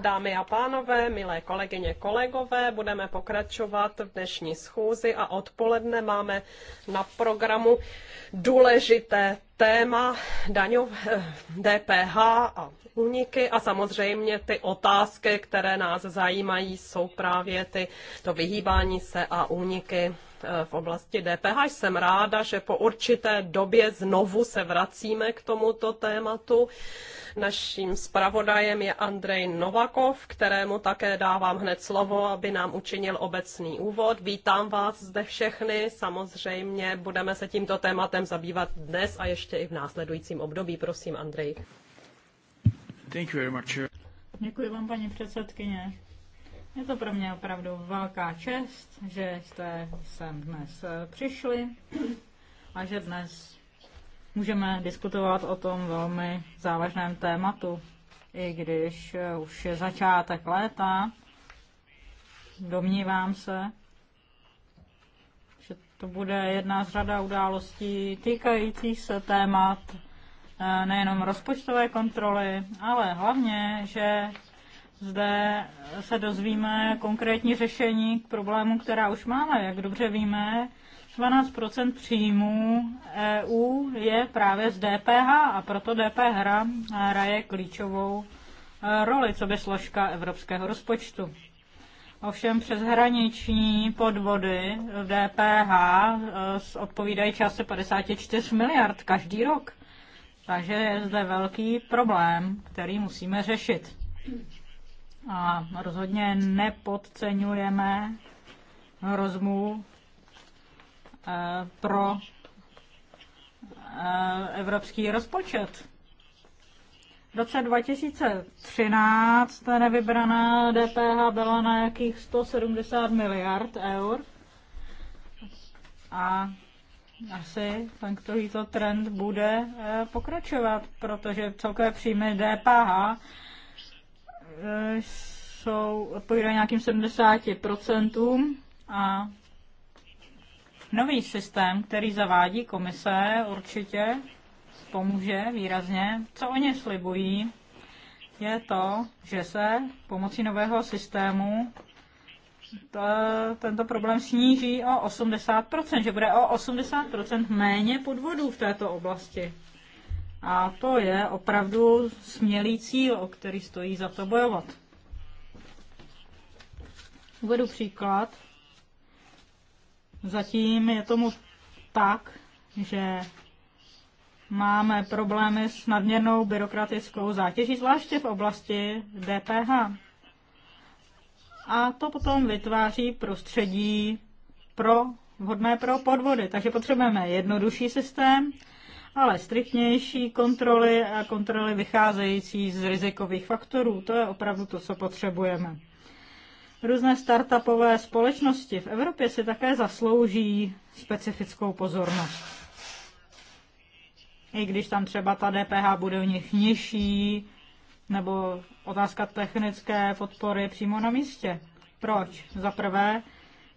Dámy a pánové, milé kolegyně, kolegové, budeme pokračovat v dnešní schůzi a odpoledne máme na programu důležité téma daňov, DPH eh, a úniky a samozřejmě ty otázky, které nás zajímají, jsou právě ty, to vyhýbání se a úniky Eh, v oblasti DPH. Jsem ráda, že po určité době znovu se vracíme k tomuto tématu. Naším zpravodajem je Andrej Novakov, kterému také dávám hned slovo, aby nám učinil obecný úvod. Vítám vás zde všechny. Samozřejmě budeme se tímto tématem zabývat dnes a ještě i v následujícím období. Prosím, Andrej. Thank you very much. Děkuji vám, paní předsedkyně. Je to pro mě opravdu velká čest, že jste sem dnes eh, přišli a že dnes můžeme diskutovat o tom velmi závažném tématu, i když eh, už je začátek léta. Domnívám se, že to bude jedna z řada událostí týkajících se témat eh, nejenom rozpočtové kontroly, ale hlavně, že zde se dozvíme konkrétní řešení k problému, která už máme. Jak dobře víme, 12 příjmů EU je právě z DPH a proto DPH hraje klíčovou eh, roli, co by složka evropského rozpočtu. Ovšem přeshraniční podvody DPH eh, odpovídají části 54 miliard každý rok. Takže je zde velký problém, který musíme řešit. A rozhodně nepodceňujeme rozmu eh, pro eh, evropský rozpočet. V roce 2013 nevybraná DPH byla na jakých 170 miliard eur a asi tento trend bude eh, pokračovat, protože celkové příjmy DPH Eh, jsou, odpovídají nějakým 70% a nový systém, který zavádí komise, určitě pomůže výrazně. Co oni slibují, je to, že se pomocí nového systému tento problém sníží o 80%, že bude o 80% méně podvodů v této oblasti. A to je opravdu smělý cíl, o který stojí za to bojovat. Uvedu příklad. Zatím je tomu tak, že máme problémy s nadměrnou byrokratickou zátěží, zvláště v oblasti DPH. A to potom vytváří prostředí pro vhodné pro podvody. Takže potřebujeme jednodušší systém, ale striktnější kontroly a kontroly vycházející z rizikových faktorů. To je opravdu to, co potřebujeme. Různé startupové společnosti v Evropě si také zaslouží specifickou pozornost. I když tam třeba ta DPH bude u nich nižší, nebo otázka technické podpory přímo na místě. Proč? Za prvé,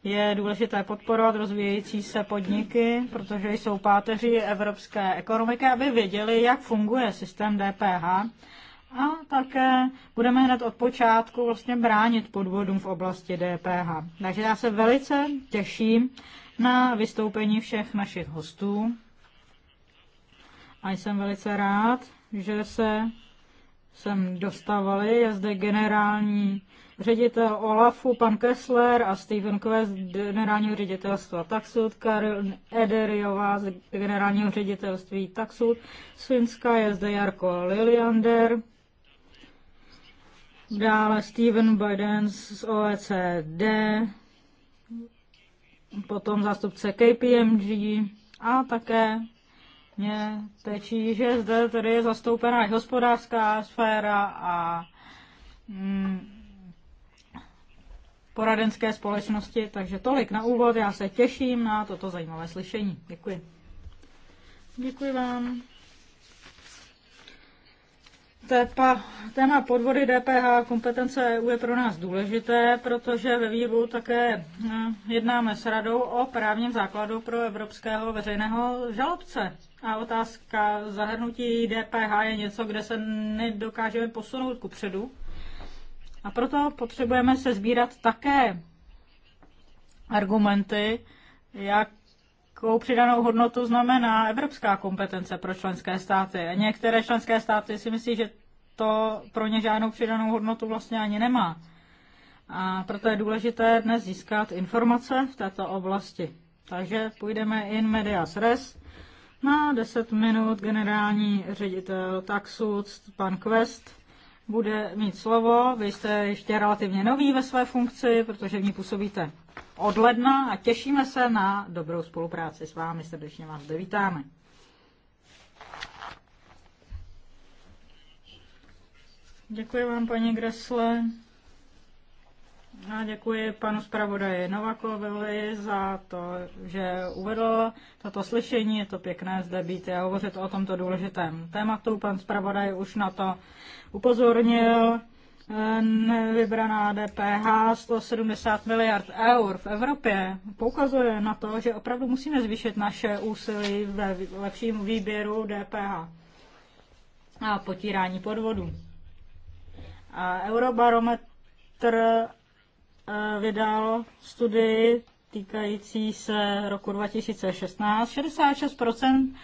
je důležité podporovat rozvíjející se podniky, protože jsou páteři evropské ekonomiky, aby věděli, jak funguje systém DPH. A také budeme hned od počátku vlastně bránit podvodům v oblasti DPH. Takže já se velice těším na vystoupení všech našich hostů. A jsem velice rád, že se sem dostavili. Je zde generální ředitel Olafu, pan Kessler a Stephen Quest generálního ředitelstva Taxud, Karl Ederiová z generálního ředitelství Taxud, z Finska je zde Jarko Liliander, dále Steven Biden z OECD, potom zástupce KPMG a také mě tečí, že zde tedy je zastoupená i hospodářská sféra a mm, poradenské společnosti. Takže tolik na úvod, já se těším na toto zajímavé slyšení. Děkuji. Děkuji vám. Tépa, téma podvody DPH kompetence EU je pro nás důležité, protože ve výboru také eh, jednáme s radou o právním základu pro evropského veřejného žalobce. A otázka zahrnutí DPH je něco, kde se nedokážeme posunout ku předu. A proto potřebujeme se sbírat také argumenty, jakou přidanou hodnotu znamená evropská kompetence pro členské státy. A některé členské státy si myslí, že to pro ně žádnou přidanou hodnotu vlastně ani nemá. A proto je důležité dnes získat informace v této oblasti. Takže půjdeme in medias res. Na 10 minut generální ředitel Taxud, pan Quest, bude mít slovo. Vy jste ještě relativně nový ve své funkci, protože v ní působíte od ledna a těšíme se na dobrou spolupráci s vámi. Srdečně vás zde vítáme. Děkuji vám, paní Gresle. A děkuji panu zpravodaji Novakovi za to, že uvedl toto slyšení. Je to pěkné zde být a hovořit o tomto důležitém tématu. Pan zpravodaj už na to upozornil. Vybraná DPH 170 miliard eur v Evropě poukazuje na to, že opravdu musíme zvýšit naše úsilí ve lepším výběru DPH a potírání podvodů. A Eurobarometr vydal studii týkající se roku 2016. 66%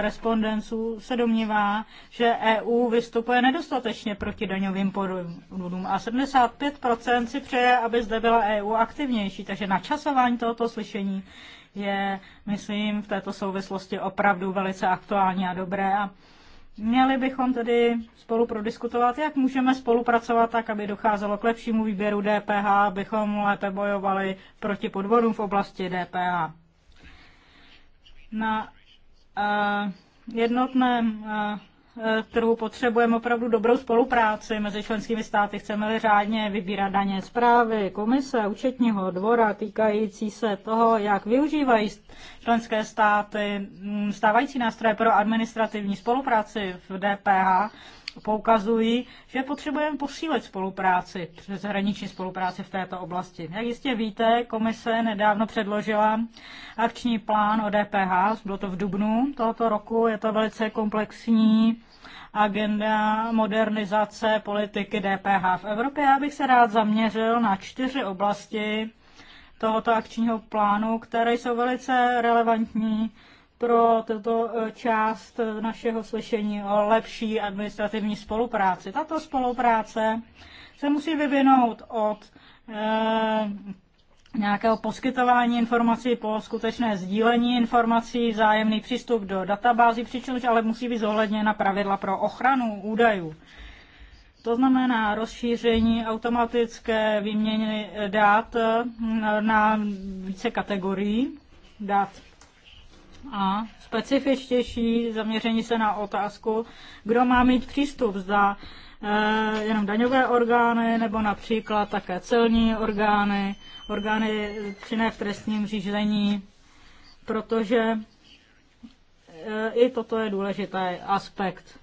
respondenců se domnívá, že EU vystupuje nedostatečně proti daňovým podvodům a 75% si přeje, aby zde byla EU aktivnější. Takže načasování tohoto slyšení je, myslím, v této souvislosti opravdu velice aktuální a dobré. A Měli bychom tedy spolu prodiskutovat, jak můžeme spolupracovat tak, aby docházelo k lepšímu výběru DPH, abychom lépe bojovali proti podvodům v oblasti DPH. Na uh, jednotném uh, Eh, trhu potřebujeme opravdu dobrou spolupráci mezi členskými státy. Chceme-li řádně vybírat daně zprávy, komise, účetního dvora týkající se toho, jak využívají členské státy mm, stávající nástroje pro administrativní spolupráci v DPH, poukazují, že potřebujeme posílit spolupráci, přeshraniční spolupráci v této oblasti. Jak jistě víte, komise nedávno předložila akční plán o DPH, bylo to v Dubnu tohoto roku, je to velice komplexní agenda modernizace politiky DPH v Evropě. Já bych se rád zaměřil na čtyři oblasti tohoto akčního plánu, které jsou velice relevantní pro tuto e, část e, našeho slyšení o lepší administrativní spolupráci. Tato spolupráce se musí vyvinout od e, nějakého poskytování informací po skutečné sdílení informací, zájemný přístup do databází, přičemž ale musí být zohledněna pravidla pro ochranu údajů. To znamená rozšíření automatické výměny dat na více kategorií dat a specifičtější zaměření se na otázku, kdo má mít přístup, zda eh, jenom daňové orgány nebo například také celní orgány, orgány činné v trestním řízení, protože eh, i toto je důležitý aspekt.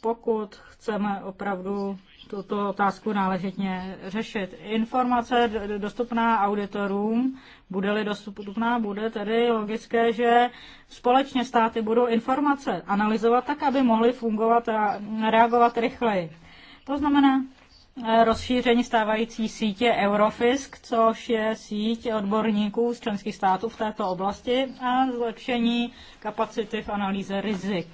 Pokud chceme opravdu tuto otázku náležitně řešit. Informace dostupná auditorům bude-li dostupná, bude tedy logické, že společně státy budou informace analyzovat tak, aby mohly fungovat a reagovat rychleji. To znamená eh, rozšíření stávající sítě Eurofisk, což je síť odborníků z členských států v této oblasti a zlepšení kapacity v analýze rizik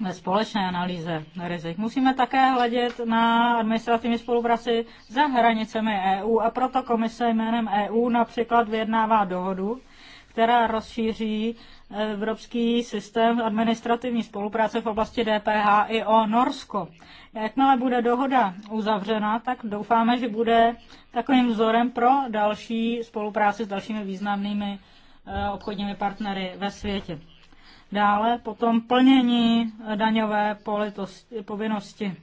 ve společné analýze rizik. Musíme také hledět na administrativní spolupráci za hranicemi EU a proto komise jménem EU například vyjednává dohodu, která rozšíří evropský systém administrativní spolupráce v oblasti DPH i o Norsko. Jakmile bude dohoda uzavřena, tak doufáme, že bude takovým vzorem pro další spolupráci s dalšími významnými eh, obchodními partnery ve světě. Dále potom plnění daňové povinnosti.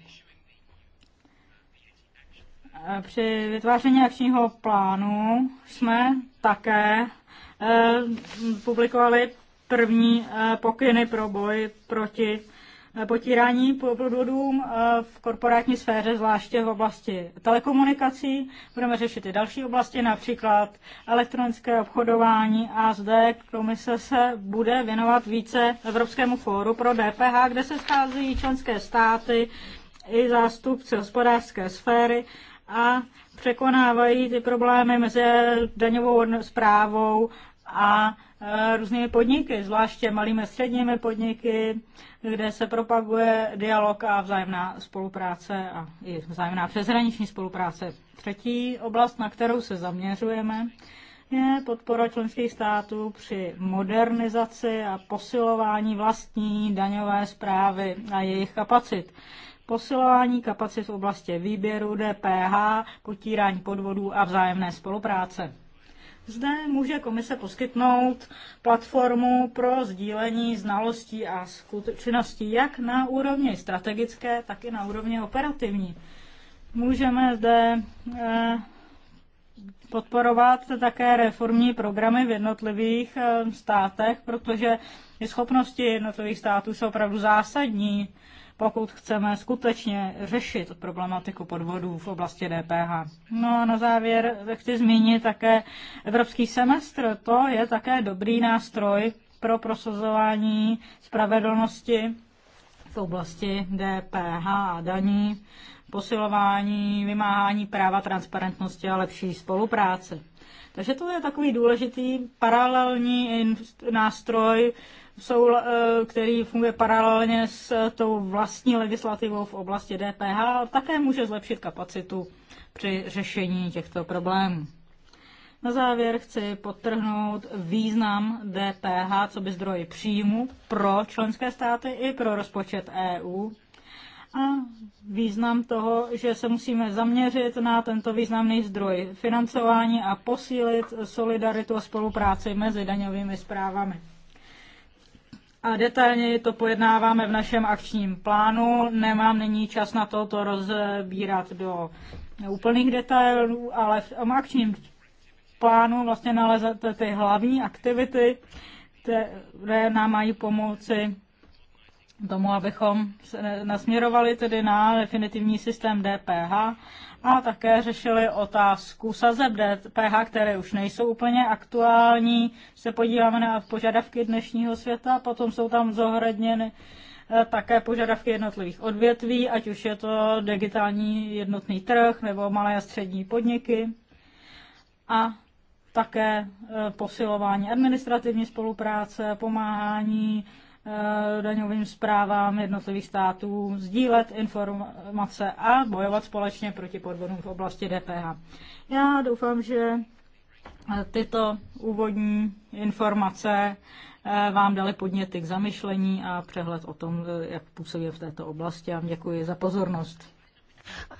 E, při vytváření akčního plánu jsme také e, publikovali první e, pokyny pro boj proti Eh, potírání podvodům eh, v korporátní sféře, zvláště v oblasti telekomunikací. Budeme řešit i další oblasti, například elektronické obchodování a zde komise se bude věnovat více Evropskému fóru pro DPH, kde se schází členské státy i zástupci hospodářské sféry a překonávají ty problémy mezi daňovou zprávou a eh, různými podniky, zvláště malými a středními podniky, kde se propaguje dialog a vzájemná spolupráce a i vzájemná přeshraniční spolupráce. Třetí oblast, na kterou se zaměřujeme, je podpora členských států při modernizaci a posilování vlastní daňové zprávy a jejich kapacit. Posilování kapacit v oblasti výběru DPH, potírání podvodů a vzájemné spolupráce. Zde může komise poskytnout platformu pro sdílení znalostí a zkušeností jak na úrovni strategické, tak i na úrovni operativní. Můžeme zde eh, podporovat také reformní programy v jednotlivých eh, státech, protože schopnosti jednotlivých států jsou opravdu zásadní pokud chceme skutečně řešit problematiku podvodů v oblasti DPH. No a na závěr chci zmínit také evropský semestr. To je také dobrý nástroj pro prosazování spravedlnosti v oblasti DPH a daní, posilování, vymáhání práva, transparentnosti a lepší spolupráce. Takže to je takový důležitý paralelní nástroj jsou, eh, který funguje paralelně s eh, tou vlastní legislativou v oblasti DPH, také může zlepšit kapacitu při řešení těchto problémů. Na závěr chci podtrhnout význam DPH, co by zdroj příjmu pro členské státy i pro rozpočet EU. A význam toho, že se musíme zaměřit na tento významný zdroj financování a posílit solidaritu a spolupráci mezi daňovými zprávami. A detailněji to pojednáváme v našem akčním plánu. Nemám nyní čas na to, to rozbírat do úplných detailů, ale v akčním plánu vlastně nalezete ty hlavní aktivity, které nám mají pomoci tomu, abychom se nasměrovali tedy na definitivní systém DPH a také řešili otázku sazeb DPH, které už nejsou úplně aktuální. Se podíváme na požadavky dnešního světa, potom jsou tam zohradněny eh, také požadavky jednotlivých odvětví, ať už je to digitální jednotný trh nebo malé a střední podniky. A také eh, posilování administrativní spolupráce, pomáhání Eh, daňovým zprávám jednotlivých států, sdílet informace a bojovat společně proti podvodům v oblasti DPH. Já doufám, že eh, tyto úvodní informace eh, vám dali podněty k zamyšlení a přehled o tom, jak působí v této oblasti. A děkuji za pozornost.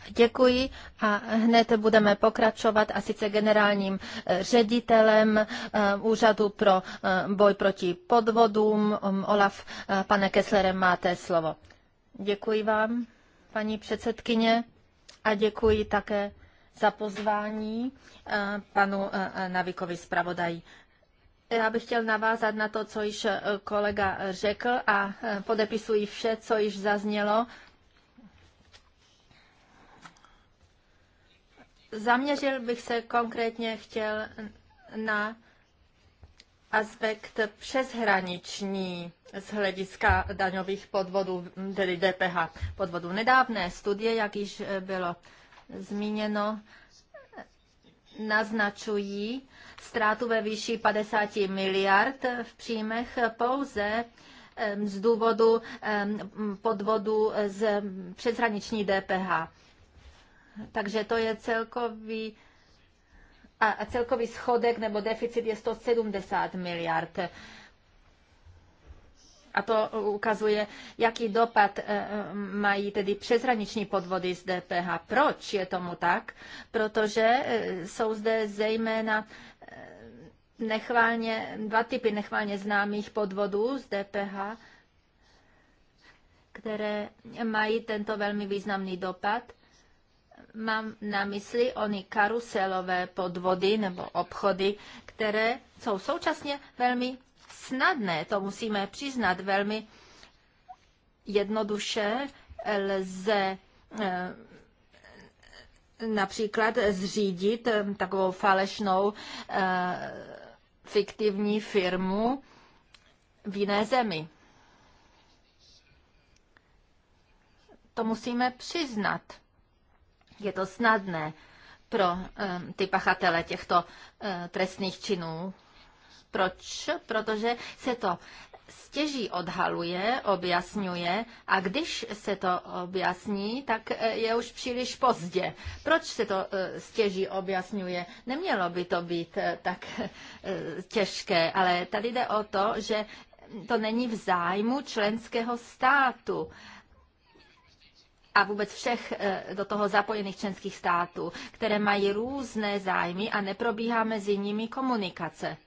Děkuji a hned budeme pokračovat a sice generálním eh, ředitelem eh, Úřadu pro eh, boj proti podvodům. Olaf, pane Kesslerem, máte slovo. Děkuji vám, paní předsedkyně, a děkuji také za pozvání panu Navikovi zpravodají. Já bych chtěl navázat na to, co již kolega řekl a podepisuji vše, co již zaznělo Zaměřil bych se konkrétně chtěl na aspekt přeshraniční z hlediska daňových podvodů, tedy DPH podvodů. Nedávné studie, jak již bylo zmíněno, naznačují ztrátu ve výši 50 miliard v příjmech pouze z důvodu podvodu z přeshraniční DPH. Takže to je celkový a celkový schodek nebo deficit je 170 miliard. A to ukazuje, jaký dopad e, e, mají tedy přeshraniční podvody z DPH. Proč je tomu tak? Protože e, jsou zde zejména nechválně, dva typy nechválně známých podvodů z DPH, které mají tento velmi významný dopad mám na mysli ony karuselové podvody nebo obchody, které jsou současně velmi snadné, to musíme přiznat, velmi jednoduše lze eh, například zřídit eh, takovou falešnou eh, fiktivní firmu v jiné zemi. To musíme přiznat. Je to snadné pro ehm, ty pachatele těchto eh, trestných činů. Proč? Protože se to stěží odhaluje, objasňuje a když se to objasní, tak eh, je už příliš pozdě. Proč se to eh, stěží objasňuje? Nemělo by to být tak těžké, ale tady jde o to, že to není v zájmu členského státu a vůbec všech eh, do toho zapojených členských států, které mají různé zájmy a neprobíhá mezi nimi komunikace.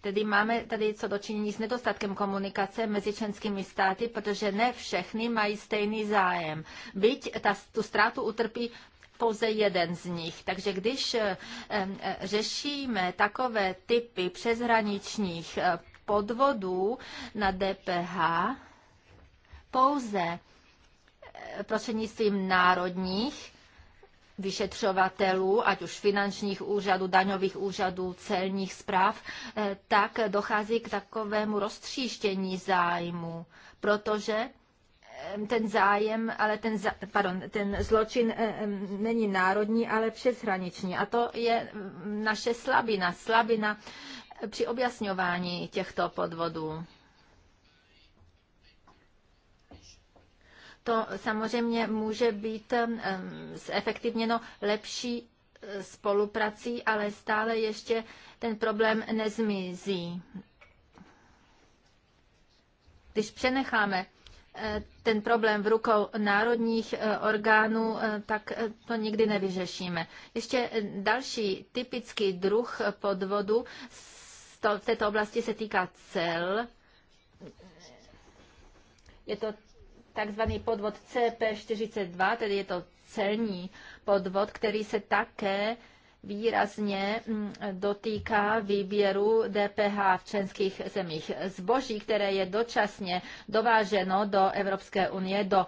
Tedy máme tady co dočinění s nedostatkem komunikace mezi členskými státy, protože ne všechny mají stejný zájem. Byť ta, tu ztrátu utrpí pouze jeden z nich. Takže když eh, eh, řešíme takové typy přeshraničních podvodů na DPH, pouze eh, prostřednictvím národních vyšetřovatelů, ať už finančních úřadů, daňových úřadů, celních zpráv, eh, tak dochází k takovému roztříštění zájmu, protože eh, ten zájem, ale ten, pardon, ten zločin není národní, ale přeshraniční. A to je mm, naše slabina, slabina při objasňování těchto podvodů. to samozřejmě může být zefektivněno lepší e, spoluprací, ale stále ještě ten problém nezmizí. Když přenecháme e, ten problém v rukou národních e, orgánů, tak to nikdy nevyřešíme. Ještě další typický druh podvodu v této oblasti se týká cel. Je to takzvaný podvod CP42, tedy je to celní podvod, který se také výrazně mm, dotýká výběru DPH v členských zemích. Zboží, které je dočasně dováženo do Evropské unie, do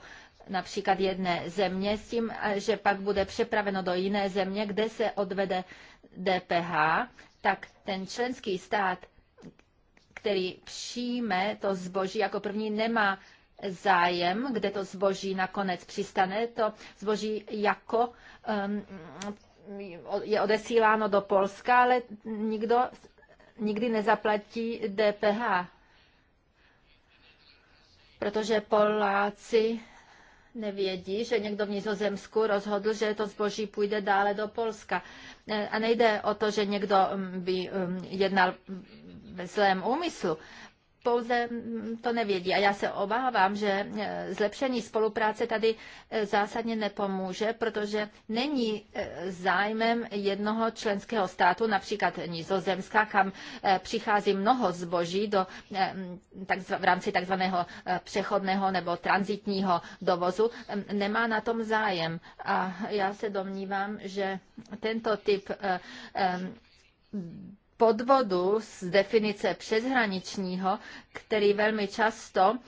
například jedné země, s tím, eh, že pak bude přepraveno do jiné země, kde se odvede DPH, tak ten členský stát, který přijme to zboží jako první, nemá zájem, kde to zboží nakonec přistane. To zboží jako um, je odesíláno do Polska, ale nikdo nikdy nezaplatí DPH, protože Poláci nevědí, že někdo v Nizozemsku rozhodl, že to zboží půjde dále do Polska. A nejde o to, že někdo um, by um, jednal ve zlém úmyslu pouze mm, to nevědí. A já se obávám, že eh, zlepšení spolupráce tady eh, zásadně nepomůže, protože není eh, zájmem jednoho členského státu, například Nizozemska, kam přichází mnoho zboží do, v rámci takzvaného přechodného nebo transitního dovozu, nemá na tom zájem. A já se domnívám, že tento typ podvodu z definice přeshraničního, který velmi často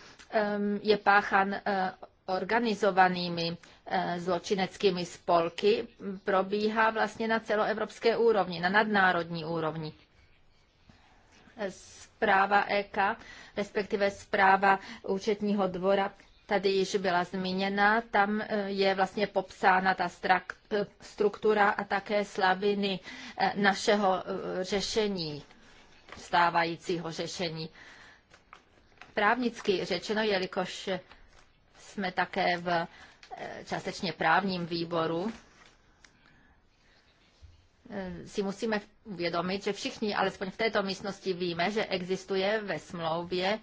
je páchan eh, organizovanými eh, zločineckými spolky, probíhá vlastně na celoevropské úrovni, na nadnárodní úrovni. Zpráva EK, respektive zpráva účetního dvora, tady již byla zmíněna, tam eh, je vlastně popsána ta struktura a také slabiny eh, našeho eh, řešení, stávajícího řešení. Právnicky řečeno, jelikož jsme také v částečně právním výboru, si musíme uvědomit, že všichni, alespoň v této místnosti, víme, že existuje ve smlouvě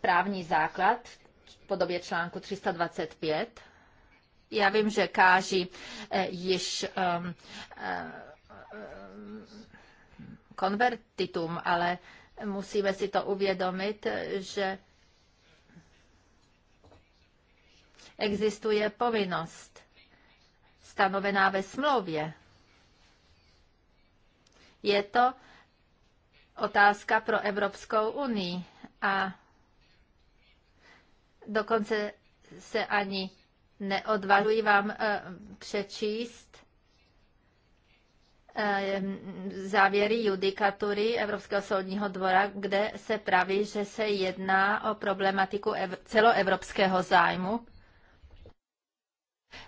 právní základ podobě článku 325. Já vím, že Káži eh, již um, konvertitum, ale musíme si to uvědomit, že existuje povinnost stanovená ve smlouvě. Je to otázka pro Evropskou unii a dokonce se ani neodvažuji vám eh, přečíst eh, závěry judikatury Evropského soudního dvora, kde se praví, že se jedná o problematiku celoevropského zájmu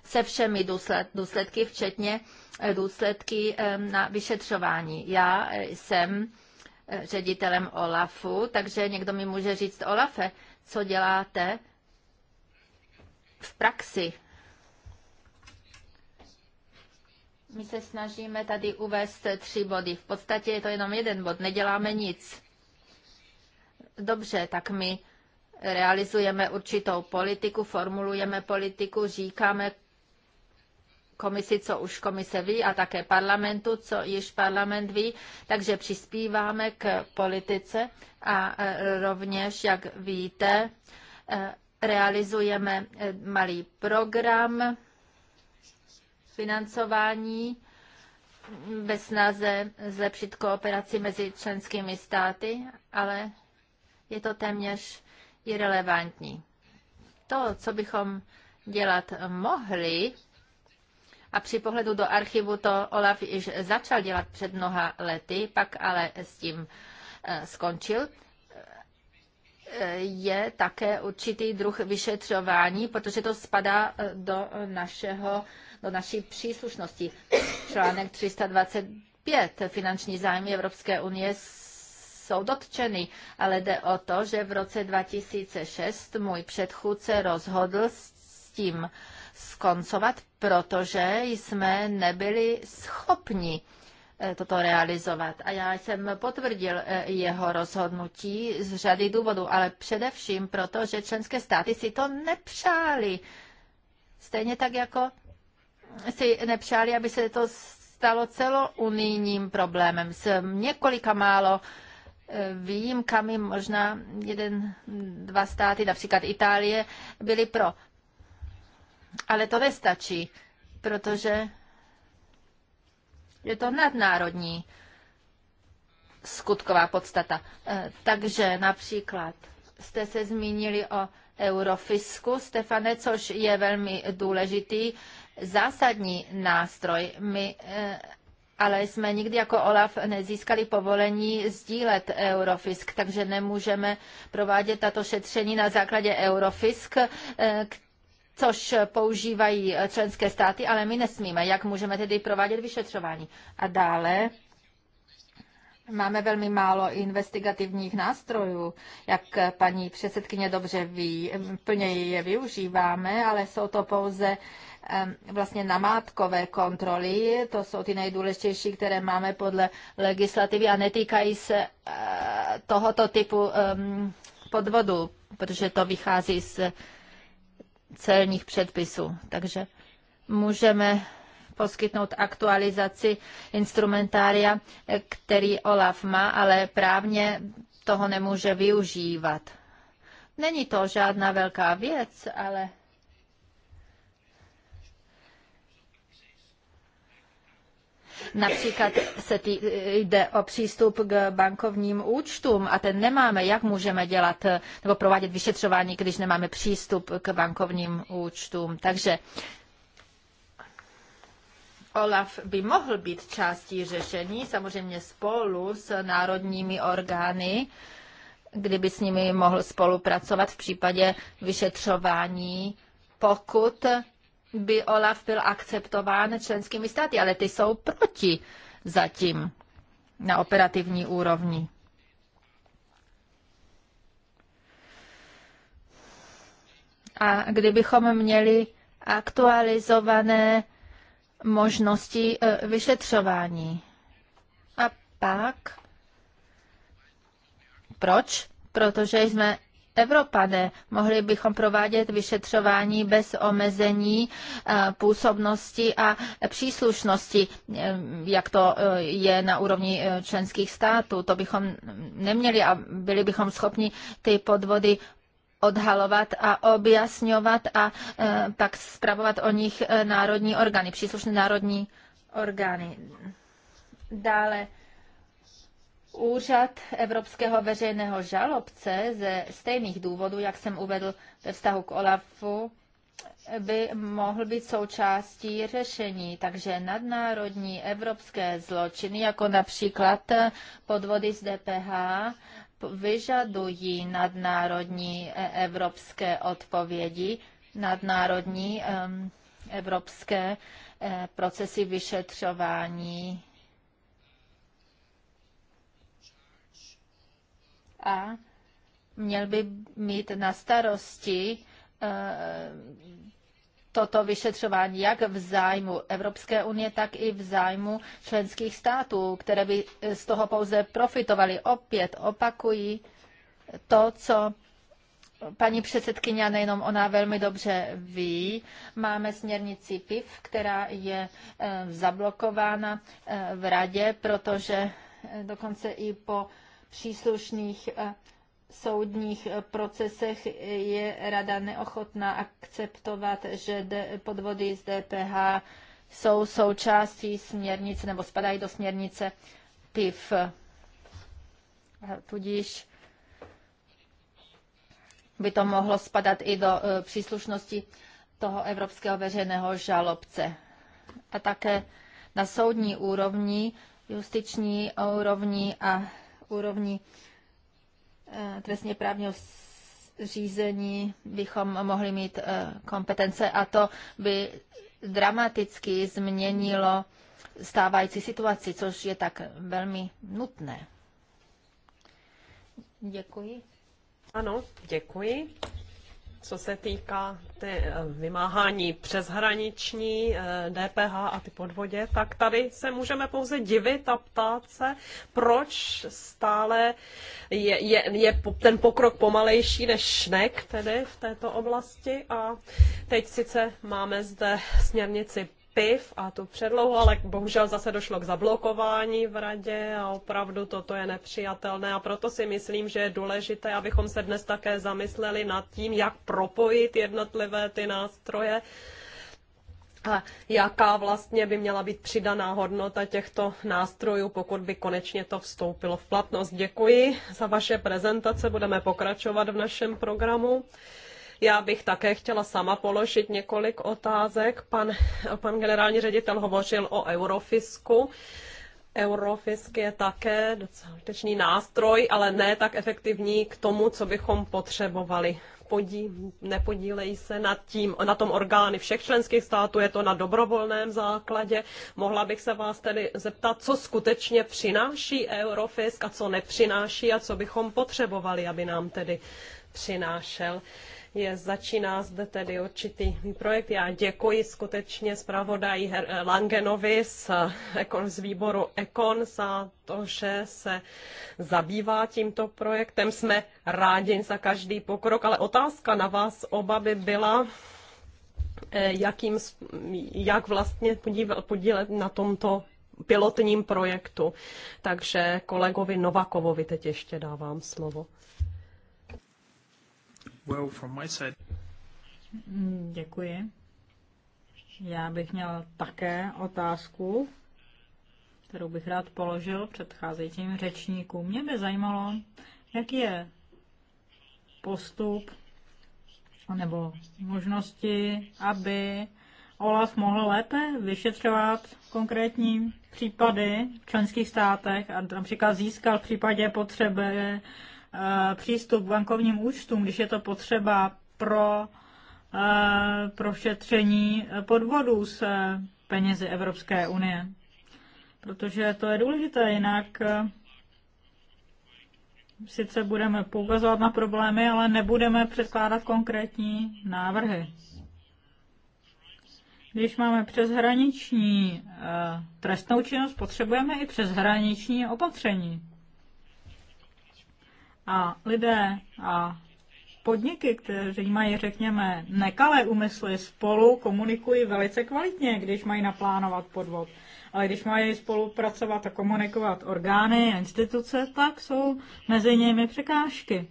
se všemi důsledky, včetně eh, důsledky na vyšetřování. Já jsem ředitelem OLAFu, takže někdo mi může říct, OLAFe, co děláte? v praxi. My se snažíme tady uvést tři body. V podstatě je to jenom jeden bod, neděláme nic. Dobře, tak my realizujeme určitou politiku, formulujeme politiku, říkáme komisi, co už komise ví, a také parlamentu, co již parlament ví, takže přispíváme k politice a e, rovněž, jak víte, e, realizujeme eh, malý program financování ve snaze zlepšit kooperaci mezi členskými státy, ale je to téměř irrelevantní. To, co bychom dělat mohli, a při pohledu do archivu to Olaf již začal dělat před mnoha lety, pak ale s tím eh, skončil, je také určitý druh vyšetřování, protože to spadá eh, do, eh, našeho, do naší příslušnosti. Článek 325. Finanční zájmy Evropské unie jsou dotčeny, ale jde o to, že v roce 2006 můj předchůdce rozhodl s tím skoncovat, protože jsme nebyli schopni E, toto realizovat. A já jsem potvrdil e, jeho rozhodnutí z řady důvodů, ale především proto, že členské státy si to nepřáli. Stejně tak jako si nepřáli, aby se to stalo celounijním problémem s několika málo e, výjimkami, možná jeden, dva státy, například Itálie, byly pro. Ale to nestačí, protože je to nadnárodní skutková podstata. Eh, takže například jste se zmínili o eurofisku, Stefane, což je velmi důležitý, zásadní nástroj. My eh, ale jsme nikdy jako OLAF nezískali povolení sdílet Eurofisk, takže nemůžeme provádět tato šetření na základě Eurofisk, eh, což používají členské státy, ale my nesmíme. Jak můžeme tedy provádět vyšetřování? A dále Máme velmi málo investigativních nástrojů, jak paní předsedkyně dobře ví, plně je využíváme, ale jsou to pouze vlastně namátkové kontroly, to jsou ty nejdůležitější, které máme podle legislativy a netýkají se eh, tohoto typu podvodu, protože to vychází z celních předpisů. Takže můžeme poskytnout aktualizaci instrumentária, který OLAF má, ale právně toho nemůže využívat. Není to žádná velká věc, ale Například se tý, jde o přístup k bankovním účtům a ten nemáme. Jak můžeme dělat eh, nebo provádět vyšetřování, když nemáme přístup k bankovním účtům? Takže OLAF by mohl být částí řešení, samozřejmě spolu s národními orgány, kdyby s nimi mohl spolupracovat v případě vyšetřování, pokud by OLAF byl akceptován členskými státy, ale ty jsou proti zatím na operativní úrovni. A kdybychom měli aktualizované možnosti e, vyšetřování. A pak proč? Protože jsme Evropané. Mohli bychom provádět vyšetřování bez omezení eh, působnosti a příslušnosti, eh, jak to eh, je na úrovni členských států. To bychom neměli a byli bychom schopni ty podvody odhalovat a objasňovat a pak zpravovat o nich národní orgány, příslušné národní orgány. Dále Úřad Evropského veřejného žalobce ze stejných důvodů, jak jsem uvedl ve vztahu k OLAFu, by mohl být součástí řešení. Takže nadnárodní evropské zločiny, jako například podvody z DPH, vyžadují nadnárodní e, evropské odpovědi, nadnárodní evropské e, procesy vyšetřování a měl by mít na starosti eh, toto vyšetřování jak v zájmu Evropské unie, tak i v zájmu členských států, které by z toho pouze profitovaly. Opět opakují to, co paní předsedkyně, nejenom ona velmi dobře ví, máme směrnici PIV, která je eh, zablokována eh, v radě, protože dokonce i po příslušných eh, soudních eh, procesech je rada neochotná akceptovat, že podvody z DPH jsou součástí směrnice nebo spadají do směrnice PIF. Tudíž by to mohlo spadat i do eh, příslušnosti toho evropského veřejného žalobce. A také na soudní úrovni, justiční úrovni a úrovni eh, trestně právního řízení bychom mohli mít eh, kompetence a to by dramaticky změnilo stávající situaci, což je tak velmi nutné. Děkuji. Ano, děkuji co se týká ty eh, vymáhání přeshraniční DPH eh, a ty podvodě, tak tady se můžeme pouze divit a ptát se, proč stále je, je, je ten pokrok pomalejší než šnek tedy v této oblasti. A teď sice máme zde směrnici PIV a tu předlohu, ale bohužel zase došlo k zablokování v radě a opravdu toto je nepřijatelné a proto si myslím, že je důležité, abychom se dnes také zamysleli nad tím, jak propojit jednotlivé ty nástroje a jaká vlastně by měla být přidaná hodnota těchto nástrojů, pokud by konečně to vstoupilo v platnost. Děkuji za vaše prezentace, budeme pokračovat v našem programu. Já bych také chtěla sama položit několik otázek. Pan, pan generální ředitel hovořil o Eurofisku. Eurofisk je také docela užitečný nástroj, ale ne tak efektivní k tomu, co bychom potřebovali. Podí, nepodílejí se nad tím, na tom orgány všech členských států, je to na dobrovolném základě. Mohla bych se vás tedy zeptat, co skutečně přináší Eurofisk a co nepřináší a co bychom potřebovali, aby nám tedy přinášel. Uh, je, začíná zde tedy určitý projekt. Já děkuji skutečně zpravodaji eh, Langenovi z, eh, z výboru Econ za to, že se zabývá tímto projektem. Jsme rádi za každý pokrok, ale otázka na vás oba by byla, eh, jakým, jak vlastně podílet na tomto pilotním projektu. Takže kolegovi Novakovovi teď ještě dávám slovo. Well, from my side. Děkuji. Já bych měl také otázku, kterou bych rád položil předcházejícím řečníkům. Mě by zajímalo, jaký je postup nebo možnosti, aby OLAF mohl lépe vyšetřovat konkrétní případy v členských státech a například získal v případě potřeby Eh, přístup k bankovním účtům, když je to potřeba pro eh, prošetření podvodů s eh, penězi Evropské unie. Protože to je důležité, jinak sice budeme poukazovat na problémy, ale nebudeme předkládat konkrétní návrhy. Když máme přeshraniční trestnou činnost, potřebujeme i přeshraniční opatření. A lidé a podniky, kteří mají, řekněme, nekalé úmysly, spolu komunikují velice kvalitně, když mají naplánovat podvod. Ale když mají spolupracovat a komunikovat orgány a instituce, tak jsou mezi nimi překážky.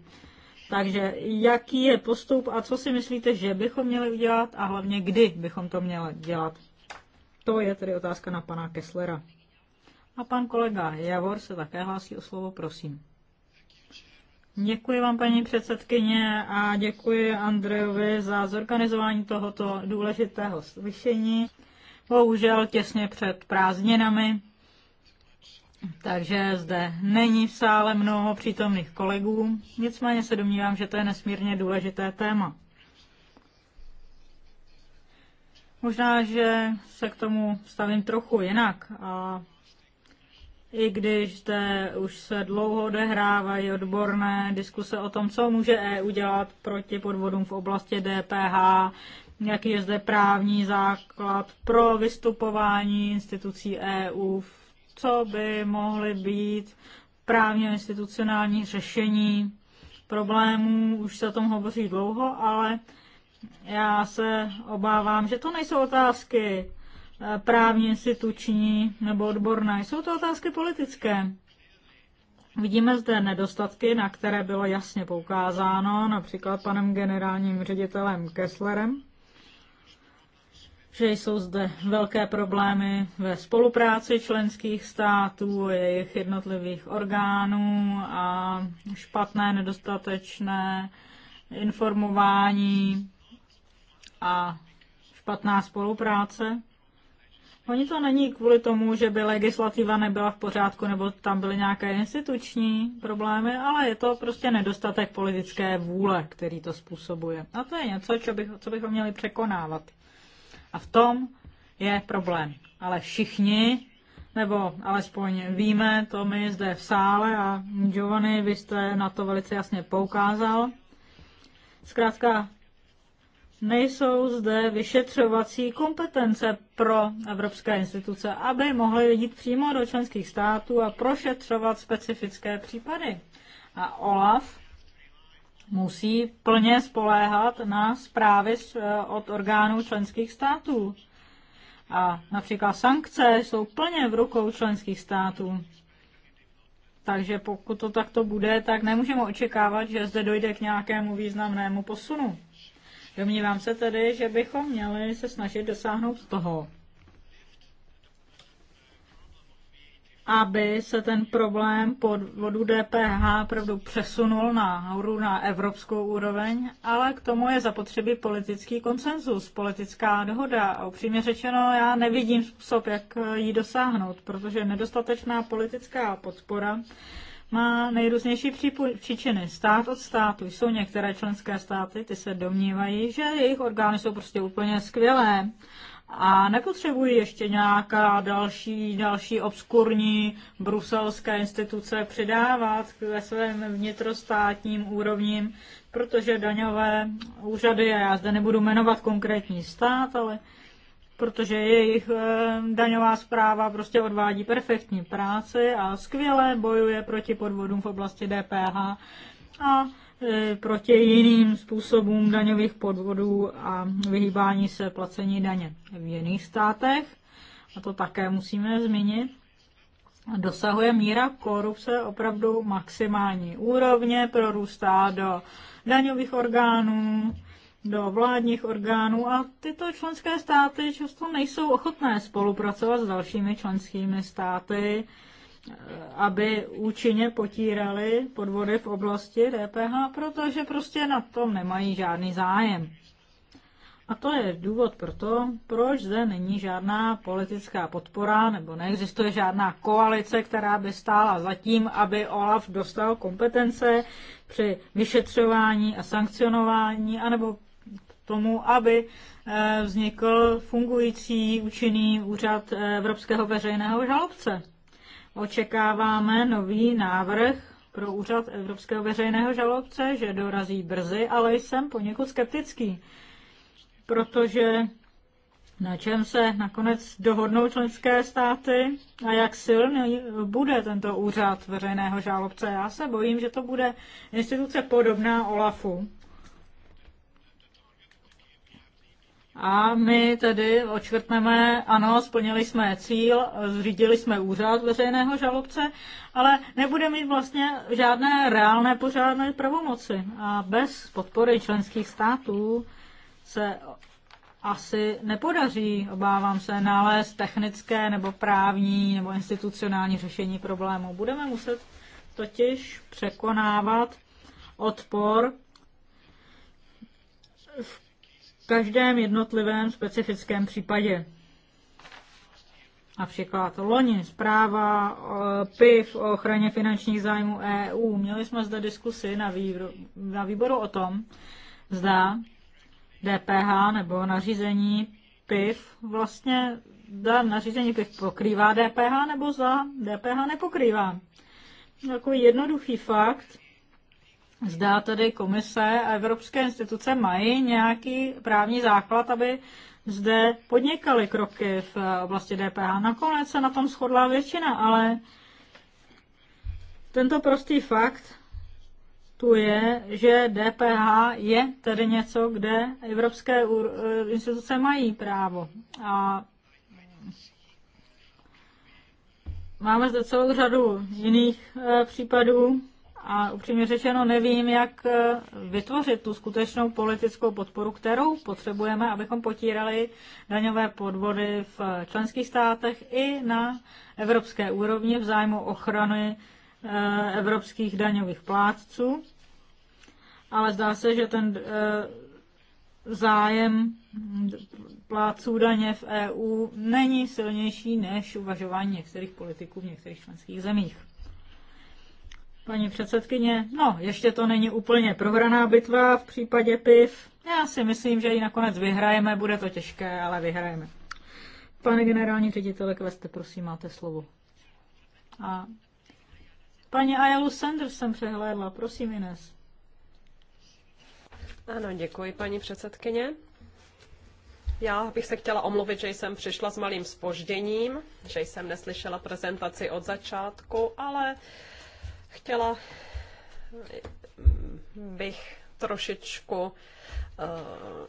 Takže jaký je postup a co si myslíte, že bychom měli udělat a hlavně kdy bychom to měli dělat? To je tedy otázka na pana Kesslera. A pan kolega Javor se také hlásí o slovo, prosím. Děkuji vám, paní předsedkyně, a děkuji Andrejovi za zorganizování tohoto důležitého slyšení. Bohužel těsně před prázdninami, takže zde není v sále mnoho přítomných kolegů, nicméně se domnívám, že to je nesmírně důležité téma. Možná, že se k tomu stavím trochu jinak a i když zde už se dlouho odehrávají odborné diskuse o tom, co může EU dělat proti podvodům v oblasti DPH, jaký je zde právní základ pro vystupování institucí EU, co by mohly být právně institucionální řešení problémů. Už se o tom hovoří dlouho, ale já se obávám, že to nejsou otázky právní, instituční nebo odborné. Jsou to otázky politické. Vidíme zde nedostatky, na které bylo jasně poukázáno, například panem generálním ředitelem Kesslerem, že jsou zde velké problémy ve spolupráci členských států, jejich jednotlivých orgánů a špatné, nedostatečné informování a špatná spolupráce. Oni to není kvůli tomu, že by legislativa nebyla v pořádku nebo tam byly nějaké instituční problémy, ale je to prostě nedostatek politické vůle, který to způsobuje. A to je něco, co, bych, co bychom měli překonávat. A v tom je problém. Ale všichni, nebo alespoň víme, to my zde v sále a Giovanni, vy jste na to velice jasně poukázal. Zkrátka nejsou zde vyšetřovací kompetence pro evropské instituce, aby mohly jít přímo do členských států a prošetřovat specifické případy. A OLAF musí plně spoléhat na zprávy eh, od orgánů členských států. A například sankce jsou plně v rukou členských států. Takže pokud to takto bude, tak nemůžeme očekávat, že zde dojde k nějakému významnému posunu. Domnívám se tedy, že bychom měli se snažit dosáhnout toho, aby se ten problém pod vodu DPH opravdu přesunul nahoru na evropskou úroveň, ale k tomu je zapotřebí politický konsenzus, politická dohoda. A upřímně řečeno, já nevidím způsob, jak ji dosáhnout, protože nedostatečná politická podpora má nejrůznější příčiny. Stát od státu. Jsou některé členské státy, ty se domnívají, že jejich orgány jsou prostě úplně skvělé a nepotřebují ještě nějaká další, další obskurní bruselské instituce přidávat ve svém vnitrostátním úrovním, protože daňové úřady, a já zde nebudu jmenovat konkrétní stát, ale protože jejich eh, daňová zpráva prostě odvádí perfektní práci a skvěle bojuje proti podvodům v oblasti DPH a eh, proti jiným způsobům daňových podvodů a vyhýbání se placení daně v jiných státech, a to také musíme zmínit, dosahuje míra korupce opravdu maximální úrovně, prorůstá do daňových orgánů, do vládních orgánů a tyto členské státy často nejsou ochotné spolupracovat s dalšími členskými státy, eh, aby účinně potírali podvody v oblasti DPH, protože prostě na tom nemají žádný zájem. A to je důvod pro to, proč zde není žádná politická podpora nebo neexistuje žádná koalice, která by stála za tím, aby OLAF dostal kompetence při vyšetřování a sankcionování anebo tomu, aby eh, vznikl fungující účinný úřad eh, Evropského veřejného žalobce. Očekáváme nový návrh pro úřad Evropského veřejného žalobce, že dorazí brzy, ale jsem poněkud skeptický, protože na čem se nakonec dohodnou členské státy a jak silný bude tento úřad veřejného žálobce. Já se bojím, že to bude instituce podobná OLAFu, A my tedy očkrtneme, ano, splnili jsme cíl, zřídili jsme úřad veřejného žalobce, ale nebude mít vlastně žádné reálné pořádné pravomoci. A bez podpory členských států se asi nepodaří, obávám se, nalézt technické nebo právní nebo institucionální řešení problému. Budeme muset totiž překonávat odpor každém jednotlivém specifickém případě. Například loni zpráva eh, PIV o ochraně finančních zájmů EU. Měli jsme zde diskusi na, výboru, na výboru o tom, zda DPH nebo nařízení PIV vlastně zda nařízení PIV pokrývá DPH nebo zda DPH nepokrývá. Takový jednoduchý fakt, Zdá tedy komise a evropské instituce mají nějaký právní základ, aby zde podnikaly kroky v oblasti DPH. Nakonec se na tom shodla většina, ale tento prostý fakt tu je, že DPH je tedy něco, kde evropské eh, instituce mají právo. A máme zde celou řadu jiných eh, případů, a upřímně řečeno nevím, jak eh, vytvořit tu skutečnou politickou podporu, kterou potřebujeme, abychom potírali daňové podvody v eh, členských státech i na evropské úrovni v zájmu ochrany eh, evropských daňových plátců. Ale zdá se, že ten zájem plátců daně v EU není silnější než uvažování některých politiků v některých členských zemích paní předsedkyně. No, ještě to není úplně prohraná bitva v případě piv. Já si myslím, že ji nakonec vyhrajeme, bude to těžké, ale vyhrajeme. Pane generální ředitele Kveste, prosím, máte slovo. A paní Ayalu Sanders jsem přehlédla, prosím Ines. Ano, děkuji, paní předsedkyně. Já bych se chtěla omluvit, že jsem přišla s malým spožděním, že jsem neslyšela prezentaci od začátku, ale Chtěla eh, bych trošičku eh,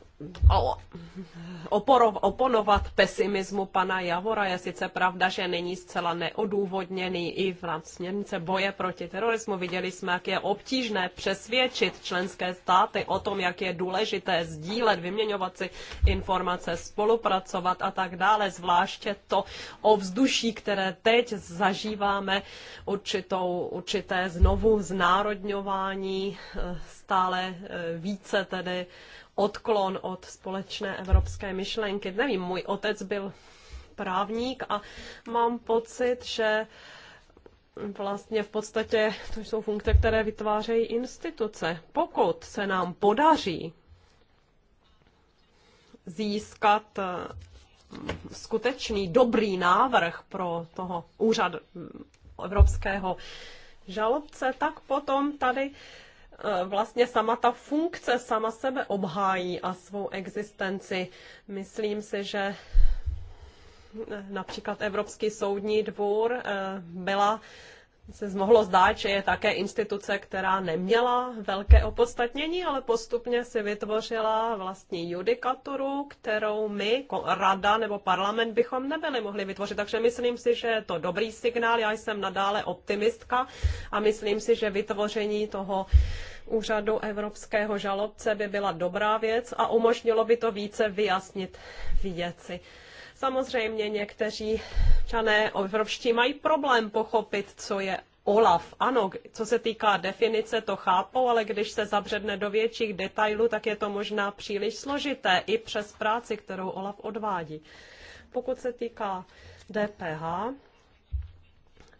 oporov, oponovat pesimismu pana Javora. Je sice pravda, že není zcela neodůvodněný i v rámci směrnice boje proti terorismu. Viděli jsme, jak je obtížné přesvědčit členské státy o tom, jak je důležité sdílet, vyměňovat si informace, spolupracovat a tak dále. Zvláště to o vzduší, které teď zažíváme, určitou, určité znovu znárodňování eh, stále eh, více tedy odklon od společné evropské myšlenky. Nevím, můj otec byl právník a mám pocit, že vlastně v podstatě to jsou funkce, které vytvářejí instituce. Pokud se nám podaří získat eh, skutečný dobrý návrh pro toho úřad mm, evropského žalobce, tak potom tady Eh, vlastně sama ta funkce sama sebe obhájí a svou existenci. Myslím si, že eh, například Evropský soudní dvůr eh, byla se mohlo zdát, že je také instituce, která neměla velké opodstatnění, ale postupně si vytvořila vlastní judikaturu, kterou my, rada nebo parlament, bychom nebyli mohli vytvořit. Takže myslím si, že je to dobrý signál. Já jsem nadále optimistka a myslím si, že vytvoření toho úřadu evropského žalobce by byla dobrá věc a umožnilo by to více vyjasnit věci. Samozřejmě někteří čané evropští mají problém pochopit, co je OLAF. Ano, co se týká definice, to chápou, ale když se zabředne do větších detailů, tak je to možná příliš složité i přes práci, kterou OLAF odvádí. Pokud se týká DPH,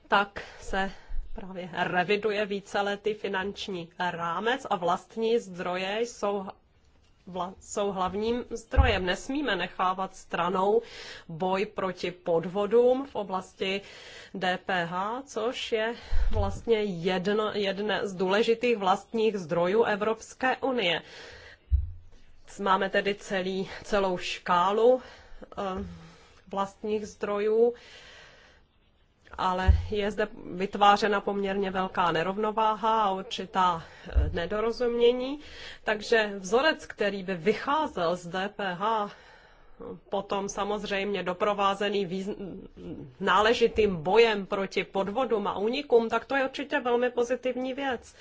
tak se právě reviduje víceletý finanční rámec a vlastní zdroje jsou vla, jsou hlavním zdrojem. Nesmíme nechávat stranou boj proti podvodům v oblasti DPH, což je vlastně jedno, jedné z důležitých vlastních zdrojů Evropské unie. Máme tedy celý, celou škálu eh, vlastních zdrojů ale je zde vytvářena poměrně velká nerovnováha a určitá eh, nedorozumění. Takže vzorec, který by vycházel z DPH, potom samozřejmě doprovázený náležitým bojem proti podvodům a unikům, tak to je určitě velmi pozitivní věc.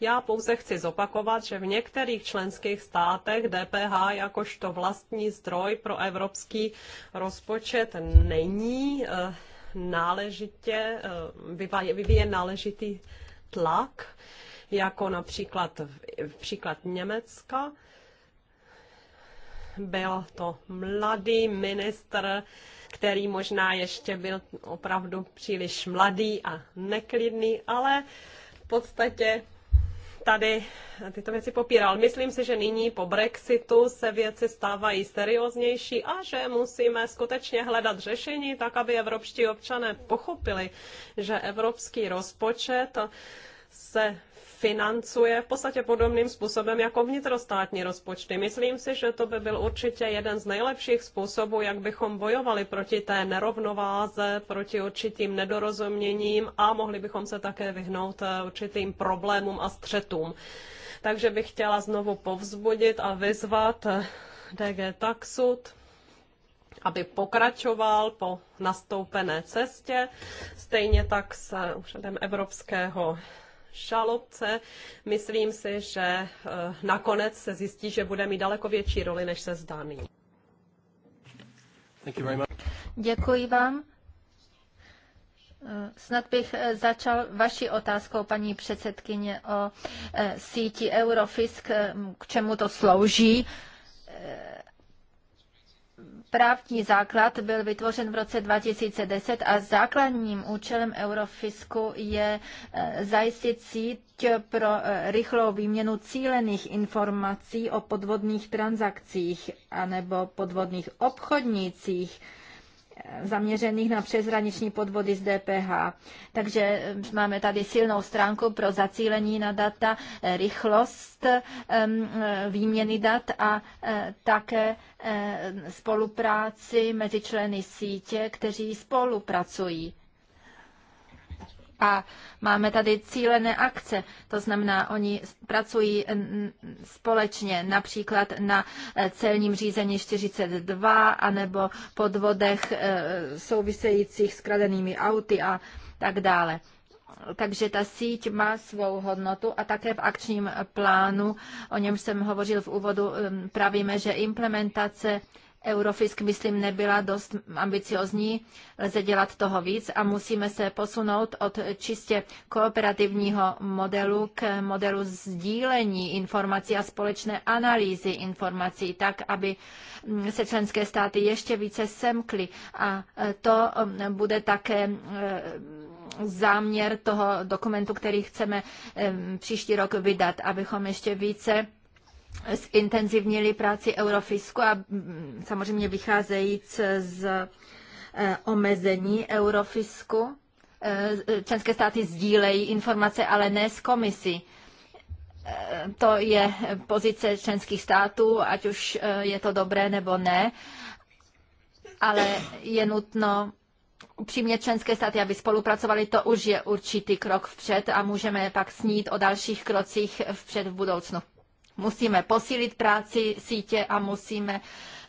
Já pouze chci zopakovat, že v některých členských státech DPH jakožto vlastní zdroj pro evropský rozpočet není eh, náležitě, eh, vyvíje náležitý tlak, jako například v, v příklad Německa. Byl to mladý ministr, který možná ještě byl opravdu příliš mladý a neklidný, ale v podstatě tady tyto věci popíral. Myslím si, že nyní po Brexitu se věci stávají serióznější a že musíme skutečně hledat řešení tak, aby evropští občané pochopili, že evropský rozpočet se financuje v podstatě podobným způsobem jako vnitrostátní rozpočty. Myslím si, že to by byl určitě jeden z nejlepších způsobů, jak bychom bojovali proti té nerovnováze, proti určitým nedorozuměním a mohli bychom se také vyhnout eh, určitým problémům a střetům. Takže bych chtěla znovu povzbudit a vyzvat eh, DG Taxud, aby pokračoval po nastoupené cestě, stejně tak s eh, úřadem Evropského šalobce. Myslím si, že eh, nakonec se zjistí, že bude mít daleko větší roli, než se zdá Děkuji vám. Eh, snad bych eh, začal vaší otázkou, paní předsedkyně, o síti Eurofisk, k čemu to slouží Právní základ byl vytvořen v roce 2010 a základním účelem Eurofisku je eh, zajistit síť pro eh, rychlou výměnu cílených informací o podvodných transakcích anebo podvodných obchodnících zaměřených na přeshraniční podvody z DPH. Takže eh, máme tady silnou stránku pro zacílení na data, eh, rychlost eh, výměny dat a také spolupráci mezi členy sítě, kteří spolupracují a máme tady cílené akce, to znamená, oni pracují společně například na e, celním řízení 42 anebo podvodech e, souvisejících s kradenými auty a tak dále. Takže ta síť má svou hodnotu a také v akčním plánu, o něm jsem hovořil v úvodu, pravíme, že implementace Eurofisk, myslím, nebyla dost ambiciozní, lze dělat toho víc a musíme se posunout od čistě kooperativního modelu k modelu sdílení informací a společné analýzy informací, tak, aby se členské státy ještě více semkly a to bude také eh, záměr toho dokumentu, který chceme eh, příští rok vydat, abychom ještě více zintenzivnili práci Eurofisku a mm, samozřejmě vycházejíc z eh, omezení Eurofisku. Eh, členské státy sdílejí informace, ale ne s komisí eh, to je pozice členských států, ať už je to dobré nebo ne, ale je nutno upřímně členské státy, aby spolupracovali, to už je určitý krok vpřed a můžeme pak snít o dalších krocích vpřed v budoucnu. Musíme posílit práci sítě a musíme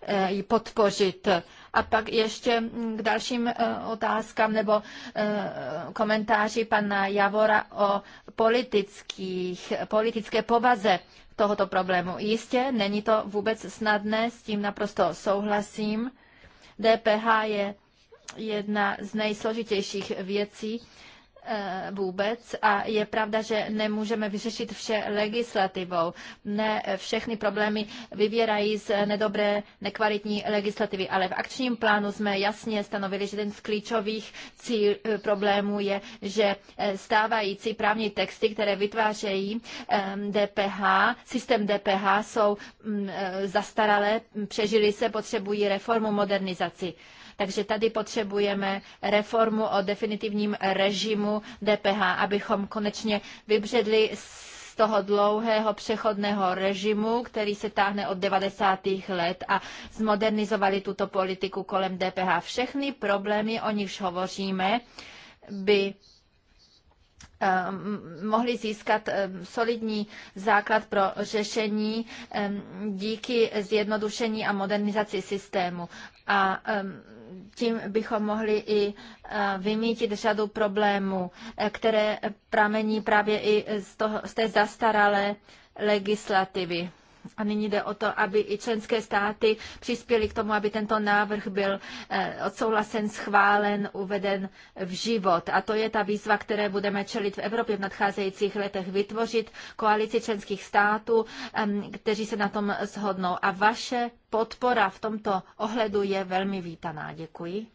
eh, ji podpořit. A pak ještě k dalším eh, otázkám nebo eh, komentáři pana Javora o politických, politické povaze tohoto problému. Jistě, není to vůbec snadné, s tím naprosto souhlasím. DPH je jedna z nejsložitějších věcí, Eh, vůbec a je pravda, že nemůžeme vyřešit vše legislativou. Ne eh, všechny problémy vyvírají z nedobré, nekvalitní legislativy, ale v akčním plánu jsme jasně stanovili, že jeden z klíčových cíl, eh, problémů je, že stávající právní texty, které vytvářejí ehm, DPH, systém DPH jsou mm, zastaralé, mm, přežili se, potřebují reformu, modernizaci. Takže tady potřebujeme reformu o definitivním režimu DPH, abychom konečně vybředli z toho dlouhého přechodného režimu, který se táhne od 90. let a zmodernizovali tuto politiku kolem DPH. Všechny problémy, o nichž hovoříme, by eh, mohli získat eh, solidní základ pro řešení eh, díky zjednodušení a modernizaci systému a tím bychom mohli i e, vymítit řadu problémů, e, které pramení právě i z, toho, z té zastaralé legislativy. A nyní jde o to, aby i členské státy přispěly k tomu, aby tento návrh byl eh, odsouhlasen, schválen, uveden v život. A to je ta výzva, které budeme čelit v Evropě v nadcházejících letech. Vytvořit koalici členských států, kteří se na tom shodnou. A vaše podpora v tomto ohledu je velmi vítaná. Děkuji.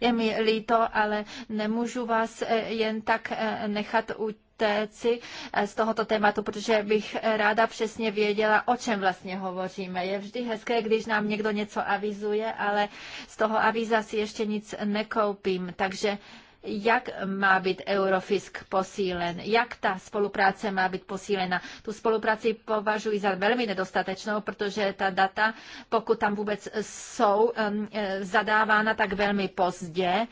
Je mi líto, ale nemůžu vás eh, jen tak eh, nechat u téci eh, z tohoto tématu, protože bych ráda přesně věděla, o čem vlastně hovoříme. Je vždy hezké, když nám někdo něco avizuje, ale z toho aviza si ještě nic nekoupím. Takže jak má být Eurofisk posílen, jak ta spolupráce má být posílena. Tu spolupráci považuji za velmi nedostatečnou, protože ta data, pokud tam vůbec jsou eh, zadávána, tak velmi pozdě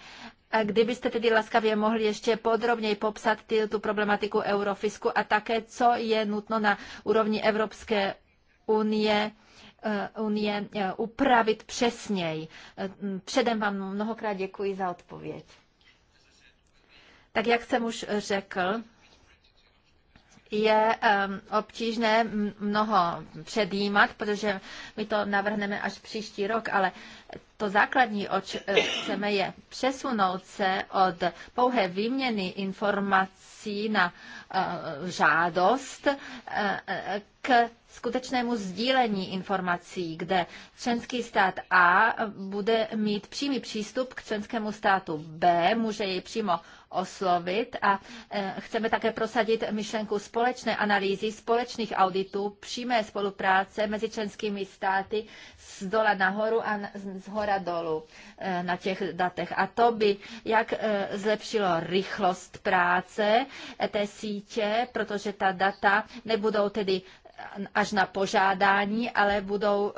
a kdybyste tedy laskavě mohli ještě podrobněji popsat ty, tu problematiku eurofisku a také, co je nutno na úrovni Evropské unie, eh, unie eh, upravit přesněji. Eh, předem vám mnohokrát děkuji za odpověď. Tak jak jsem už řekl, je ehm, obtížné mnoho předjímat, protože my to navrhneme až příští rok, ale to základní, oč eh, chceme, je přesunout se od pouhé výměny informací na uh, žádost uh, k skutečnému sdílení informací, kde členský stát A bude mít přímý přístup k členskému státu B, může jej přímo oslovit a chceme také prosadit myšlenku společné analýzy, společných auditů, přímé spolupráce mezi členskými státy z dola nahoru a z zhora dolu dolů eh, na těch datech. A to by jak eh, zlepšilo rychlost práce eh, té sítě, protože ta data nebudou tedy až na požádání, ale budou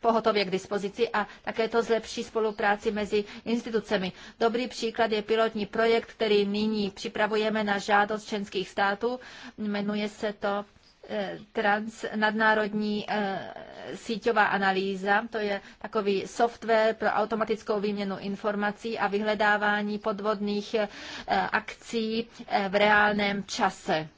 pohotově k dispozici a také to zlepší spolupráci mezi institucemi. Dobrý příklad je pilotní projekt, který nyní připravujeme na žádost členských států. Jmenuje se to Eh, transnadnárodní eh, síťová analýza, to je takový software pro automatickou výměnu informací a vyhledávání podvodných eh, akcí v reálném čase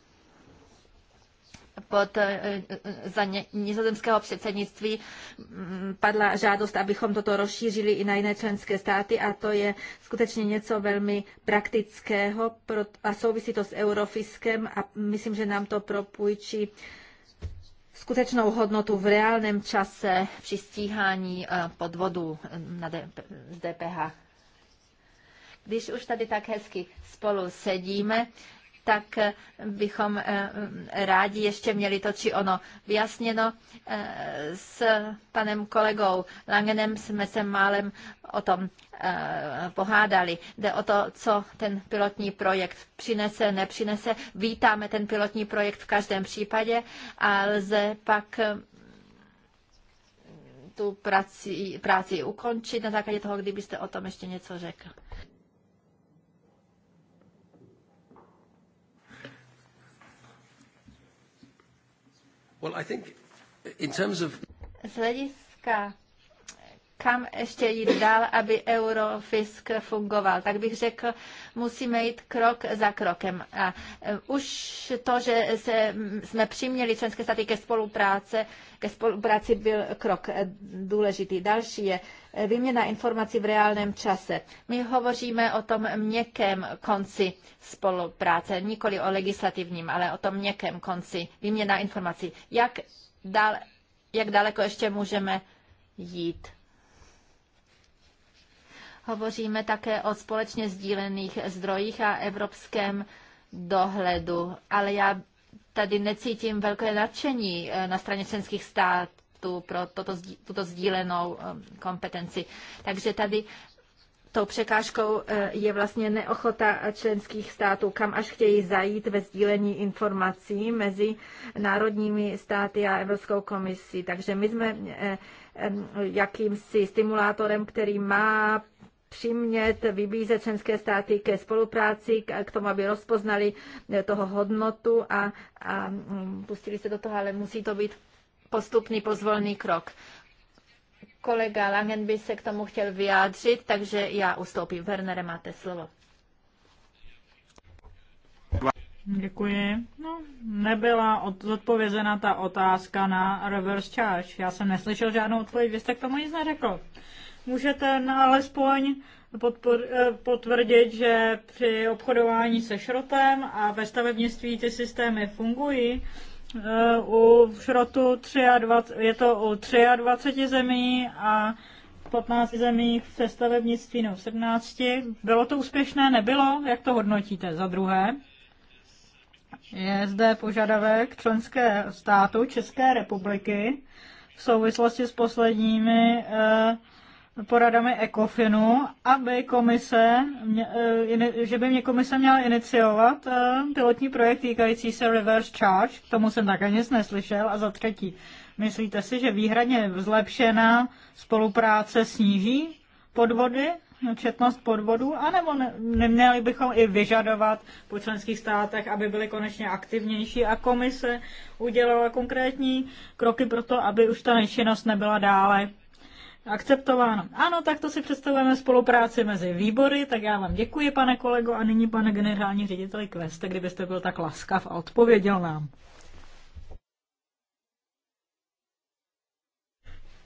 pod eh, eh, za nizozemského předsednictví mm, padla žádost, abychom toto rozšířili i na jiné členské státy a to je skutečně něco velmi praktického a souvisí to s eurofiskem a myslím, že nám to propůjčí skutečnou hodnotu v reálném čase při stíhání eh, podvodu na DPH. Když už tady tak hezky spolu sedíme, tak eh, bychom eh, rádi ještě měli to či ono vyjasněno. Eh, s panem kolegou Langenem jsme se málem o tom pohádali. Jde o to, co ten pilotní projekt přinese, nepřinese. Vítáme ten pilotní projekt v každém případě a lze pak tu práci, práci ukončit na základě toho, kdybyste o tom ještě něco řekl. Z hlediska kam ještě jít dál, aby eurofisk fungoval. Tak bych řekl, musíme jít krok za krokem. A e, už to, že se, jsme přiměli členské státy ke spolupráce, ke spolupráci byl krok důležitý. Další je e, výměna informací v reálném čase. My hovoříme o tom měkkém konci spolupráce, nikoli o legislativním, ale o tom měkkém konci. Výměna informací. Jak, dal, jak daleko ještě můžeme jít? Hovoříme také o společně sdílených zdrojích a evropském dohledu, ale já tady necítím velké nadšení eh, na straně členských států pro toto, tuto sdílenou eh, kompetenci. Takže tady tou překážkou eh, je vlastně neochota členských států, kam až chtějí zajít ve sdílení informací mezi národními státy a Evropskou komisí. Takže my jsme jakýmsi stimulátorem, který má přimět, vybízet členské státy ke spolupráci, k tomu, aby rozpoznali eh, toho hodnotu a, a mm, pustili se do toho, ale musí to být postupný pozvolný krok. Kolega Langen by se k tomu chtěl vyjádřit, takže já ustoupím. Wernere, máte slovo. Děkuji. No, nebyla zodpovězena ta otázka na reverse charge. Já jsem neslyšel žádnou odpověď, vy jste k tomu nic neřekl. Můžete alespoň podpor, eh, potvrdit, že při obchodování se šrotem a ve stavebnictví ty systémy fungují. Eh, u šrotu 23, je to u 23 zemí a 15 zemích no, v stavebnictví nebo 17. Bylo to úspěšné? Nebylo? Jak to hodnotíte? Za druhé, je zde požadavek členské státu České republiky v souvislosti s posledními eh, poradami ECOFINu, aby komise, eh, že by mě komise měla iniciovat eh, pilotní projekt týkající se reverse charge, k tomu jsem také nic neslyšel, a za třetí, myslíte si, že výhradně zlepšená spolupráce sníží podvody, četnost podvodů, anebo ne, neměli bychom i vyžadovat po členských státech, aby byly konečně aktivnější a komise udělala konkrétní kroky pro to, aby už ta nečinnost nebyla dále akceptováno. Ano, tak to si představujeme spolupráci mezi výbory, tak já vám děkuji, pane kolego, a nyní pane generální řediteli Kveste, kdybyste byl tak laskav a odpověděl nám.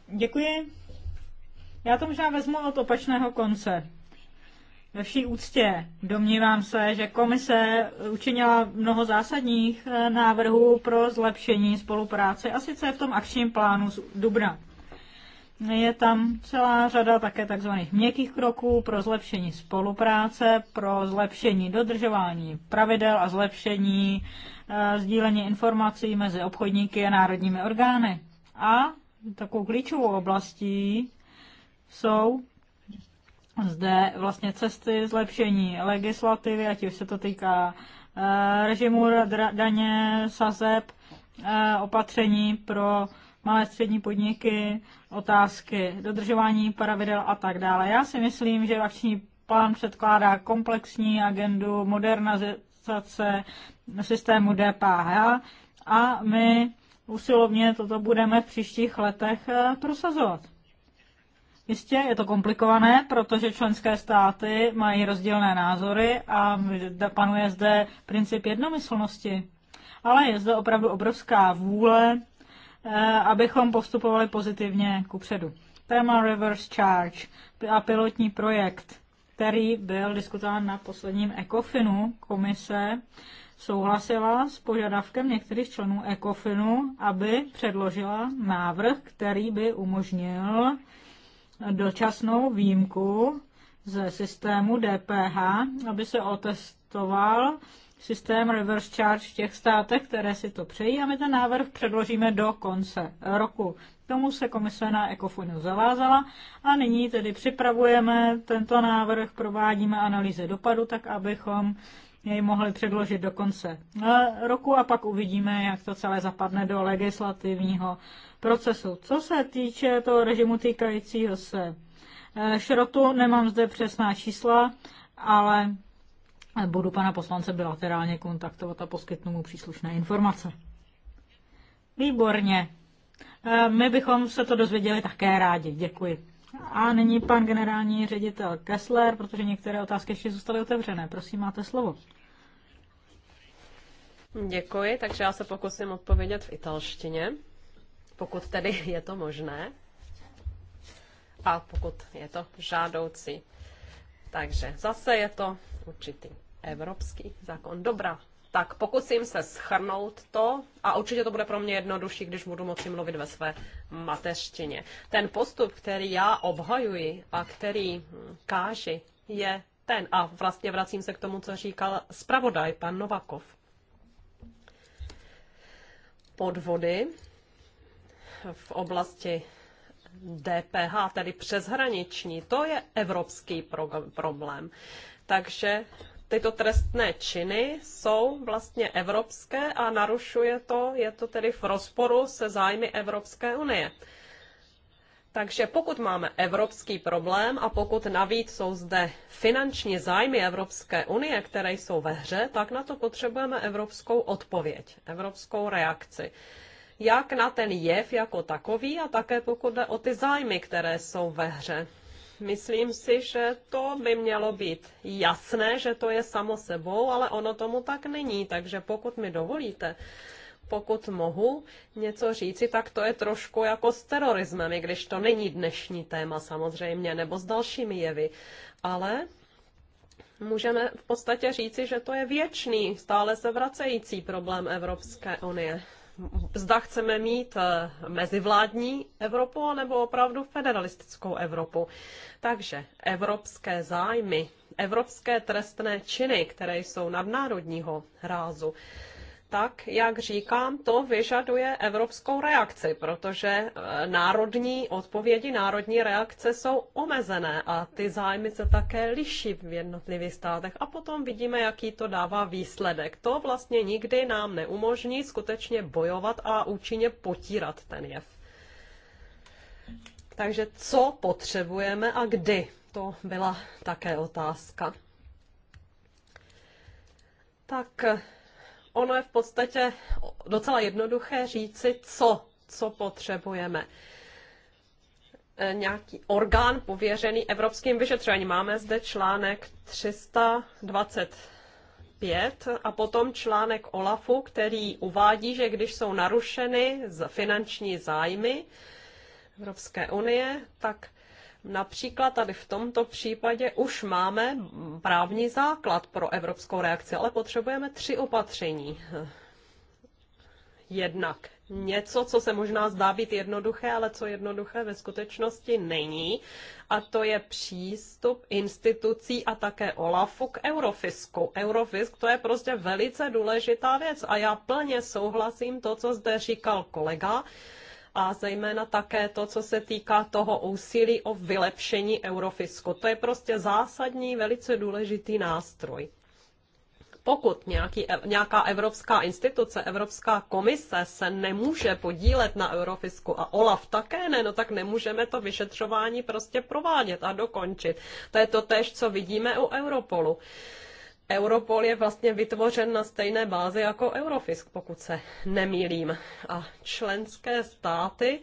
Děkuji. Já to možná vezmu od opačného konce. Ve vší úctě domnívám se, že komise učinila mnoho zásadních eh, návrhů pro zlepšení spolupráce a sice v tom akčním plánu z Dubna. Je tam celá řada také tzv. měkkých kroků pro zlepšení spolupráce, pro zlepšení dodržování pravidel a zlepšení e, sdílení informací mezi obchodníky a národními orgány. A takovou klíčovou oblastí jsou zde vlastně cesty zlepšení legislativy, ať už se to týká e, režimu daně, sazeb, e, opatření pro malé střední podniky, otázky dodržování pravidel a tak dále. Já si myslím, že akční plán předkládá komplexní agendu modernizace systému DPH a my usilovně toto budeme v příštích letech eh, prosazovat. Jistě je to komplikované, protože členské státy mají rozdílné názory a panuje zde princip jednomyslnosti. Ale je zde opravdu obrovská vůle Eh, abychom postupovali pozitivně kupředu. Téma reverse charge a pilotní projekt, který byl diskutován na posledním ECOFINu komise, souhlasila s požadavkem některých členů ECOFINu, aby předložila návrh, který by umožnil dočasnou výjimku ze systému DPH, aby se otestoval systém reverse charge v těch státech, které si to přejí a my ten návrh předložíme do konce roku. Tomu se komise na Ecofinu zavázala a nyní tedy připravujeme tento návrh, provádíme analýze dopadu, tak abychom jej mohli předložit do konce eh, roku a pak uvidíme, jak to celé zapadne do legislativního procesu. Co se týče toho režimu týkajícího se eh, šrotu, nemám zde přesná čísla, ale budu pana poslance bilaterálně kontaktovat a poskytnu mu příslušné informace. Výborně. E, my bychom se to dozvěděli také rádi. Děkuji. A nyní pan generální ředitel Kessler, protože některé otázky ještě zůstaly otevřené. Prosím, máte slovo. Děkuji, takže já se pokusím odpovědět v italštině, pokud tedy je to možné a pokud je to žádoucí. Takže zase je to určitý evropský zákon. Dobrá, tak pokusím se schrnout to a určitě to bude pro mě jednodušší, když budu moci mluvit ve své mateřštině. Ten postup, který já obhajuji a který káži, je ten. A vlastně vracím se k tomu, co říkal zpravodaj pan Novakov. Podvody v oblasti DPH, tedy přeshraniční, to je evropský problém. Takže tyto trestné činy jsou vlastně evropské a narušuje to, je to tedy v rozporu se zájmy Evropské unie. Takže pokud máme evropský problém a pokud navíc jsou zde finanční zájmy Evropské unie, které jsou ve hře, tak na to potřebujeme evropskou odpověď, evropskou reakci. Jak na ten jev jako takový a také pokud jde o ty zájmy, které jsou ve hře. Myslím si, že to by mělo být jasné, že to je samo sebou, ale ono tomu tak není. Takže pokud mi dovolíte, pokud mohu něco říci, tak to je trošku jako s terorismem, i když to není dnešní téma samozřejmě, nebo s dalšími jevy. Ale můžeme v podstatě říci, že to je věčný, stále se vracející problém Evropské unie zda chceme mít eh, mezivládní Evropu nebo opravdu federalistickou Evropu. Takže evropské zájmy, evropské trestné činy, které jsou nadnárodního rázu, tak jak říkám, to vyžaduje evropskou reakci, protože eh, národní odpovědi, národní reakce jsou omezené a ty zájmy se také liší v jednotlivých státech a potom vidíme, jaký to dává výsledek. To vlastně nikdy nám neumožní skutečně bojovat a účinně potírat ten jev. Takže co potřebujeme a kdy? To byla také otázka. Tak ono je v podstatě docela jednoduché říci, co, co potřebujeme e, nějaký orgán pověřený evropským vyšetřováním. Máme zde článek 325 a potom článek OLAFu, který uvádí, že když jsou narušeny finanční zájmy Evropské unie, tak Například tady v tomto případě už máme právní základ pro evropskou reakci, ale potřebujeme tři opatření. Jednak něco, co se možná zdá být jednoduché, ale co jednoduché ve skutečnosti není, a to je přístup institucí a také OLAFu k Eurofisku. Eurofisk to je prostě velice důležitá věc a já plně souhlasím to, co zde říkal kolega, a zejména také to, co se týká toho úsilí o vylepšení eurofisko. To je prostě zásadní, velice důležitý nástroj pokud nějaký, nějaká evropská instituce, Evropská komise se nemůže podílet na Eurofisku a OLAF také ne, no tak nemůžeme to vyšetřování prostě provádět a dokončit. To je to tež, co vidíme u Europolu. Uh, Europol je vlastně vytvořen na stejné bázi jako Eurofisk, pokud se nemýlím. A členské státy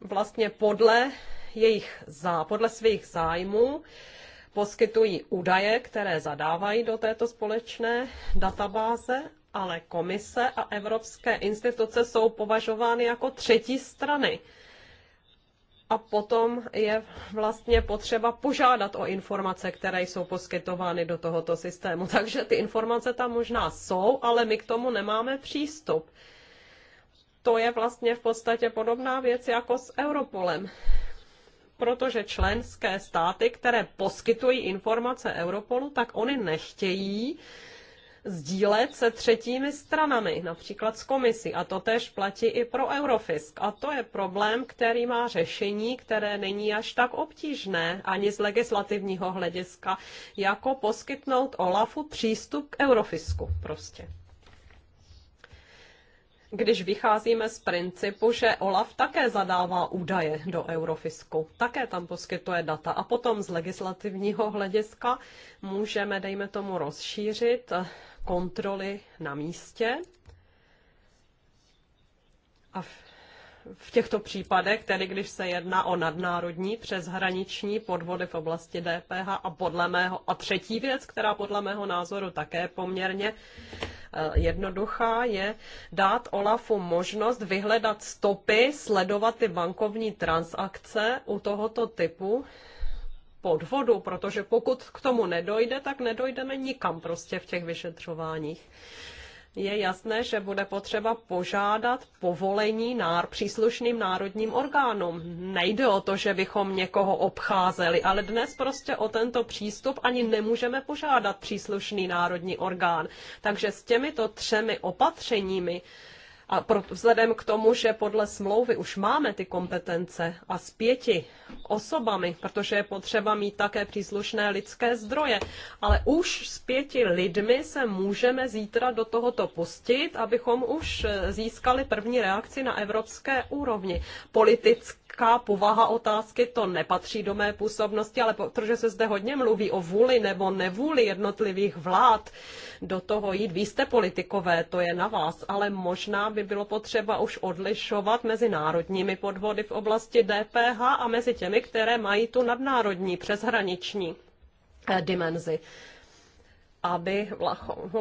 vlastně podle, jejich zá, podle svých zájmů poskytují údaje, které zadávají do této společné databáze, ale komise a evropské instituce jsou považovány jako třetí strany a potom je vlastně potřeba požádat o informace, které jsou poskytovány do tohoto systému. Takže ty informace tam možná jsou, ale my k tomu nemáme přístup. To je vlastně v podstatě podobná věc jako s Europolem, protože členské státy, které poskytují informace Europolu, tak oni nechtějí, sdílet se třetími stranami, například s komisí. A to tež platí i pro Eurofisk. A to je problém, který má řešení, které není až tak obtížné ani z legislativního hlediska, jako poskytnout Olafu přístup k Eurofisku prostě když vycházíme z principu, že OLAF také zadává údaje do Eurofisku, také tam poskytuje data a potom z legislativního hlediska můžeme, dejme tomu, rozšířit kontroly na místě. A v těchto případech, tedy když se jedná o nadnárodní přeshraniční podvody v oblasti DPH a podle mého, a třetí věc, která podle mého názoru také poměrně eh, jednoduchá, je dát Olafu možnost vyhledat stopy, sledovat ty bankovní transakce u tohoto typu pod vodu, protože pokud k tomu nedojde, tak nedojdeme nikam prostě v těch vyšetřováních. Je jasné, že bude potřeba požádat povolení nár příslušným národním orgánům. Nejde o to, že bychom někoho obcházeli, ale dnes prostě o tento přístup ani nemůžeme požádat příslušný národní orgán. Takže s těmito třemi opatřeními a pro, vzhledem k tomu, že podle smlouvy už máme ty kompetence a s pěti osobami, protože je potřeba mít také příslušné lidské zdroje, ale už s pěti lidmi se můžeme zítra do tohoto pustit, abychom už eh, získali první reakci na evropské úrovni. Politicky etická povaha otázky, to nepatří do mé působnosti, ale protože se zde hodně mluví o vůli nebo nevůli jednotlivých vlád do toho jít, vy jste politikové, to je na vás, ale možná by bylo potřeba už odlišovat mezi národními podvody v oblasti DPH a mezi těmi, které mají tu nadnárodní, přeshraniční eh, dimenzi aby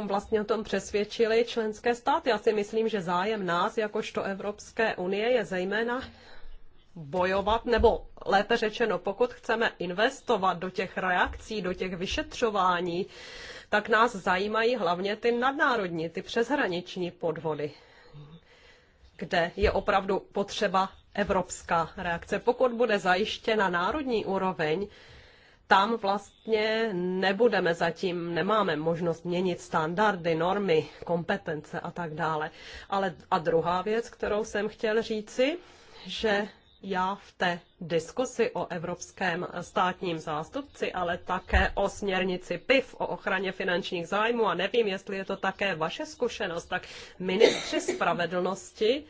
vlastně o tom přesvědčili členské státy. Já si myslím, že zájem nás, jakožto Evropské unie, je zejména bojovat, nebo lépe řečeno, pokud chceme investovat do těch reakcí, do těch vyšetřování, tak nás zajímají hlavně ty nadnárodní, ty přeshraniční podvody, kde je opravdu potřeba evropská reakce. Pokud bude zajištěna národní úroveň, tam vlastně nebudeme zatím, nemáme možnost měnit standardy, normy, kompetence a tak dále. Ale a druhá věc, kterou jsem chtěl říci, že já v té diskusi o evropském státním zástupci, ale také o směrnici PIV, o ochraně finančních zájmů a nevím, jestli je to také vaše zkušenost, tak ministři spravedlnosti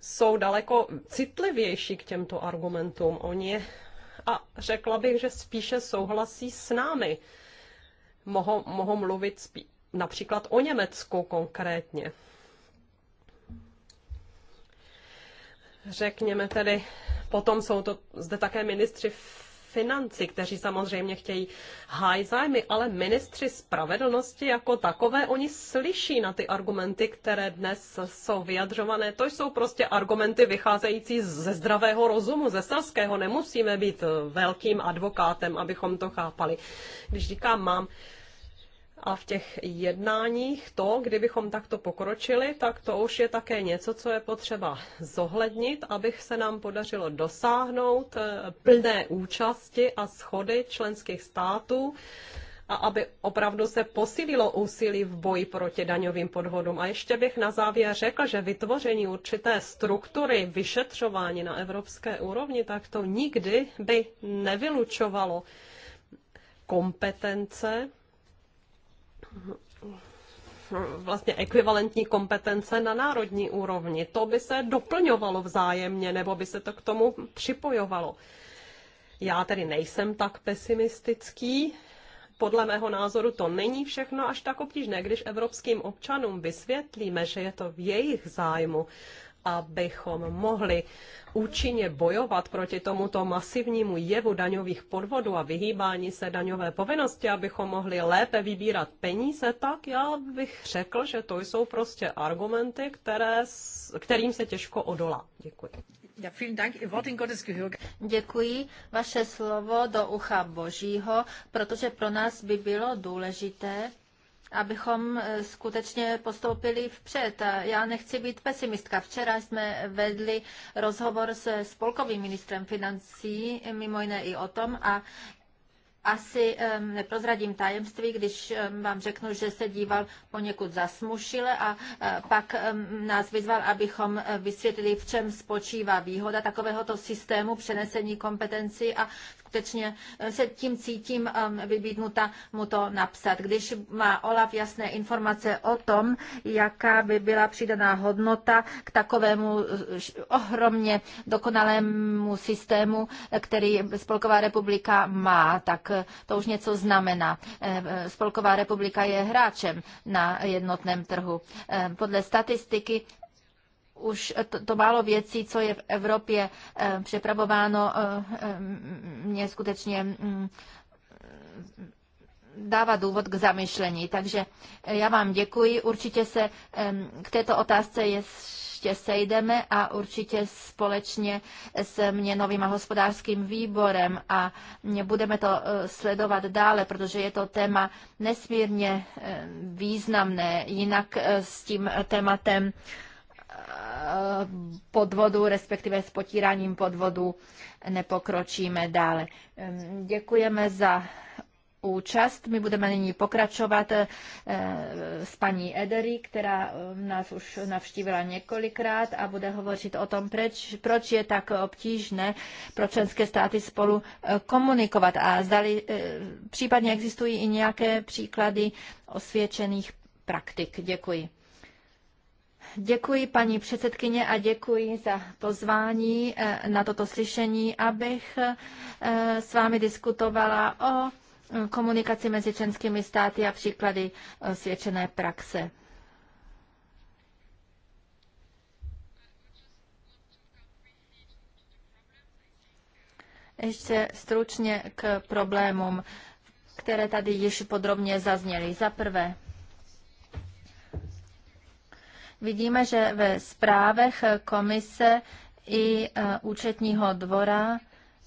jsou daleko citlivější k těmto argumentům. Oni je, a řekla bych, že spíše souhlasí s námi. Mohou, mohou mluvit spí, například o Německu konkrétně. řekněme tedy, potom jsou to zde také ministři financí, kteří samozřejmě chtějí háj zájmy, ale ministři spravedlnosti jako takové, oni slyší na ty argumenty, které dnes jsou vyjadřované. To jsou prostě argumenty vycházející ze zdravého rozumu, ze selského. Nemusíme být velkým advokátem, abychom to chápali. Když říkám, mám a v těch jednáních to, kdybychom takto pokročili, tak to už je také něco, co je potřeba zohlednit, abych se nám podařilo dosáhnout eh, plné účasti a schody členských států a aby opravdu se posílilo úsilí v boji proti daňovým podvodům. A ještě bych na závěr řekl, že vytvoření určité struktury vyšetřování na evropské úrovni, tak to nikdy by nevylučovalo kompetence vlastně ekvivalentní kompetence na národní úrovni. To by se doplňovalo vzájemně, nebo by se to k tomu připojovalo. Já tedy nejsem tak pesimistický. Podle mého názoru to není všechno až tak obtížné, když evropským občanům vysvětlíme, že je to v jejich zájmu, abychom mohli účinně bojovat proti tomuto masivnímu jevu daňových podvodů a vyhýbání se daňové povinnosti, abychom mohli lépe vybírat peníze, tak já bych řekl, že to jsou prostě argumenty, které, kterým se těžko odolá. Děkuji. Děkuji. Vaše slovo do ucha Božího, protože pro nás by bylo důležité, abychom eh, skutečně postoupili vpřed. Já nechci být pesimistka. Včera jsme vedli rozhovor se spolkovým ministrem financí, mimo jiné i o tom, a asi um, neprozradím tajemství, když um, vám řeknu, že se díval poněkud zasmušile a uh, pak um, nás vyzval, abychom eh, vysvětlili, v čem spočívá výhoda takovéhoto systému přenesení kompetenci a v skutečně eh, se tím cítím eh, vybídnuta mu to napsat. Když má Olaf jasné informace o tom, jaká by byla přidaná hodnota k takovému eh, ohromně dokonalému systému, který Spolková republika má, tak to už něco znamená. Spolková republika je hráčem na jednotném trhu. Podle statistiky už to, to málo věcí, co je v Evropě eh, přepravováno, eh, eh, mě skutečně mm, dává důvod k zamyšlení. Takže eh, já vám děkuji. Určitě se k této otázce ještě sejdeme a určitě společně s novým a hospodářským výborem a budeme to sledovat dále, protože je to téma nesmírně významné. Jinak s tím tématem podvodu, respektive s potíráním podvodu nepokročíme dále. Děkujeme za účast. My budeme nyní pokračovat eh, s paní Edery, která eh, nás už navštívila několikrát a bude hovořit o tom, proč, proč je tak obtížné pro členské státy spolu eh, komunikovat a zdali případně existují i nějaké příklady osvědčených praktik. Děkuji. Děkuji paní předsedkyně a děkuji za pozvání eh, na toto slyšení, abych eh, s vámi diskutovala o eh, komunikaci mezi členskými státy a příklady svědčené praxe. Ještě stručně k problémům, které tady již podrobně zazněly. Za prvé, Vidíme, že ve zprávech komise i e, účetního dvora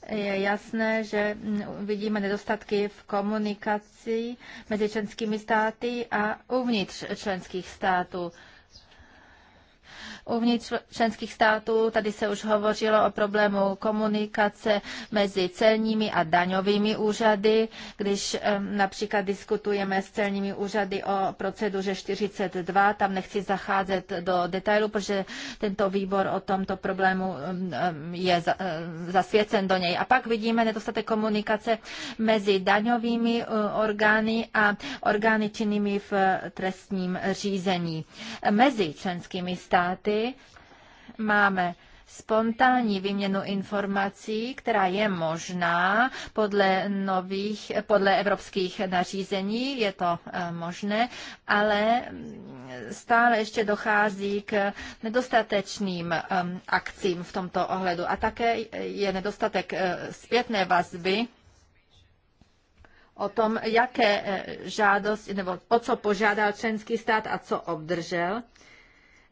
je jasné, že vidíme nedostatky v komunikaci mezi členskými státy a uvnitř členských států uvnitř členských států. Tady se už hovořilo o problému komunikace mezi celními a daňovými úřady, když například diskutujeme s celními úřady o proceduře 42, tam nechci zacházet do detailu, protože tento výbor o tomto problému je zasvěcen do něj. A pak vidíme nedostatek komunikace mezi daňovými e, orgány a orgány činnými v e, trestním řízení mezi členskými státy státy máme spontánní výměnu informací, která je možná podle nových, podle evropských nařízení, je to eh, možné, ale mm, stále ještě dochází k nedostatečným eh, akcím v tomto ohledu a také je nedostatek eh, zpětné vazby o tom, jaké žádosti nebo o co požádal členský stát a co obdržel.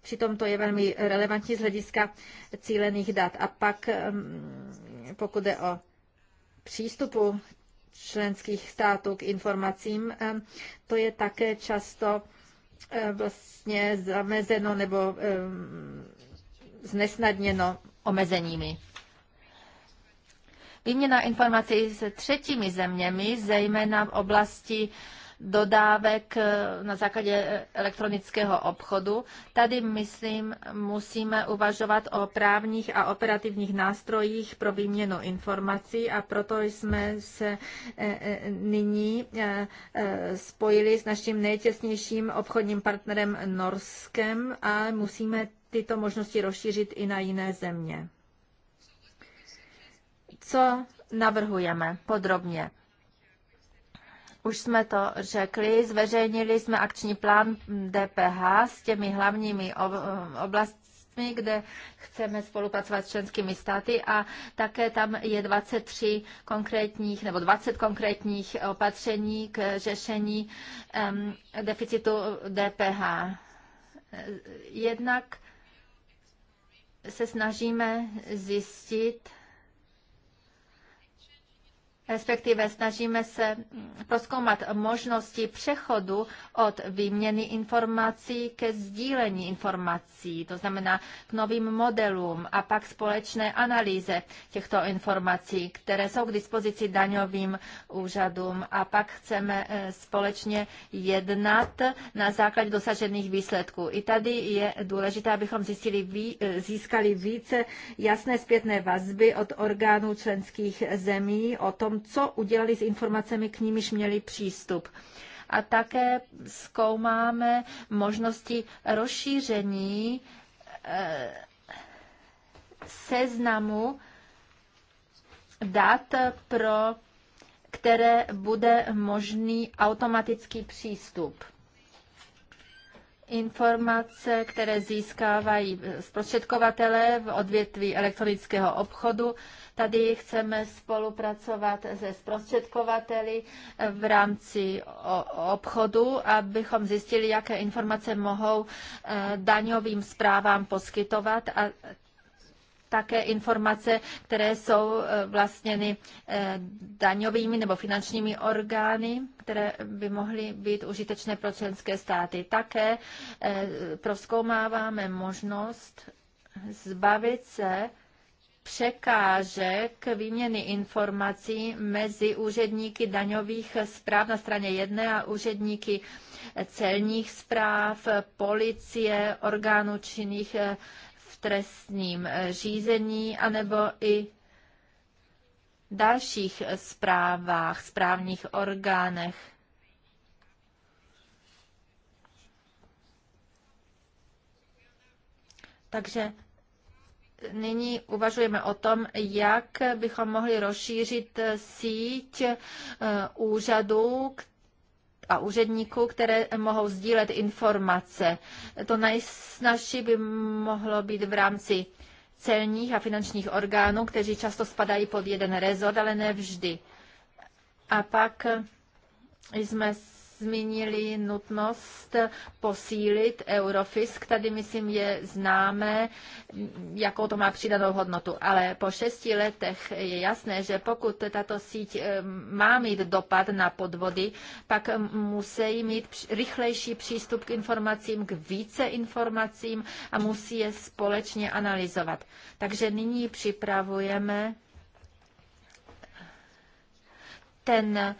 Přitom to je velmi relevantní z hlediska cílených dat. A pak, mm, pokud jde o přístupu členských států k informacím, mm, to je také často eh, vlastně zamezeno nebo mm, znesnadněno omezeními. Výměna informací s třetími zeměmi, zejména v oblasti dodávek eh, na základě eh, elektronického obchodu. Tady, myslím, musíme uvažovat o právních a operativních nástrojích pro výměnu informací a proto jsme se eh, nyní spojili s naším nejtěsnějším obchodním partnerem Norskem a musíme tyto možnosti rozšířit i na jiné země. Co navrhujeme podrobně? Už jsme to řekli, zveřejnili jsme akční plán DPH s těmi hlavními oblastmi, kde chceme spolupracovat s členskými státy a také tam je 23 konkrétních nebo 20 konkrétních opatření k řešení um, deficitu DPH. Jednak se snažíme zjistit, respektive snažíme se proskoumat možnosti přechodu od výměny informací ke sdílení informací, to znamená k novým modelům a pak společné analýze těchto informací, které jsou k dispozici daňovým úřadům a pak chceme eh, společně jednat na základě dosažených výsledků. I tady je důležité, abychom zjistili, eh, získali více jasné zpětné vazby od orgánů členských zemí o tom, co udělali s informacemi, k nimiž měli přístup a také zkoumáme možnosti rozšíření eh, seznamu dat, pro které bude možný automatický přístup. Informace, které získávají eh, zprostředkovatele v odvětví elektronického obchodu, Tady chceme spolupracovat se zprostředkovateli v rámci obchodu, abychom zjistili, jaké informace mohou eh, daňovým zprávám poskytovat a také informace, které jsou eh, vlastněny eh, daňovými nebo finančními orgány, které by mohly být užitečné pro členské státy. Také proskoumáváme možnost zbavit se překážek výměny informací mezi úředníky daňových zpráv na straně jedné a úředníky celních zpráv, policie, orgánů činných eh, v trestním eh, řízení, anebo i dalších zprávách, správních orgánech. Takže nyní uvažujeme o tom, jak bychom mohli rozšířit síť eh, úřadů a úředníků, které mohou sdílet informace. To nejsnažší by mohlo být v rámci celních a finančních orgánů, kteří často spadají pod jeden rezort, ale ne vždy. A pak jsme zmínili nutnost posílit Eurofisk. Tady, myslím, je známé, jakou to má přidanou hodnotu. Ale po šesti letech je jasné, že pokud tato síť eh, má mít dopad na podvody, pak musí mít rychlejší přístup k informacím, k více informacím a musí je společně analyzovat. Takže nyní připravujeme ten eh,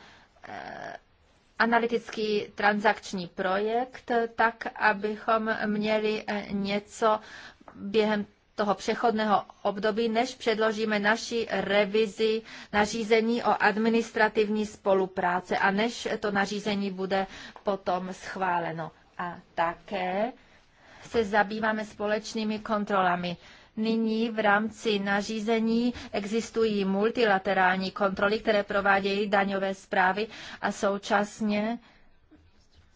analytický transakční projekt, tak abychom měli eh, něco během toho přechodného období, než předložíme naši revizi nařízení o administrativní spolupráce a než to nařízení bude potom schváleno. A také se zabýváme společnými kontrolami Nyní v rámci nařízení existují multilaterální kontroly, které provádějí daňové zprávy a současně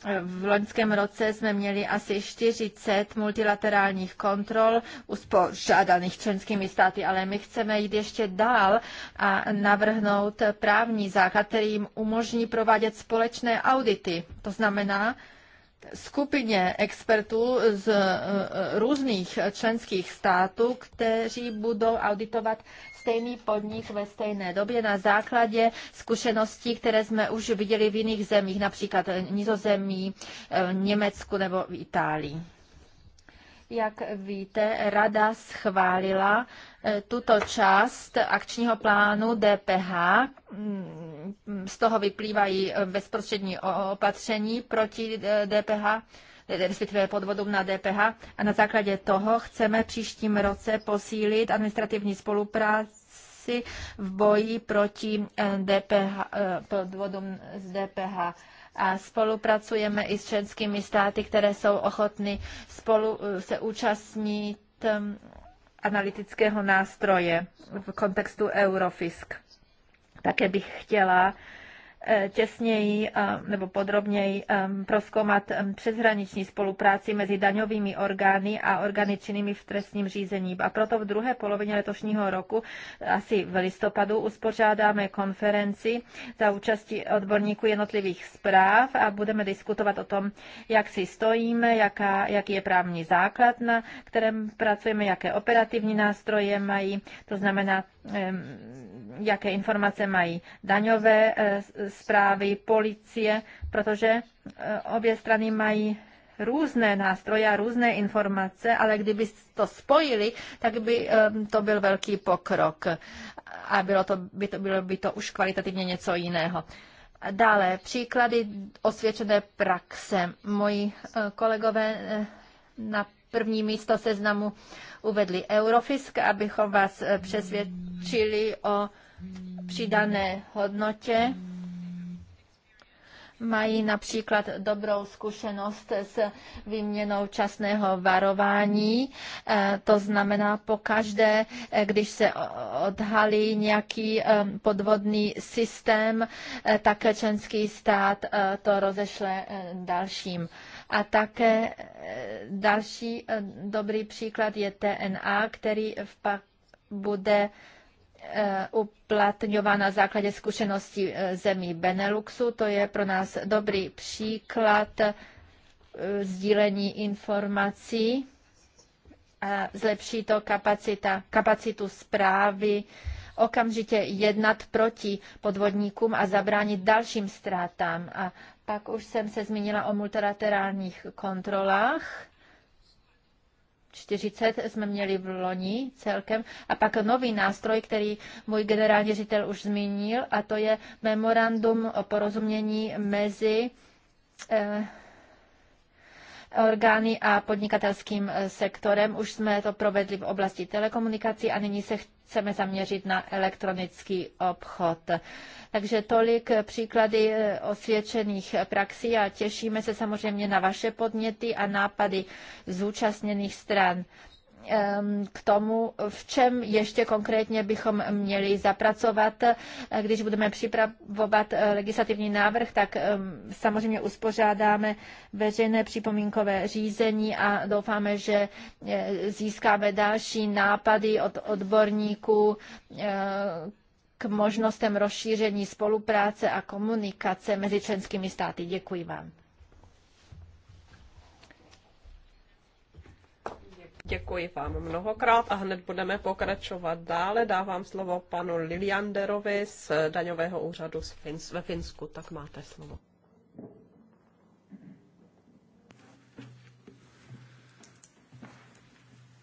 eh, v loňském roce jsme měli asi 40 multilaterálních kontrol uspořádaných členskými státy, ale my chceme jít ještě dál a navrhnout právní základ, který jim umožní provádět společné audity. To znamená, skupině expertů z eh, eh, různých členských států, kteří budou auditovat stejný podnik ve stejné době na základě zkušeností, které jsme už viděli v jiných zemích, například Nizozemí, eh, Německu nebo v Itálii. Jak víte, Rada schválila eh, tuto část akčního plánu DPH. Mm, z toho vyplývají eh, bezprostřední opatření proti DPH eh, respektive podvodům na DPH a na základě toho chceme příštím roce posílit administrativní spolupráci v boji proti DPH, podvodům z DPH a spolupracujeme i s členskými státy, které jsou ochotny spolu eh, se účastnit ehm, analytického nástroje v kontextu Eurofisk. Také bych chtěla Eh, těsněji eh, nebo podrobněji eh, proskoumat přeshraniční spolupráci mezi daňovými orgány a orgány činnými v trestním řízení. A proto v druhé polovině letošního roku, asi v listopadu, uspořádáme konferenci za účastí odborníků jednotlivých zpráv a budeme diskutovat o tom, jak si stojíme, jaká, jaký je právní základ, na kterém pracujeme, jaké operativní nástroje mají, to znamená jaké informace mají daňové eh, zprávy, policie, protože eh, obě strany mají různé nástroje a různé informace, ale kdyby to spojili, tak by to byl velký pokrok a bylo, to, by to, bylo by to už kvalitativně něco jiného. Dále příklady osvědčené praxe. Moji eh, kolegové na první místo seznamu uvedli Eurofisk, abychom vás eh, přesvědčili o přidané hodnotě. Mají například dobrou zkušenost s výměnou časného varování. Eh, to znamená, pokaždé, eh, když se odhalí nějaký podvodný systém, tak členský stát to rozešle dalším a také eh, další eh, dobrý příklad je TNA, který pak bude eh, uplatňován na základě zkušeností zemí Beneluxu. To je pro nás dobrý příklad sdílení informací a zlepší to kapacita, kapacitu zprávy, okamžitě jednat proti podvodníkům a zabránit dalším ztrátám. A pak už jsem se zmínila o multilaterálních kontrolách. 40 jsme měli v loni celkem. A pak nový nástroj, který můj generální ředitel už zmínil, a to je memorandum o porozumění mezi eh, orgány a podnikatelským eh, sektorem. Už jsme to provedli v oblasti telekomunikací a nyní se chceme zaměřit na elektronický obchod. Takže tolik příklady eh, osvědčených praxí a těšíme se samozřejmě na vaše podněty a nápady zúčastněných stran. Um, k tomu, v čem ještě konkrétně bychom měli zapracovat. Eh, když budeme připravovat eh, legislativní návrh, tak um, samozřejmě uspořádáme veřejné připomínkové řízení a doufáme, že eh, získáme další nápady od odborníků k možnostem rozšíření spolupráce a komunikace mezi členskými státy. Děkuji vám. Děkuji vám mnohokrát a hned budeme pokračovat dále. Dávám slovo panu Lilianderovi z daňového úřadu z ve Finsku. Tak máte slovo.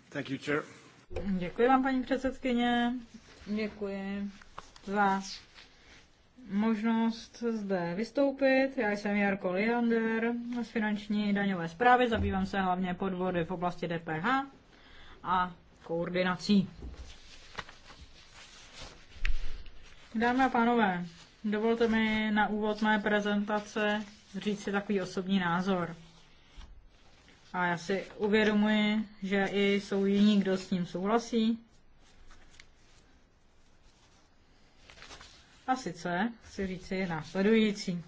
Thank you, chair. Děkuji vám, paní předsedkyně. Děkuji za možnost zde vystoupit. Já jsem Jarko Liander z finanční daňové zprávy, zabývám se hlavně podvody v oblasti DPH a koordinací. Dámy a pánové, dovolte mi na úvod mé prezentace říct si takový osobní názor. A já si uvědomuji, že i jsou jiní, kdo s ním souhlasí. A sice chci si následující.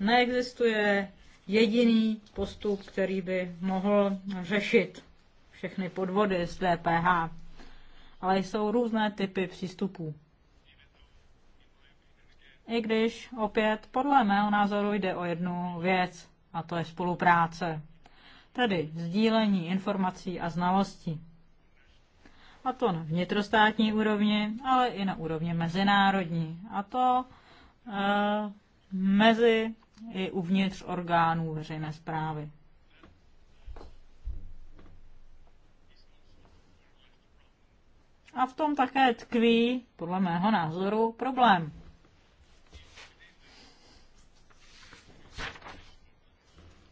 Neexistuje jediný postup, který by mohl řešit všechny podvody z DPH. Ale jsou různé typy přístupů. I když opět podle mého názoru jde o jednu věc, a to je spolupráce. Tedy sdílení informací a znalostí. A to na vnitrostátní úrovni, ale i na úrovni mezinárodní. A to e, mezi i uvnitř orgánů veřejné zprávy. A v tom také tkví, podle mého názoru, problém.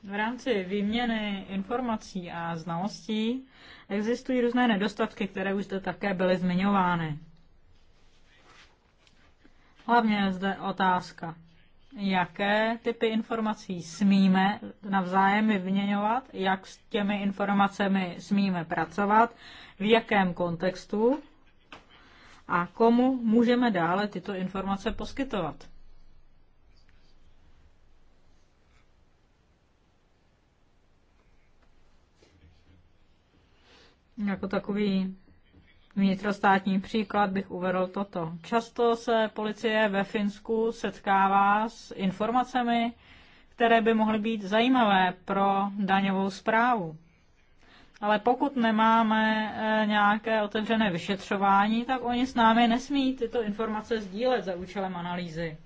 V rámci výměny informací a znalostí existují různé nedostatky, které už zde také byly zmiňovány. Hlavně je zde otázka, jaké typy informací smíme navzájem vyměňovat, jak s těmi informacemi smíme pracovat, v jakém kontextu a komu můžeme dále tyto informace poskytovat. Jako takový vnitrostátní příklad bych uvedl toto. Často se policie ve Finsku setkává s informacemi, které by mohly být zajímavé pro daňovou zprávu. Ale pokud nemáme eh, nějaké otevřené vyšetřování, tak oni s námi nesmí tyto informace sdílet za účelem analýzy.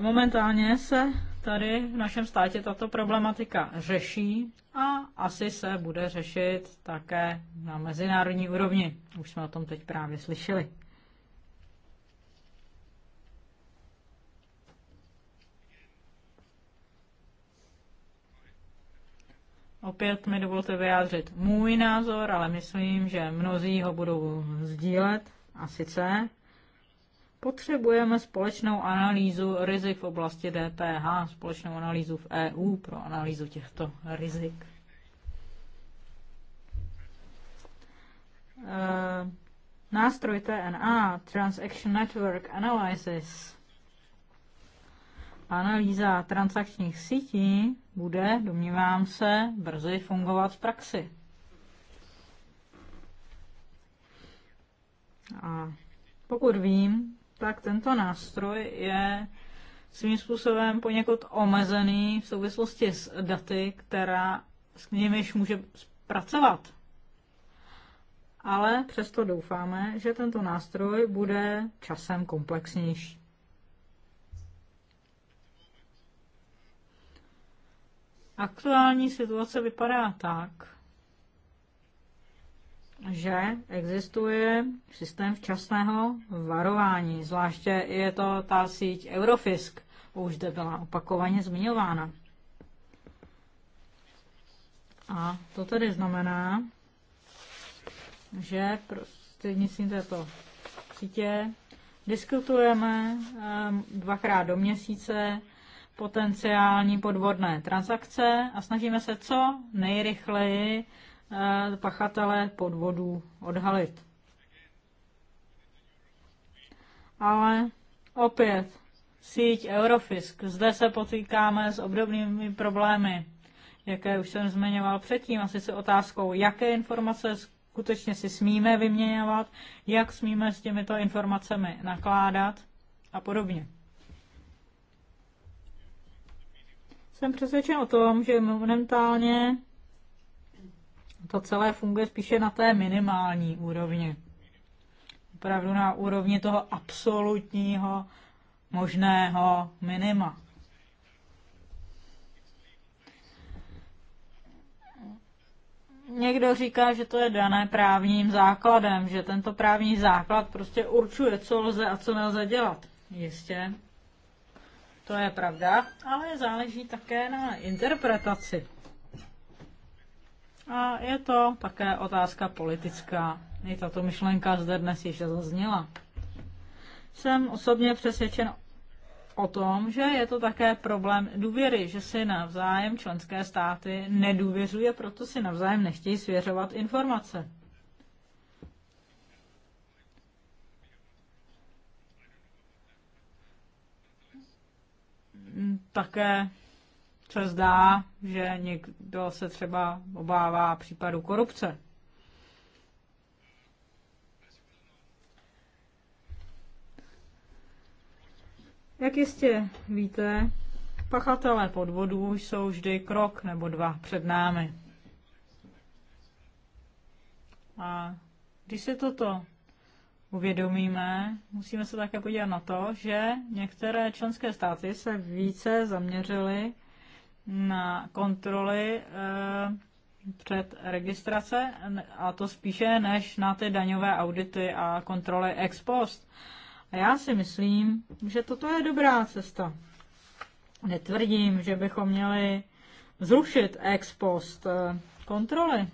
Momentálně se tady v našem státě tato problematika řeší a asi se bude řešit také na mezinárodní úrovni. Už jsme o tom teď právě slyšeli. Opět mi dovolte vyjádřit můj názor, ale myslím, že mnozí ho budou sdílet. A sice potřebujeme společnou analýzu rizik v oblasti DPH, společnou analýzu v EU pro analýzu těchto rizik. Eh, nástroj TNA, Transaction Network Analysis, analýza transakčních sítí bude, domnívám se, brzy fungovat v praxi. A pokud vím, tak tento nástroj je svým způsobem poněkud omezený v souvislosti s daty, která s nimiž může pracovat. Ale přesto doufáme, že tento nástroj bude časem komplexnější. Aktuální situace vypadá tak, že existuje systém včasného varování, zvláště je to ta síť Eurofisk, už zde byla opakovaně zmiňována. A to tedy znamená, že prostřednictvím této sítě diskutujeme eh, dvakrát do měsíce potenciální podvodné transakce a snažíme se co nejrychleji eh, pachatele podvodů odhalit. Ale opět síť Eurofisk. Zde se potýkáme s obdobnými problémy, jaké už jsem zmiňoval předtím, asi se otázkou, jaké informace skutečně si smíme vyměňovat, jak smíme s těmito informacemi nakládat a podobně. jsem přesvědčen o tom, že momentálně to celé funguje spíše na té minimální úrovni. Opravdu na úrovni toho absolutního možného minima. Někdo říká, že to je dané právním základem, že tento právní základ prostě určuje, co lze a co nelze dělat. Jistě, to je pravda, ale záleží také na interpretaci. A je to také otázka politická. I tato myšlenka zde dnes již zazněla. Jsem osobně přesvědčen o tom, že je to také problém důvěry, že si navzájem členské státy nedůvěřuje, proto si navzájem nechtějí svěřovat informace. také se zdá, že někdo se třeba obává případu korupce. Jak jistě víte, pachatelé podvodů jsou vždy krok nebo dva před námi. A když se toto uvědomíme, musíme se také podívat na to, že některé členské státy se více zaměřily na kontroly eh, před registrace a to spíše než na ty daňové audity a kontroly ex post. A já si myslím, že toto je dobrá cesta. Netvrdím, že bychom měli zrušit ex post eh, kontroly.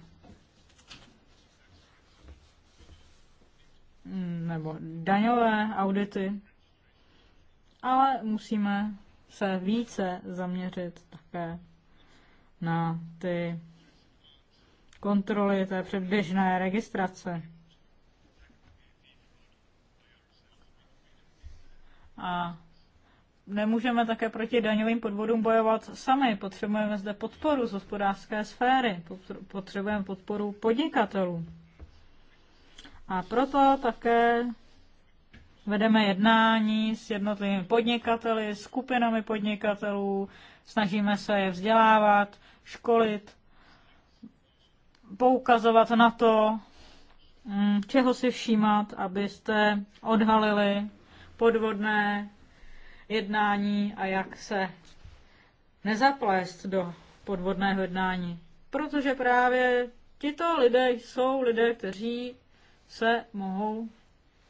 nebo daňové audity, ale musíme se více zaměřit také na ty kontroly té předběžné registrace. A nemůžeme také proti daňovým podvodům bojovat sami. Potřebujeme zde podporu z hospodářské sféry, potřebujeme podporu podnikatelů. A proto také vedeme jednání s jednotlivými podnikateli, skupinami podnikatelů, snažíme se je vzdělávat, školit, poukazovat na to, mm, čeho si všímat, abyste odhalili podvodné jednání a jak se nezaplést do podvodného jednání. Protože právě tito lidé jsou lidé, kteří se mohou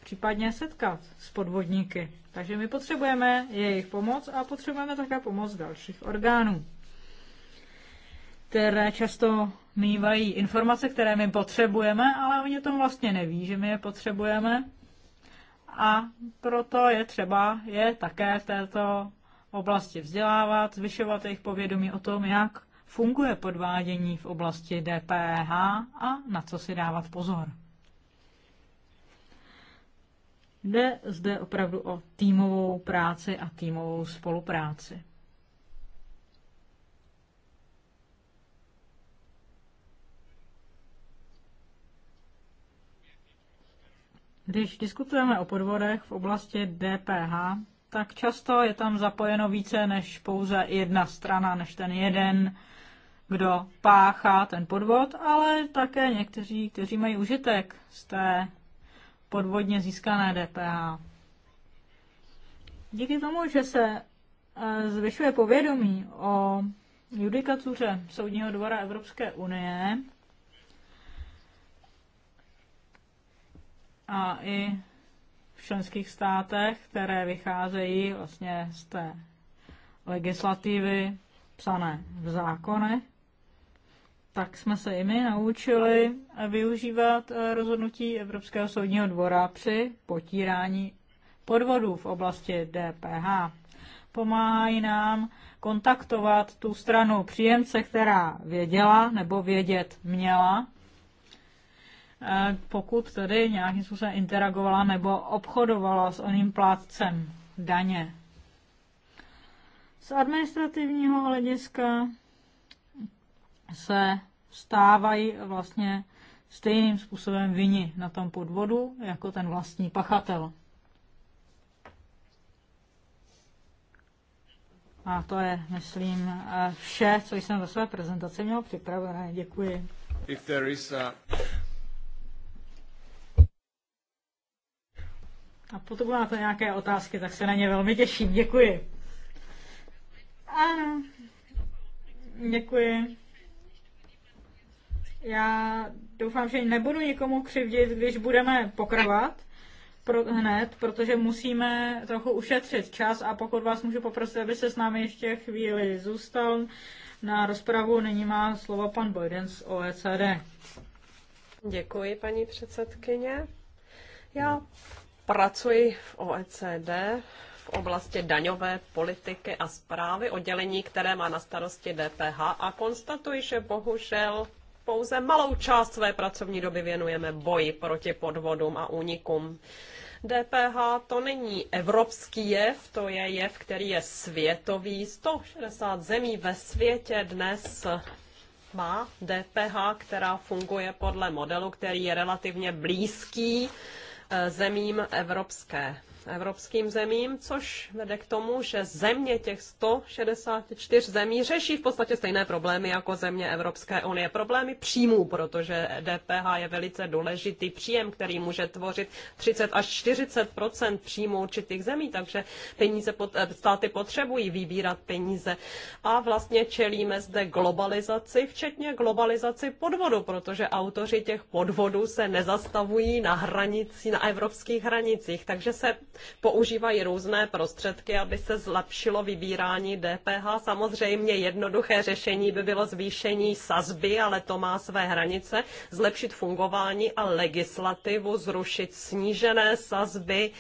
případně setkat s podvodníky. Takže my potřebujeme jejich pomoc a potřebujeme také pomoc dalších orgánů, které často mývají informace, které my potřebujeme, ale oni tom vlastně neví, že my je potřebujeme. A proto je třeba je také v této oblasti vzdělávat, zvyšovat jejich povědomí o tom, jak funguje podvádění v oblasti DPH a na co si dávat pozor. Jde zde opravdu o týmovou práci a týmovou spolupráci. Když diskutujeme o podvodech v oblasti DPH, tak často je tam zapojeno více než pouze jedna strana, než ten jeden, kdo páchá ten podvod, ale také někteří, kteří mají užitek z té podvodně získané DPH. Díky tomu, že se eh, zvyšuje povědomí o judikatuře Soudního dvora Evropské unie a i v členských státech, které vycházejí vlastně z té legislativy psané v zákonech, tak jsme se i my naučili využívat eh, rozhodnutí Evropského soudního dvora při potírání podvodů v oblasti DPH. Pomáhají nám kontaktovat tu stranu příjemce, která věděla nebo vědět měla, eh, pokud tedy nějakým způsobem interagovala nebo obchodovala s oným plátcem daně. Z administrativního hlediska se stávají vlastně stejným způsobem vini na tom podvodu jako ten vlastní pachatel. A to je, myslím, vše, co jsem ve své prezentaci měl připravené. Děkuji. If there is a... a potom máte nějaké otázky, tak se na ně velmi těším. Děkuji. Ano. Děkuji. Já doufám, že nebudu nikomu křivdit, když budeme pokrvat pro, hned, protože musíme trochu ušetřit čas a pokud vás můžu poprosit, aby se s námi ještě chvíli zůstal na rozpravu, nyní má slovo pan Biden z OECD. Děkuji, paní předsedkyně. Já pracuji v OECD v oblasti daňové politiky a zprávy, oddělení, které má na starosti DPH a konstatuji, že bohužel pouze malou část své pracovní doby věnujeme boji proti podvodům a únikům. DPH to není evropský jev, to je jev, který je světový. 160 zemí ve světě dnes má DPH, která funguje podle modelu, který je relativně blízký eh, zemím Evropské evropským zemím, což vede k tomu, že země těch 164 zemí řeší v podstatě stejné problémy jako země Evropské unie. Problémy příjmů, protože DPH je velice důležitý příjem, který může tvořit 30 až 40 příjmů určitých zemí, takže peníze pod, eh, státy potřebují vybírat peníze. A vlastně čelíme zde globalizaci, včetně globalizaci podvodu, protože autoři těch podvodů se nezastavují na hranici, na evropských hranicích. Takže se používají různé prostředky, aby se zlepšilo vybírání DPH. Samozřejmě jednoduché řešení by bylo zvýšení sazby, ale to má své hranice, zlepšit fungování a legislativu, zrušit snížené sazby,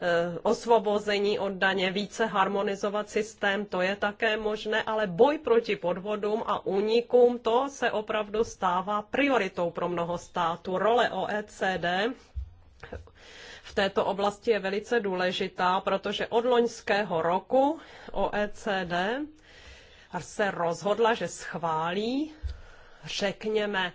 eh, osvobození od daně, více harmonizovat systém, to je také možné, ale boj proti podvodům a únikům, to se opravdu stává prioritou pro mnoho států. Role OECD v této oblasti je velice důležitá, protože od loňského roku OECD se rozhodla, že schválí, řekněme,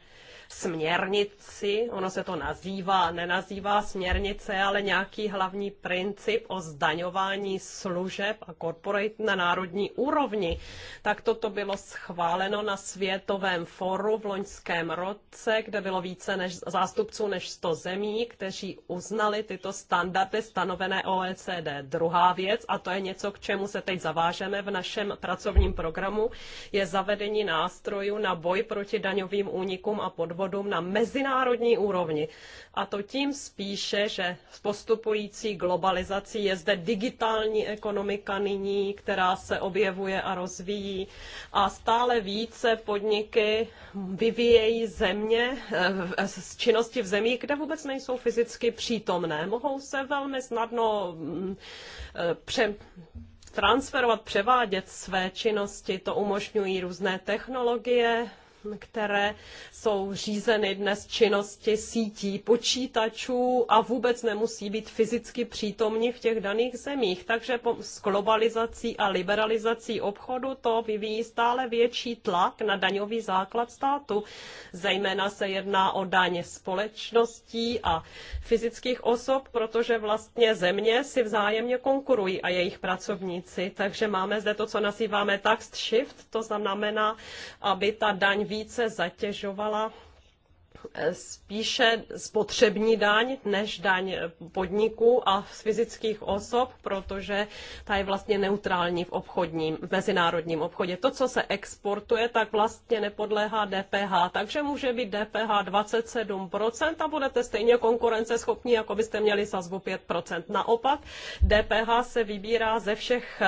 směrnici, ono se to nazývá, nenazývá směrnice, ale nějaký hlavní princip o zdaňování služeb a korporát na národní úrovni. Tak toto bylo schváleno na Světovém foru v loňském roce, kde bylo více než zástupců než 100 zemí, kteří uznali tyto standardy stanovené OECD. Druhá věc, a to je něco, k čemu se teď zavážeme v našem pracovním programu, je zavedení nástrojů na boj proti daňovým únikům a podvodům podvodům na mezinárodní úrovni. A to tím spíše, že s postupující globalizací je zde digitální ekonomika nyní, která se objevuje a rozvíjí. A stále více podniky vyvíjejí země eh, z činnosti v zemích, kde vůbec nejsou fyzicky přítomné. Mohou se velmi snadno mm, eh, pře transferovat, převádět své činnosti, to umožňují různé technologie, které jsou řízeny dnes činnosti sítí počítačů a vůbec nemusí být fyzicky přítomní v těch daných zemích. Takže s globalizací a liberalizací obchodu to vyvíjí stále větší tlak na daňový základ státu. Zejména se jedná o daně společností a fyzických osob, protože vlastně země si vzájemně konkurují a jejich pracovníci. Takže máme zde to, co nazýváme tax shift, to znamená, aby ta daň více zatěžovala spíše spotřební daň než daň podniků a fyzických osob, protože ta je vlastně neutrální v obchodním, v mezinárodním obchodě. To, co se exportuje, tak vlastně nepodléhá DPH, takže může být DPH 27% a budete stejně konkurenceschopní, jako byste měli sazbu 5%. Naopak DPH se vybírá ze všech,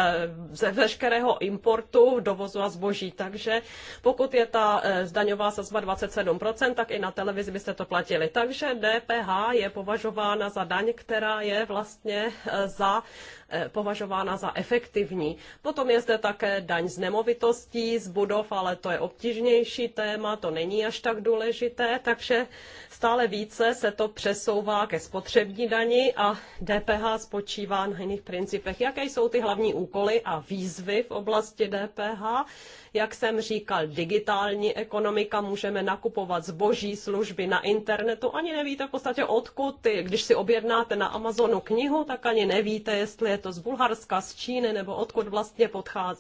ze veškerého importu, dovozu a zboží, takže pokud je ta eh, zdaňová sazba 27%, tak i na televizi byste to platili. Takže DPH je považována za daň, která je vlastně eh, za Eh, považována za efektivní. Potom je zde také daň z nemovitostí, z budov, ale to je obtížnější téma, to není až tak důležité, takže stále více se to přesouvá ke spotřební dani a DPH spočívá na jiných principech. Jaké jsou ty hlavní úkoly a výzvy v oblasti DPH? Jak jsem říkal, digitální ekonomika, můžeme nakupovat zboží, služby na internetu, ani nevíte v podstatě odkud, ty, když si objednáte na Amazonu knihu, tak ani nevíte, jestli je to z Bulharska, z Číny nebo odkud vlastně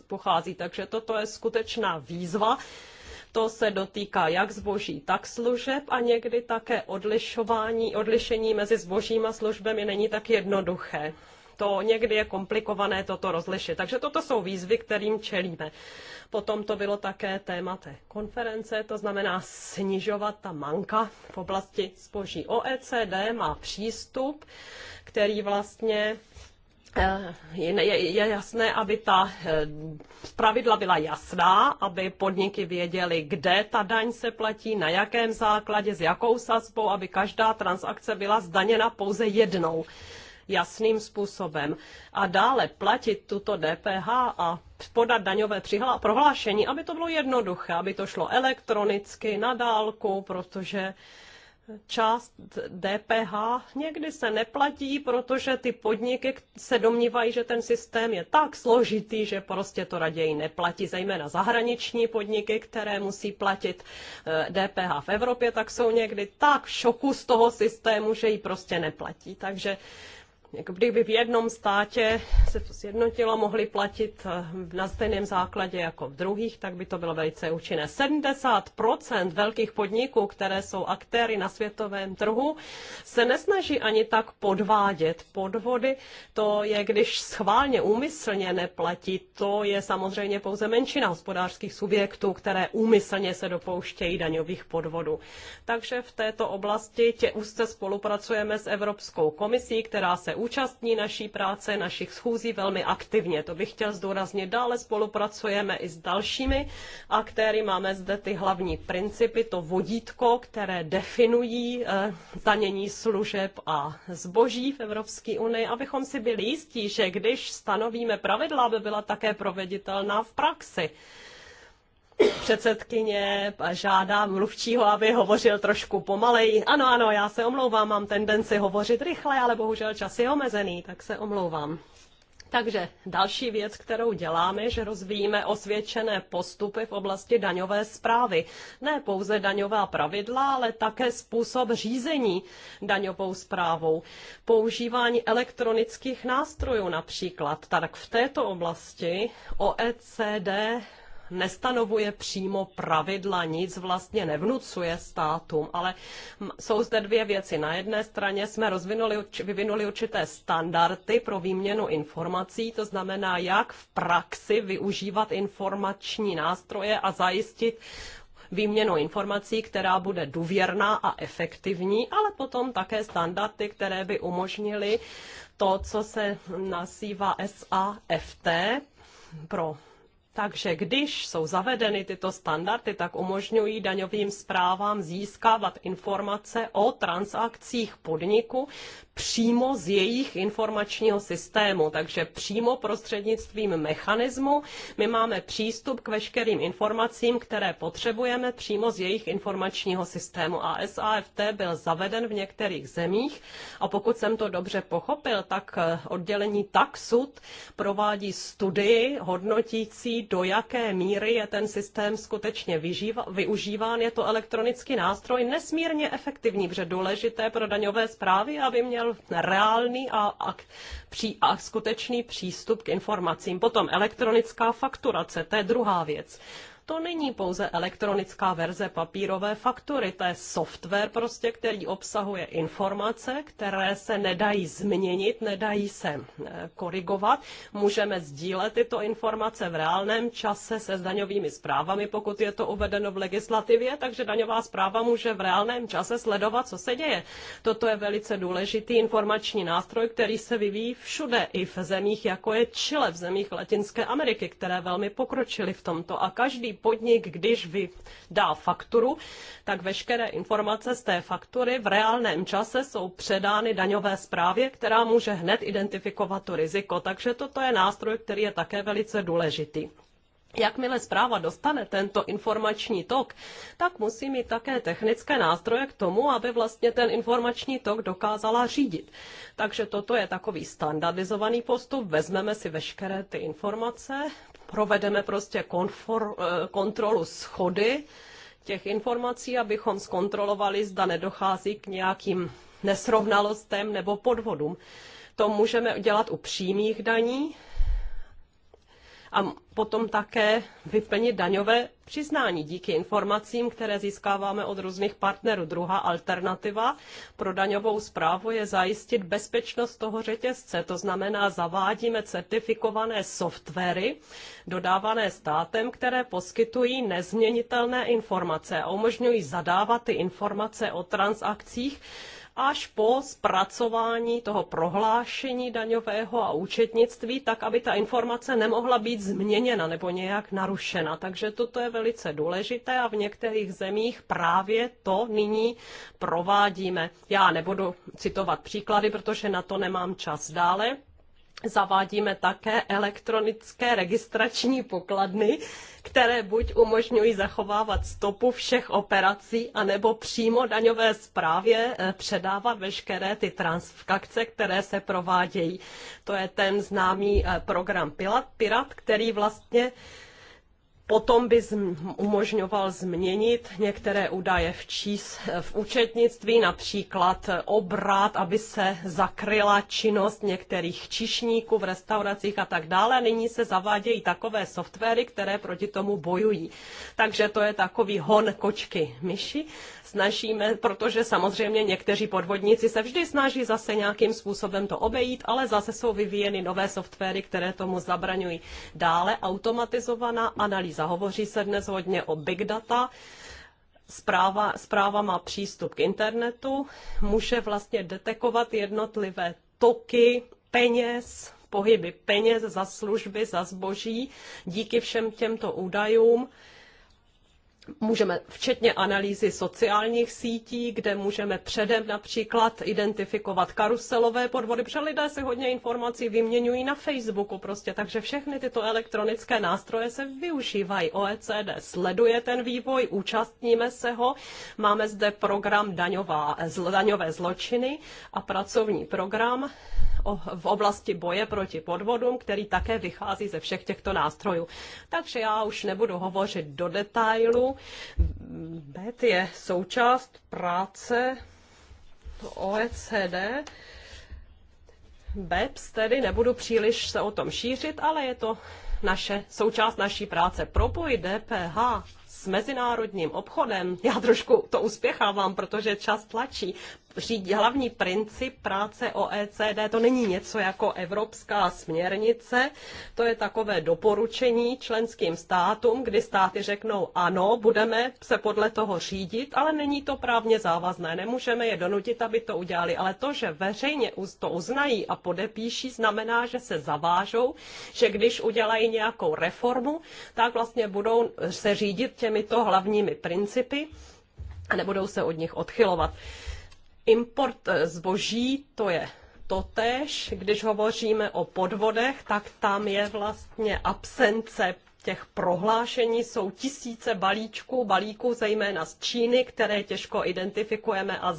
pochází. Takže toto je skutečná výzva. To se dotýká jak zboží, tak služeb a někdy také odlišování, odlišení mezi zbožím a službami není tak jednoduché. To někdy je komplikované toto rozlišit. Takže toto jsou výzvy, kterým čelíme. Potom to bylo také téma té konference, to znamená snižovat ta manka v oblasti zboží. OECD má přístup, který vlastně Eh, je, je jasné, aby ta eh, pravidla byla jasná, aby podniky věděly, kde ta daň se platí, na jakém základě, s jakou sazbou, aby každá transakce byla zdaněna pouze jednou jasným způsobem. A dále platit tuto DPH a podat daňové prohlášení, aby to bylo jednoduché, aby to šlo elektronicky, na dálku, protože část DPH někdy se neplatí, protože ty podniky se domnívají, že ten systém je tak složitý, že prostě to raději neplatí, zejména zahraniční podniky, které musí platit DPH eh, v Evropě, tak jsou někdy tak v šoku z toho systému, že ji prostě neplatí. Takže jako kdyby v jednom státě se to sjednotilo, mohli platit eh, na stejném základě jako v druhých, tak by to bylo velice účinné. 70% velkých podniků, které jsou aktéry na světovém trhu, se nesnaží ani tak podvádět podvody. To je, když schválně, úmyslně neplatí, to je samozřejmě pouze menšina hospodářských subjektů, které úmyslně se dopouštějí daňových podvodů. Takže v této oblasti tě úzce spolupracujeme s Evropskou komisí, která se účastní naší práce, našich schůzí velmi aktivně. To bych chtěl zdůraznit. Dále spolupracujeme i s dalšími aktéry. Máme zde ty hlavní principy, to vodítko, které definují eh, zdanění služeb a zboží v Evropské unii, abychom si byli jistí, že když stanovíme pravidla, aby byla také proveditelná v praxi předsedkyně žádá mluvčího, aby hovořil trošku pomaleji. Ano, ano, já se omlouvám, mám tendenci hovořit rychle, ale bohužel čas je omezený, tak se omlouvám. Takže další věc, kterou děláme, že rozvíjíme osvědčené postupy v oblasti daňové zprávy. Ne pouze daňová pravidla, ale také způsob řízení daňovou zprávou. Používání elektronických nástrojů například. Tak v této oblasti OECD nestanovuje přímo pravidla, nic vlastně nevnucuje státům, ale jsou zde dvě věci. Na jedné straně jsme rozvinuli, vyvinuli určité standardy pro výměnu informací, to znamená, jak v praxi využívat informační nástroje a zajistit výměnu informací, která bude důvěrná a efektivní, ale potom také standardy, které by umožnily to, co se nazývá SAFT pro takže když jsou zavedeny tyto standardy, tak umožňují daňovým zprávám získávat informace o transakcích podniku přímo z jejich informačního systému. Takže přímo prostřednictvím mechanismu my máme přístup k veškerým informacím, které potřebujeme přímo z jejich informačního systému. A SAFT byl zaveden v některých zemích a pokud jsem to dobře pochopil, tak eh, oddělení TAXUD provádí studii hodnotící, do jaké míry je ten systém skutečně vyžíva, využíván. Je to elektronický nástroj nesmírně efektivní, protože důležité pro daňové zprávy, aby měl reálný a, a, pří, a skutečný přístup k informacím. Potom elektronická fakturace, to je druhá věc. To není pouze elektronická verze papírové faktury, to je software prostě, který obsahuje informace, které se nedají změnit, nedají se eh, korigovat. Můžeme sdílet tyto informace v reálném čase se zdaňovými zprávami, pokud je to uvedeno v legislativě, takže daňová zpráva může v reálném čase sledovat, co se děje. Toto je velice důležitý informační nástroj, který se vyvíjí všude, i v zemích, jako je Chile, v zemích Latinské Ameriky, které velmi pokročily v tomto. A každý podnik, když vydá fakturu, tak veškeré informace z té faktury v reálném čase jsou předány daňové zprávě, která může hned identifikovat to riziko. Takže toto je nástroj, který je také velice důležitý. Jakmile zpráva dostane tento informační tok, tak musí mít také technické nástroje k tomu, aby vlastně ten informační tok dokázala řídit. Takže toto je takový standardizovaný postup. Vezmeme si veškeré ty informace, provedeme prostě konfor, eh, kontrolu schody těch informací, abychom zkontrolovali, zda nedochází k nějakým nesrovnalostem nebo podvodům. To můžeme dělat u přímých daní, a potom také vyplnit daňové přiznání díky informacím, které získáváme od různých partnerů. Druhá alternativa pro daňovou zprávu je zajistit bezpečnost toho řetězce. To znamená, zavádíme certifikované softwary dodávané státem, které poskytují nezměnitelné informace a umožňují zadávat ty informace o transakcích, až po zpracování toho prohlášení daňového a účetnictví, tak aby ta informace nemohla být změněna nebo nějak narušena. Takže toto je velice důležité a v některých zemích právě to nyní provádíme. Já nebudu citovat příklady, protože na to nemám čas dále. Zavádíme také elektronické registrační pokladny, které buď umožňují zachovávat stopu všech operací, anebo přímo daňové zprávě eh, předávat veškeré ty transakce, které se provádějí. To je ten známý eh, program Pirat, který vlastně potom by umožňoval změnit některé údaje v, čís, v účetnictví, například obrat, aby se zakryla činnost některých čišníků v restauracích a tak dále. Nyní se zavádějí takové softwary, které proti tomu bojují. Takže to je takový hon kočky myši snažíme, protože samozřejmě někteří podvodníci se vždy snaží zase nějakým způsobem to obejít, ale zase jsou vyvíjeny nové softwary, které tomu zabraňují. Dále automatizovaná analýza. Hovoří se dnes hodně o big data zpráva, zpráva má přístup k internetu, může vlastně detekovat jednotlivé toky peněz, pohyby peněz za služby, za zboží díky všem těmto údajům můžeme včetně analýzy sociálních sítí, kde můžeme předem například identifikovat karuselové podvody, protože lidé si hodně informací vyměňují na Facebooku prostě, takže všechny tyto elektronické nástroje se využívají. OECD sleduje ten vývoj, účastníme se ho, máme zde program daňová, zl, daňové zločiny a pracovní program v oblasti boje proti podvodům, který také vychází ze všech těchto nástrojů. Takže já už nebudu hovořit do detailu, programu. BET je součást práce OECD. BEPS tedy nebudu příliš se o tom šířit, ale je to naše, součást naší práce. Propoj DPH s mezinárodním obchodem, já trošku to uspěchávám, protože čas tlačí, hlavní princip práce OECD, to není něco jako evropská směrnice, to je takové doporučení členským státům, kdy státy řeknou ano, budeme se podle toho řídit, ale není to právně závazné, nemůžeme je donutit, aby to udělali, ale to, že veřejně to uznají a podepíší, znamená, že se zavážou, že když udělají nějakou reformu, tak vlastně budou se řídit těmito hlavními principy a nebudou se od nich odchylovat import eh, zboží, to je totéž. Když hovoříme o podvodech, tak tam je vlastně absence těch prohlášení jsou tisíce balíčků, balíků zejména z Číny, které těžko identifikujeme a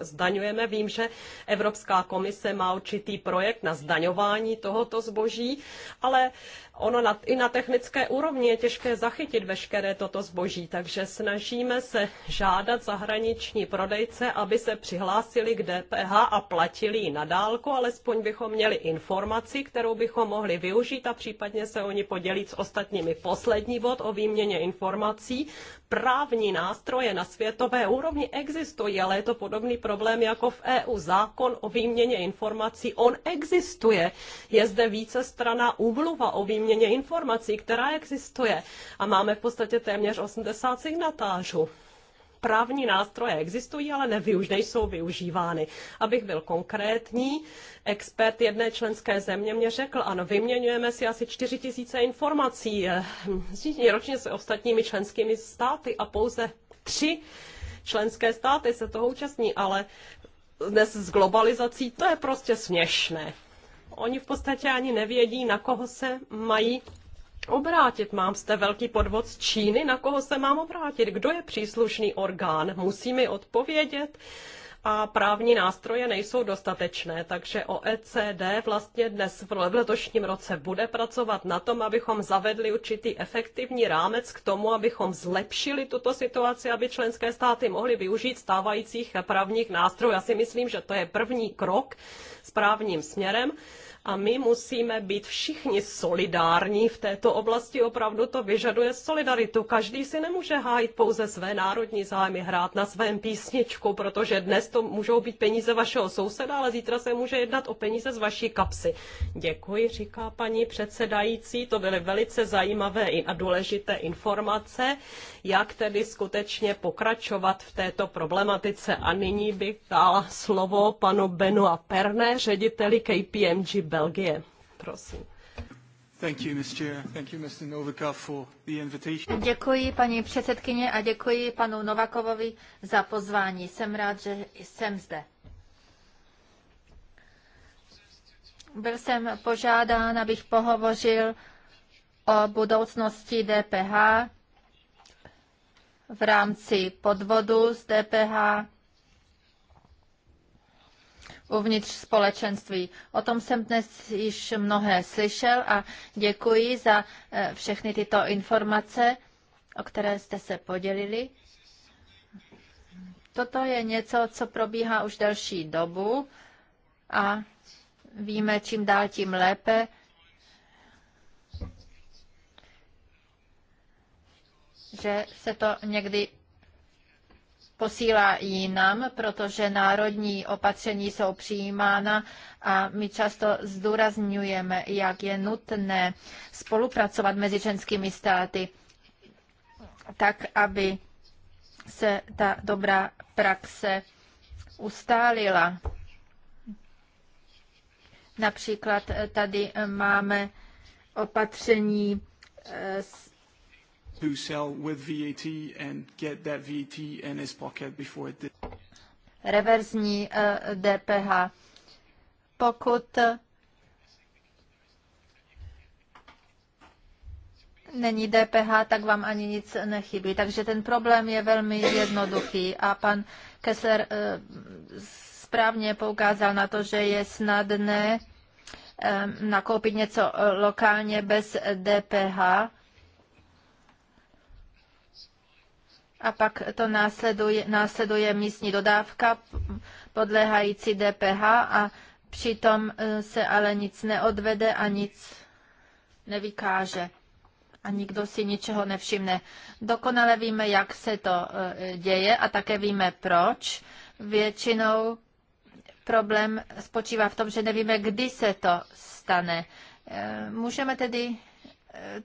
zdaňujeme. Vím, že Evropská komise má určitý projekt na zdaňování tohoto zboží, ale ono na, i na technické úrovni je těžké zachytit veškeré toto zboží, takže snažíme se žádat zahraniční prodejce, aby se přihlásili k DPH a platili ji na dálku, alespoň bychom měli informaci, kterou bychom mohli využít a případně se oni podělit s ostatními. Poslední bod o výměně informací právní nástroje na světové úrovni existují, ale je to podobný problém jako v EU. Zákon o výměně informací, on existuje. Je zde více strana úmluva o výměně informací, která existuje. A máme v podstatě téměř 80 signatářů právní nástroje existují, ale nevyuž, nejsou využívány. Abych byl konkrétní, expert jedné členské země mě řekl, ano, vyměňujeme si asi 4 tisíce informací eh, ročně s ostatními členskými státy a pouze tři členské státy se toho účastní, ale dnes s globalizací to je prostě směšné. Oni v podstatě ani nevědí, na koho se mají obrátit? Mám jste velký podvod z Číny, na koho se mám obrátit? Kdo je příslušný orgán? Musí mi odpovědět? a právní nástroje nejsou dostatečné, takže OECD vlastně dnes v letošním roce bude pracovat na tom, abychom zavedli určitý efektivní rámec k tomu, abychom zlepšili tuto situaci, aby členské státy mohly využít stávajících právních nástrojů. Já si myslím, že to je první krok správným směrem a my musíme být všichni solidární v této oblasti. Opravdu to vyžaduje solidaritu. Každý si nemůže hájit pouze své národní zájmy, hrát na svém písničku, protože dnes to můžou být peníze vašeho souseda, ale zítra se může jednat o peníze z vaší kapsy. Děkuji, říká paní předsedající. To byly velice zajímavé a důležité informace jak tedy skutečně pokračovat v této problematice. A nyní bych dala slovo panu Benu a Perné, řediteli KPMG Belgie. Prosím. Děkuji paní předsedkyně a děkuji panu Novakovovi za pozvání. Jsem rád, že jsem zde. Byl jsem požádán, abych pohovořil o budoucnosti DPH v rámci podvodu z DPH uvnitř společenství. O tom jsem dnes již mnohé slyšel a děkuji za eh, všechny tyto informace, o které jste se podělili. Toto je něco, co probíhá už delší dobu a víme čím dál tím lépe, že se to někdy posílá jinam, protože národní opatření jsou přijímána a my často zdůrazňujeme, jak je nutné spolupracovat mezi ženskými státy, tak aby se ta dobrá praxe ustálila. Například tady máme opatření eh, s who sell with VAT and get that VAT in his pocket before it did. Reverzní DPH. Eh, Pokud eh, není DPH, tak vám ani nic nechybí. Takže ten problém je velmi jednoduchý a pan Kessler eh, správně poukázal na to, že je snadné nakoupit něco lokálně bez DPH a pak to následuje, následuje místní dodávka podléhající DPH a přitom e, se ale nic neodvede a nic nevykáže a nikdo si ničeho nevšimne. Dokonale víme, jak se to e, děje a také víme proč. Většinou problém spočívá v tom, že nevíme, kdy se to stane. E, můžeme tedy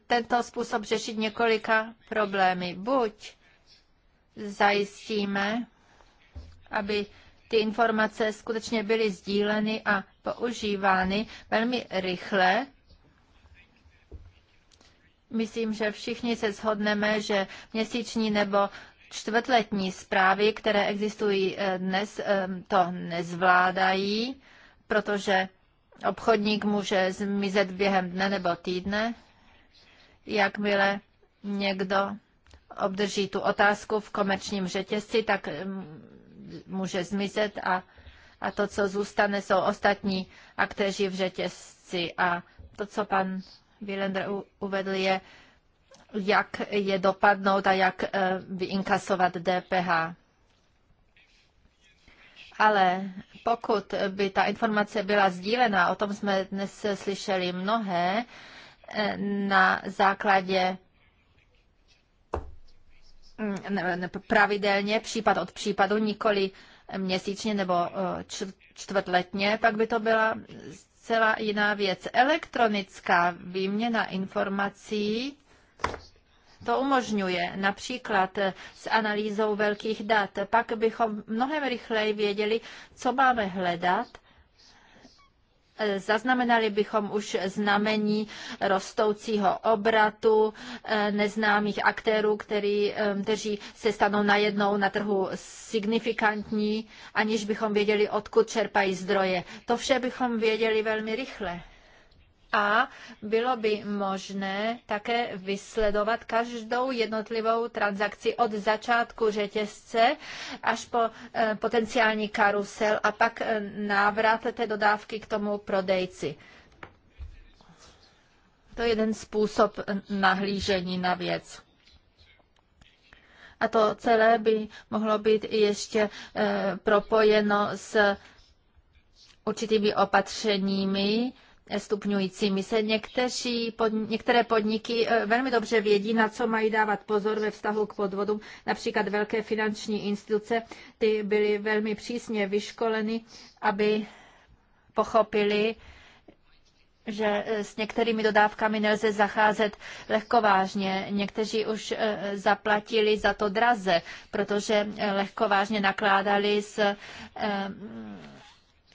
tento způsob řešit několika problémy. Buď zajistíme, aby ty informace skutečně byly sdíleny a používány velmi rychle. Myslím, že všichni se shodneme, že měsíční nebo čtvrtletní zprávy, které existují eh, dnes, eh, to nezvládají, protože obchodník může zmizet během dne nebo týdne, jakmile někdo obdrží tu otázku v komerčním řetězci, tak mm, může zmizet a, a to, co zůstane, jsou ostatní aktéři v řetězci. A to, co pan Willender uvedl, je, jak je dopadnout a jak eh, vyinkasovat DPH. Ale pokud by ta informace byla sdílená, o tom jsme dnes slyšeli mnohé, eh, na základě Mm, pravidelně, případ od případu, nikoli měsíčně nebo eh, čtvrtletně, pak by to byla celá jiná věc. Elektronická výměna informací to umožňuje například eh, s analýzou velkých dat. Pak bychom mnohem rychleji věděli, co máme hledat Eh, zaznamenali bychom už znamení rostoucího obratu eh, neznámých aktérů, který, eh, kteří se stanou najednou na trhu signifikantní, aniž bychom věděli, odkud čerpají zdroje. To vše bychom věděli velmi rychle a bylo by možné také vysledovat každou jednotlivou transakci od začátku řetězce až po eh, potenciální karusel a pak eh, návrat té dodávky k tomu prodejci. To je jeden způsob nahlížení na věc. A to celé by mohlo být ještě eh, propojeno s určitými opatřeními, stupňujícími se někteří, pod, některé podniky eh, velmi dobře vědí, na co mají dávat pozor ve vztahu k podvodům. Například velké finanční instituce, ty byly velmi přísně vyškoleny, aby pochopili, že eh, s některými dodávkami nelze zacházet lehkovážně. Někteří už eh, zaplatili za to draze, protože lehkovážně nakládali s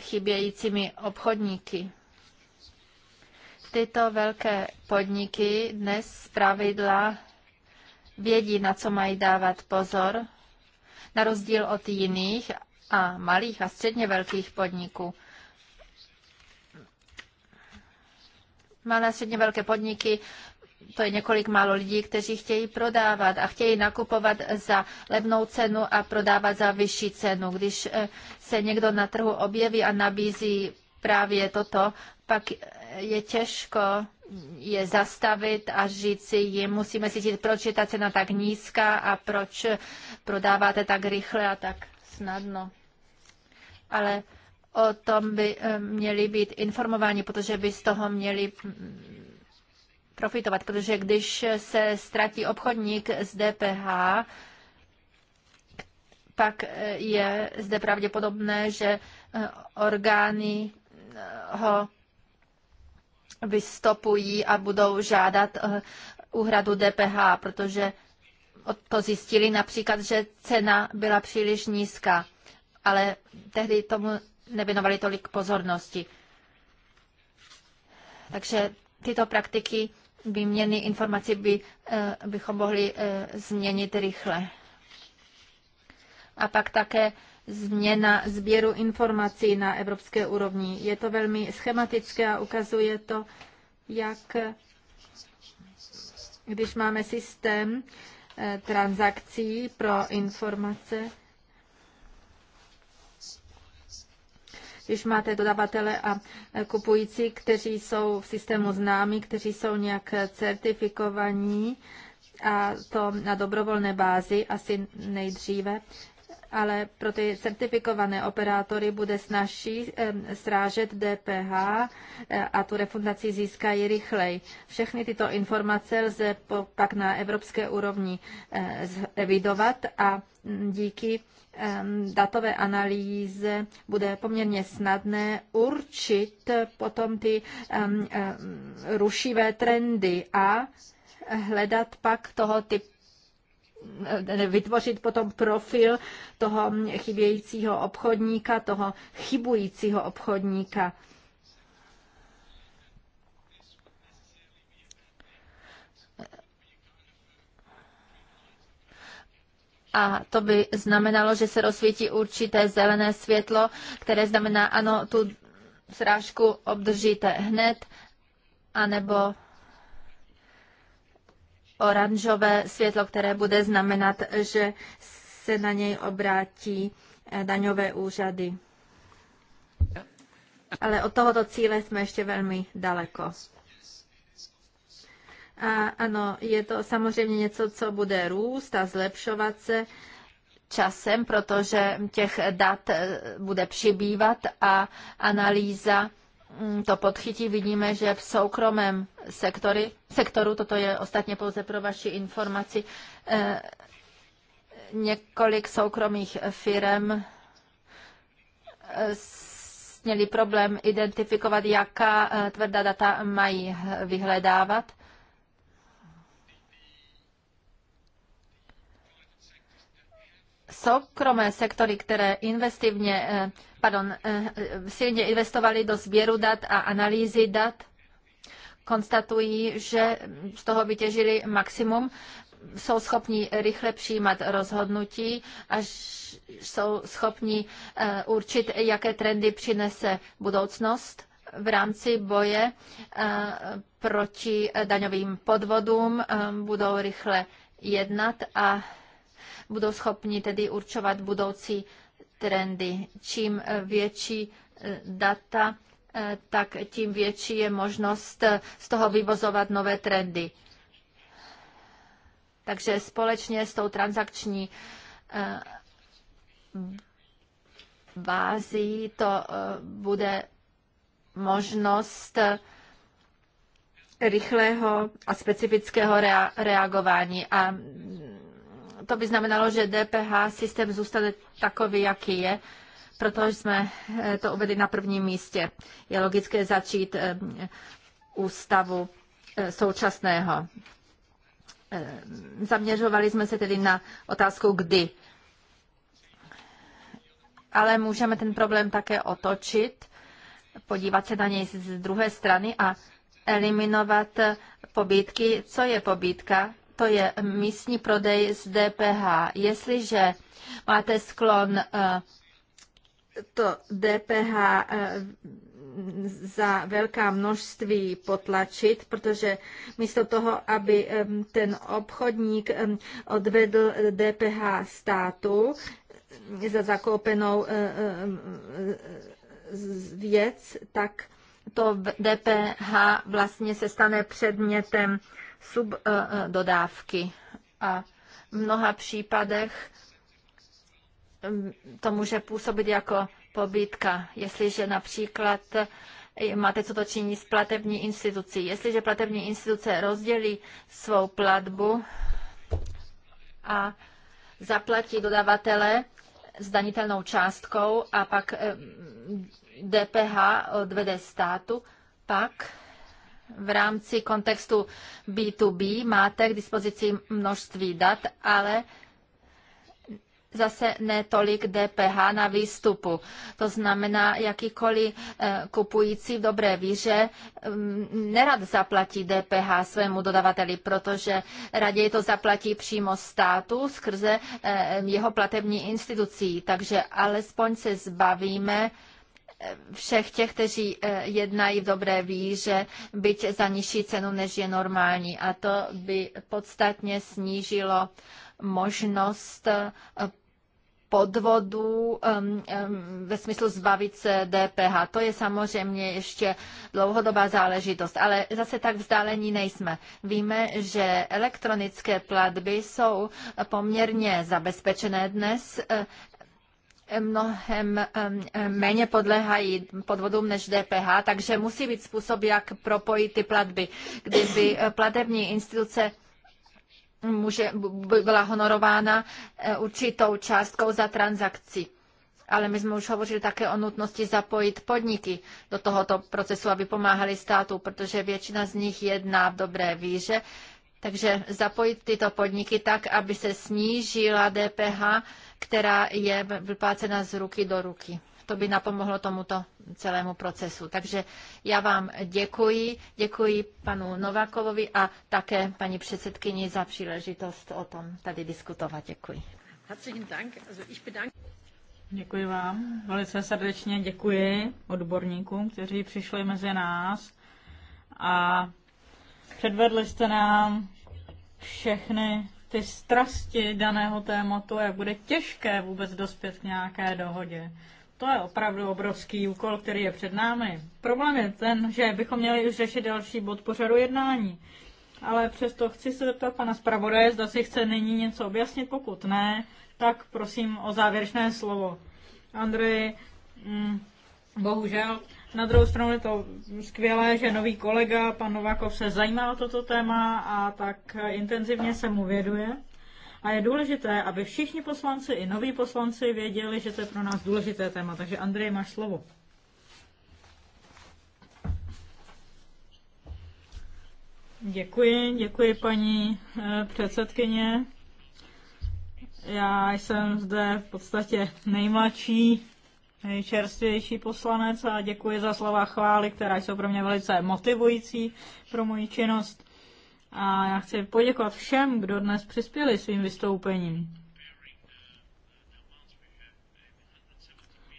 chybějícími obchodníky. Tyto velké podniky dnes z pravidla vědí, na co mají dávat pozor, na rozdíl od jiných a malých a středně velkých podniků. Malé a středně velké podniky to je několik málo lidí, kteří chtějí prodávat a chtějí nakupovat za levnou cenu a prodávat za vyšší cenu. Když eh, se někdo na trhu objeví a nabízí právě toto, pak je těžko je zastavit a říci jim, musíme si říct, proč je ta cena tak nízká a proč prodáváte tak rychle a tak snadno. Ale o tom by eh, měli být informováni, protože by z toho měli mm, profitovat, protože když se ztratí obchodník z DPH, pak eh, je zde pravděpodobné, že eh, orgány ho vystopují a budou žádat eh, úhradu DPH, protože to zjistili například, že cena byla příliš nízká, ale tehdy tomu nevěnovali tolik pozornosti. Takže tyto praktiky výměny informací by, eh, bychom mohli eh, změnit rychle. A pak také změna sběru informací na evropské úrovni. Je to velmi schematické a ukazuje to, jak když máme systém eh, transakcí pro informace, když máte dodavatele a kupující, kteří jsou v systému známi, kteří jsou nějak certifikovaní, a to na dobrovolné bázi asi nejdříve, ale pro ty certifikované operátory bude snažší srážet DPH e, a tu refundaci získají rychleji. Všechny tyto informace lze pak na evropské úrovni e, evidovat a díky datové analýze bude poměrně snadné určit potom ty rušivé trendy a hledat pak toho typu Eh, vytvořit potom profil toho chybějícího obchodníka, toho chybujícího obchodníka. A to by znamenalo, že se rozsvítí určité zelené světlo, které znamená, ano, tu srážku obdržíte hned, anebo oranžové světlo, které bude znamenat, že se na něj obrátí eh, daňové úřady. Ale od tohoto cíle jsme ještě velmi daleko. A ano, je to samozřejmě něco, co bude růst a zlepšovat se časem, protože těch dat eh, bude přibývat a analýza Mm, to podchytí, vidíme, že v soukromém sektory, sektoru, toto je ostatně pouze pro vaši informaci, eh, několik soukromých firm eh, měli problém identifikovat, jaká eh, tvrdá data mají vyhledávat. soukromé sektory, které investivně, eh, pardon, eh, silně investovaly do sběru dat a analýzy dat, konstatují, že z toho vytěžili maximum, jsou schopni rychle přijímat rozhodnutí a jsou schopni eh, určit, jaké trendy přinese budoucnost v rámci boje proti daňovým podvodům, budou rychle jednat a budou schopni tedy určovat budoucí trendy. Čím eh, větší eh, data, eh, tak tím větší je možnost z toho vyvozovat nové trendy. Takže společně s tou transakční bází to bude možnost rychlého a specifického reagování. A mm, to by znamenalo, že DPH systém zůstane takový, jaký je, protože jsme eh, to uvedli na prvním místě. Je logické začít eh, ústavu eh, současného. Zaměřovali jsme se tedy na otázku, kdy. Ale můžeme ten problém také otočit, podívat se na něj z druhé strany a eliminovat pobídky. Co je pobídka? to je místní prodej z DPH. Jestliže máte sklon eh, to DPH eh, za velká množství potlačit, protože místo toho, aby ten obchodník odvedl DPH eh, státu za zakoupenou věc, tak to DPH vlastně se stane předmětem subdodávky eh, eh, a v mnoha případech mm, to může působit jako pobytka, jestliže například eh, máte co točení s platební institucí. Jestliže platební instituce rozdělí svou platbu a zaplatí dodavatele zdanitelnou částkou a pak DPH odvede státu, pak v rámci kontextu B2B máte k dispozici množství dat, ale zase ne tolik DPH na výstupu. To znamená, jakýkoliv eh, kupující v dobré víře mm, nerad zaplatí DPH svému dodavateli, protože raději to zaplatí přímo státu skrze eh, jeho platební institucí. Takže alespoň se zbavíme všech těch, kteří eh, jednají v dobré víře, byť za nižší cenu, než je normální. A to by podstatně snížilo možnost eh, podvodů ve smyslu zbavit se DPH. To je samozřejmě ještě dlouhodobá záležitost, ale zase tak vzdálení nejsme. Víme, že elektronické platby jsou poměrně zabezpečené dnes, eh, mnohem méně podléhají podvodům než DPH, takže musí být způsob, jak propojit ty platby. Kdyby eh, platební instituce může, byla honorována eh, určitou částkou za transakci. Ale my jsme už hovořili také o nutnosti zapojit podniky do tohoto procesu, aby pomáhali státu, protože většina z nich jedná v dobré víře takže zapojit tyto podniky tak, aby se snížila DPH, která je vyplácena z ruky do ruky. To by napomohlo tomuto celému procesu. Takže já vám děkuji, děkuji panu Novakovovi a také paní předsedkyni za příležitost o tom tady diskutovat. Děkuji. Děkuji vám. Velice srdečně děkuji odborníkům, kteří přišli mezi nás a Předvedli jste nám všechny ty strasti daného tématu, jak bude těžké vůbec dospět k nějaké dohodě. To je opravdu obrovský úkol, který je před námi. Problém je ten, že bychom měli už řešit další bod pořadu jednání. Ale přesto chci se zeptat pana zpravodaje, zda si chce nyní něco objasnit. Pokud ne, tak prosím o závěrečné slovo. Andrej, mm, bohužel, na druhou stranu je to skvělé, že nový kolega, pan Novakov, se zajímá o toto téma a tak intenzivně se mu věduje. A je důležité, aby všichni poslanci i noví poslanci věděli, že to je pro nás důležité téma. Takže Andrej, máš slovo. Děkuji, děkuji paní eh, předsedkyně. Já jsem zde v podstatě nejmladší nejčerstvější poslanec a děkuji za slova chvály, která jsou pro mě velice motivující pro moji činnost. A já chci poděkovat všem, kdo dnes přispěli svým vystoupením.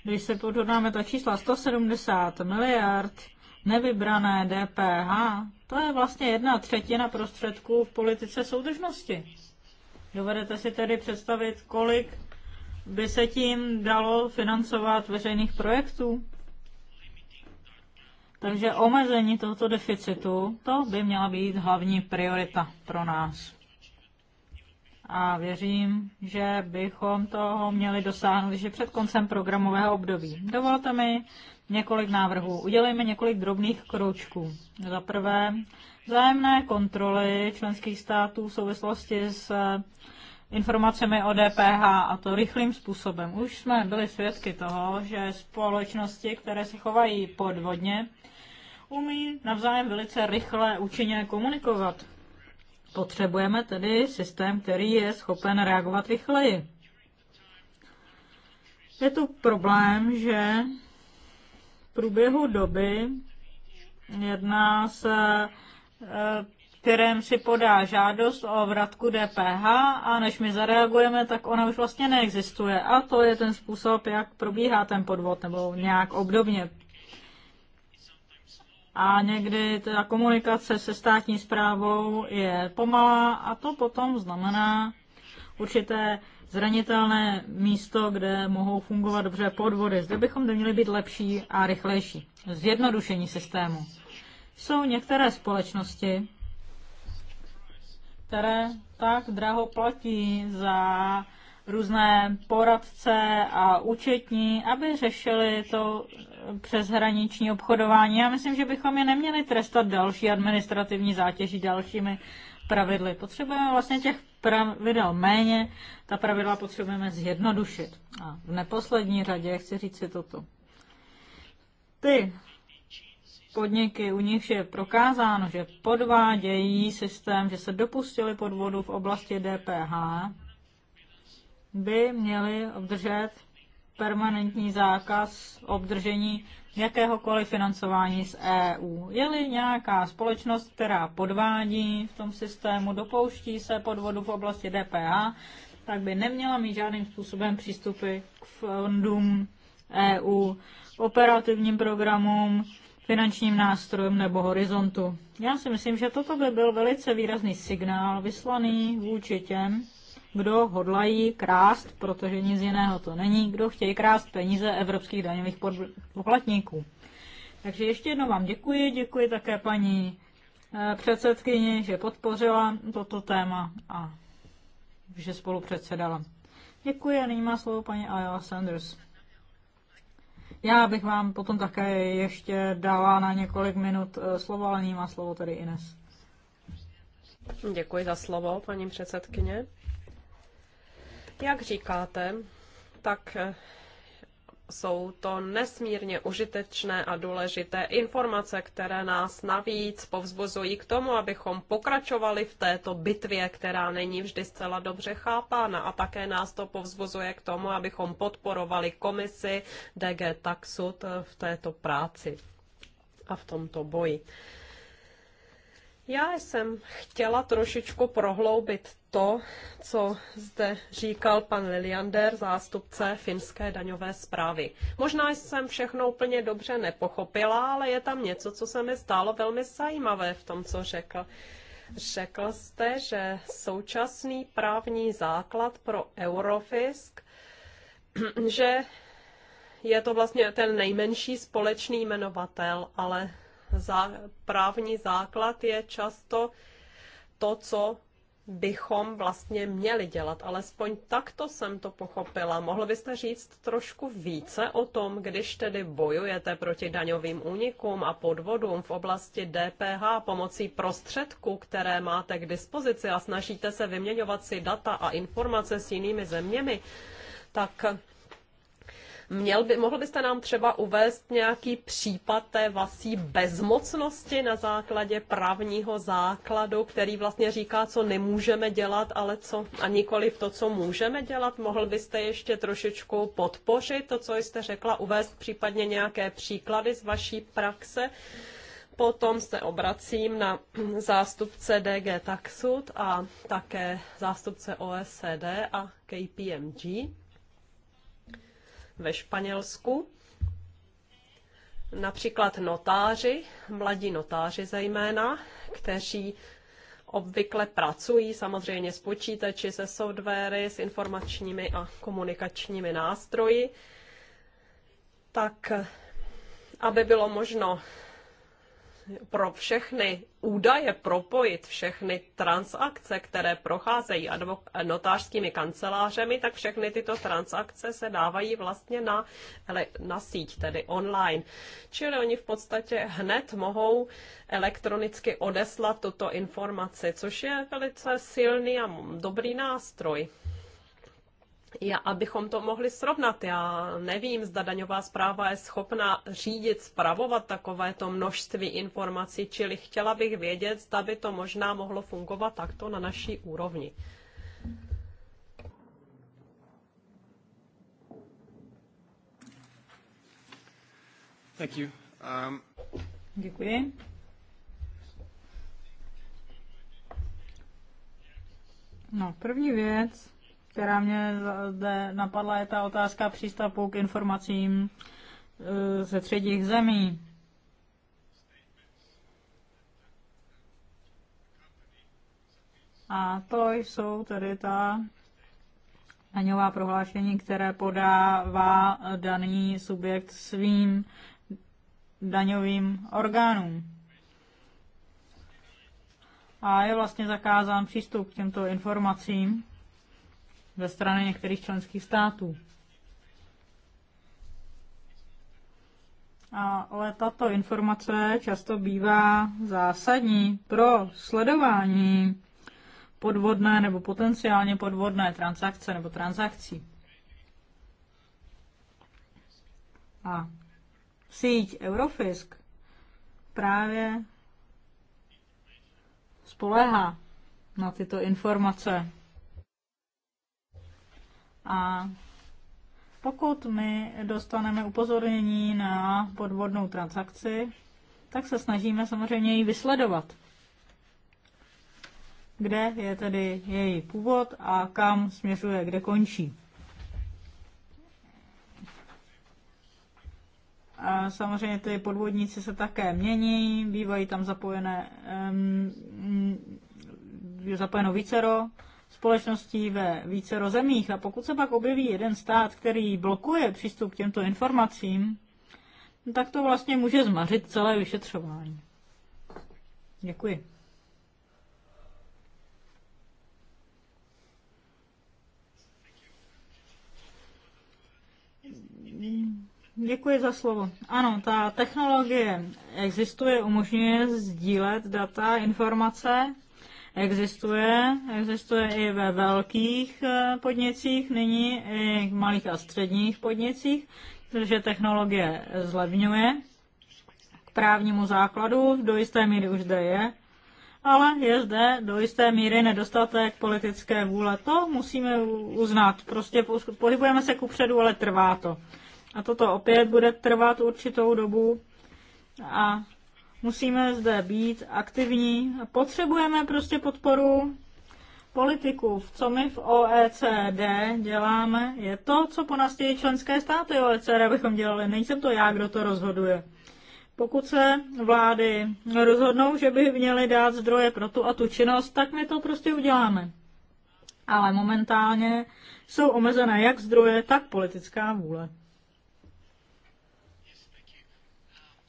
Když se podhodnáme ta čísla 170 miliard nevybrané DPH, to je vlastně jedna třetina prostředků v politice soudržnosti. Dovedete si tedy představit, kolik by se tím dalo financovat veřejných projektů? Takže omezení tohoto deficitu, to by měla být hlavní priorita pro nás. A věřím, že bychom toho měli dosáhnout že před koncem programového období. Dovolte mi několik návrhů. Udělejme několik drobných kroučků. Za prvé, vzájemné kontroly členských států v souvislosti s informacemi o DPH a to rychlým způsobem. Už jsme byli svědky toho, že společnosti, které se chovají podvodně, umí navzájem velice rychle účinně komunikovat. Potřebujeme tedy systém, který je schopen reagovat rychleji. Je tu problém, že v průběhu doby jedná se eh, kterém si podá žádost o vratku DPH a než my zareagujeme, tak ona už vlastně neexistuje. A to je ten způsob, jak probíhá ten podvod nebo nějak obdobně. A někdy ta komunikace se státní zprávou je pomalá a to potom znamená určité zranitelné místo, kde mohou fungovat dobře podvody. Zde bychom měli být lepší a rychlejší. Zjednodušení systému. Jsou některé společnosti, které tak draho platí za různé poradce a účetní, aby řešili to přeshraniční obchodování. Já myslím, že bychom je neměli trestat další administrativní zátěží dalšími pravidly. Potřebujeme vlastně těch pravidel méně, ta pravidla potřebujeme zjednodušit. A v neposlední řadě chci říct si toto. Ty podniky, u nich je prokázáno, že podvádějí systém, že se dopustili podvodu v oblasti DPH, by měli obdržet permanentní zákaz obdržení jakéhokoliv financování z EU. Je-li nějaká společnost, která podvádí v tom systému, dopouští se podvodu v oblasti DPH, tak by neměla mít žádným způsobem přístupy k fondům EU, operativním programům, finančním nástrojům nebo horizontu. Já si myslím, že toto by byl velice výrazný signál vyslaný vůči těm, kdo hodlají krást, protože nic jiného to není, kdo chtějí krást peníze evropských daňových poplatníků. Takže ještě jednou vám děkuji, děkuji také paní eh, předsedkyni, že podpořila toto téma a že spolu předsedala. Děkuji a nyní má slovo paní Ayala Sanders. Já bych vám potom také ještě dala na několik minut eh, slovo, ale má slovo tedy Ines. Děkuji za slovo, paní předsedkyně. Jak říkáte, tak eh, jsou to nesmírně užitečné a důležité informace, které nás navíc povzbuzují k tomu, abychom pokračovali v této bitvě, která není vždy zcela dobře chápána a také nás to povzbuzuje k tomu, abychom podporovali komisi DG Taxud v této práci a v tomto boji. Já jsem chtěla trošičku prohloubit to, co zde říkal pan Liliander, zástupce finské daňové zprávy. Možná jsem všechno úplně dobře nepochopila, ale je tam něco, co se mi stálo velmi zajímavé v tom, co řekl. Řekl jste, že současný právní základ pro Eurofisk, že je to vlastně ten nejmenší společný jmenovatel, ale právní základ je často to, co bychom vlastně měli dělat. Alespoň takto jsem to pochopila. Mohl byste říct trošku více o tom, když tedy bojujete proti daňovým únikům a podvodům v oblasti DPH pomocí prostředků, které máte k dispozici a snažíte se vyměňovat si data a informace s jinými zeměmi, tak Měl by, mohl byste nám třeba uvést nějaký případ té vlastní bezmocnosti na základě právního základu, který vlastně říká, co nemůžeme dělat, ale co a nikoli to, co můžeme dělat? Mohl byste ještě trošičku podpořit to, co jste řekla, uvést případně nějaké příklady z vaší praxe? Potom se obracím na zástupce DG Taxud a také zástupce OSCD a KPMG ve Španělsku. Například notáři, mladí notáři zejména, kteří obvykle pracují samozřejmě s počítači, se softwary, s informačními a komunikačními nástroji, tak aby bylo možno pro všechny údaje propojit všechny transakce, které procházejí notářskými kancelářemi, tak všechny tyto transakce se dávají vlastně na, na síť, tedy online. Čili oni v podstatě hned mohou elektronicky odeslat tuto informaci, což je velice silný a dobrý nástroj. Já, abychom to mohli srovnat, já nevím, zda daňová zpráva je schopna řídit, spravovat takovéto množství informací, čili chtěla bych vědět, zda by to možná mohlo fungovat takto na naší úrovni. Thank you. Um... Děkuji. No, první věc, která mě napadla, je ta otázka přístupu k informacím eh, ze třetích zemí. A to jsou tedy ta daňová prohlášení, které podává daný subjekt svým daňovým orgánům. A je vlastně zakázán přístup k těmto informacím ze strany některých členských států. Ale tato informace často bývá zásadní pro sledování podvodné nebo potenciálně podvodné transakce nebo transakcí. A síť Eurofisk právě spolehá na tyto informace a pokud my dostaneme upozornění na podvodnou transakci, tak se snažíme samozřejmě ji vysledovat. Kde je tedy její původ a kam směřuje, kde končí. A samozřejmě ty podvodníci se také mění, bývají tam zapojené, um, zapojeno vícero společností ve více rozemích. A pokud se pak objeví jeden stát, který blokuje přístup k těmto informacím, tak to vlastně může zmařit celé vyšetřování. Děkuji. Děkuji za slovo. Ano, ta technologie existuje, umožňuje sdílet data, informace existuje. Existuje i ve velkých eh, podnicích, nyní i v malých a středních podnicích, protože technologie zlevňuje k právnímu základu, do jisté míry už zde je, ale je zde do jisté míry nedostatek politické vůle. To musíme uznat. Prostě pohybujeme se kupředu, ale trvá to. A toto opět bude trvat určitou dobu a Musíme zde být aktivní. Potřebujeme prostě podporu politiků. Co my v OECD děláme, je to, co po nás chtějí členské státy OECD, abychom dělali. Nejsem to já, kdo to rozhoduje. Pokud se vlády rozhodnou, že by měly dát zdroje pro tu a tu činnost, tak my to prostě uděláme. Ale momentálně jsou omezené jak zdroje, tak politická vůle.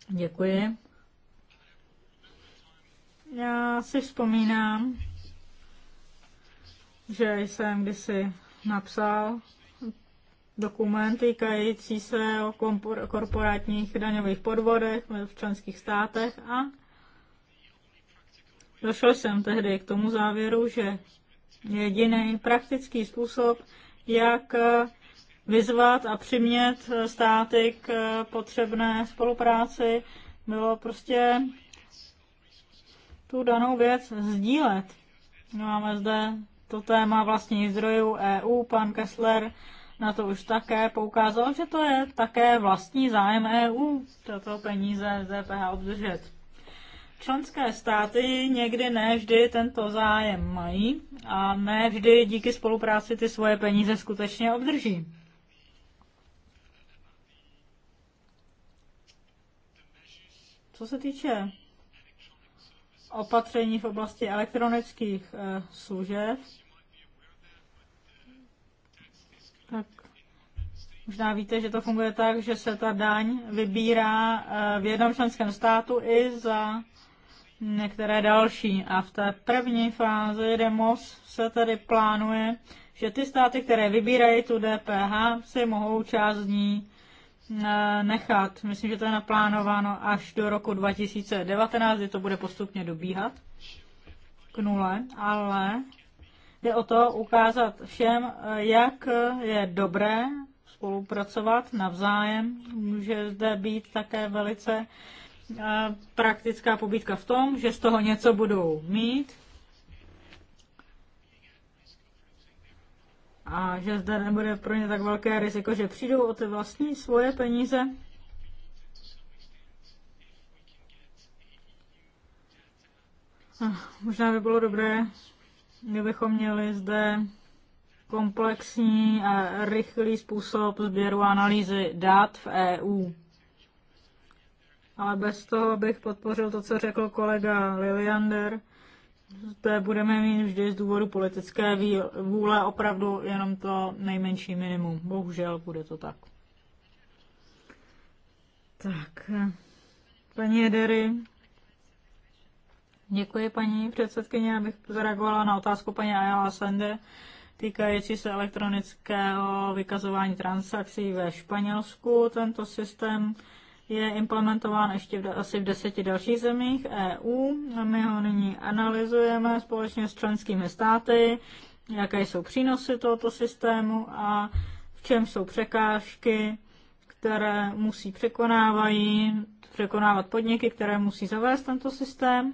Děkuji. Já si vzpomínám, že jsem kdysi napsal dokument týkající se o korporátních daňových podvodech v členských státech a došel jsem tehdy k tomu závěru, že jediný praktický způsob, jak eh, vyzvat a přimět eh, státy k eh, potřebné spolupráci, bylo prostě tu danou věc sdílet. No, máme zde to téma vlastních zdrojů EU, pan Kessler na to už také poukázal, že to je také vlastní zájem EU, toto peníze z DPH obdržet. Členské státy někdy ne vždy tento zájem mají a ne vždy díky spolupráci ty svoje peníze skutečně obdrží. Co se týče opatření v oblasti elektronických eh, služeb. Tak možná víte, že to funguje tak, že se ta daň vybírá eh, v jednom členském státu i za některé další. A v té první fázi demos se tedy plánuje, že ty státy, které vybírají tu DPH, si mohou část z ní Eh, nechat. Myslím, že to je naplánováno až do roku 2019, kdy to bude postupně dobíhat k nule, ale jde o to ukázat všem, eh, jak je dobré spolupracovat navzájem. Může zde být také velice eh, praktická pobídka v tom, že z toho něco budou mít, a že zde nebude pro ně tak velké riziko, že přijdou o ty vlastní svoje peníze. Možná by bylo dobré, kdybychom měli zde komplexní a rychlý způsob sběru a analýzy dat v EU. Ale bez toho bych podpořil to, co řekl kolega Liliander, to budeme mít vždy z důvodu politické vůle opravdu jenom to nejmenší minimum. Bohužel bude to tak. Tak, paní Edery. Děkuji, paní předsedkyně. Abych zareagovala na otázku paní Ayala Sende týkající se elektronického vykazování transakcí ve Španělsku. Tento systém je implementován ještě v, asi v deseti dalších zemích EU. A my ho nyní analyzujeme společně s členskými státy, jaké jsou přínosy tohoto systému a v čem jsou překážky, které musí překonávají, překonávat podniky, které musí zavést tento systém.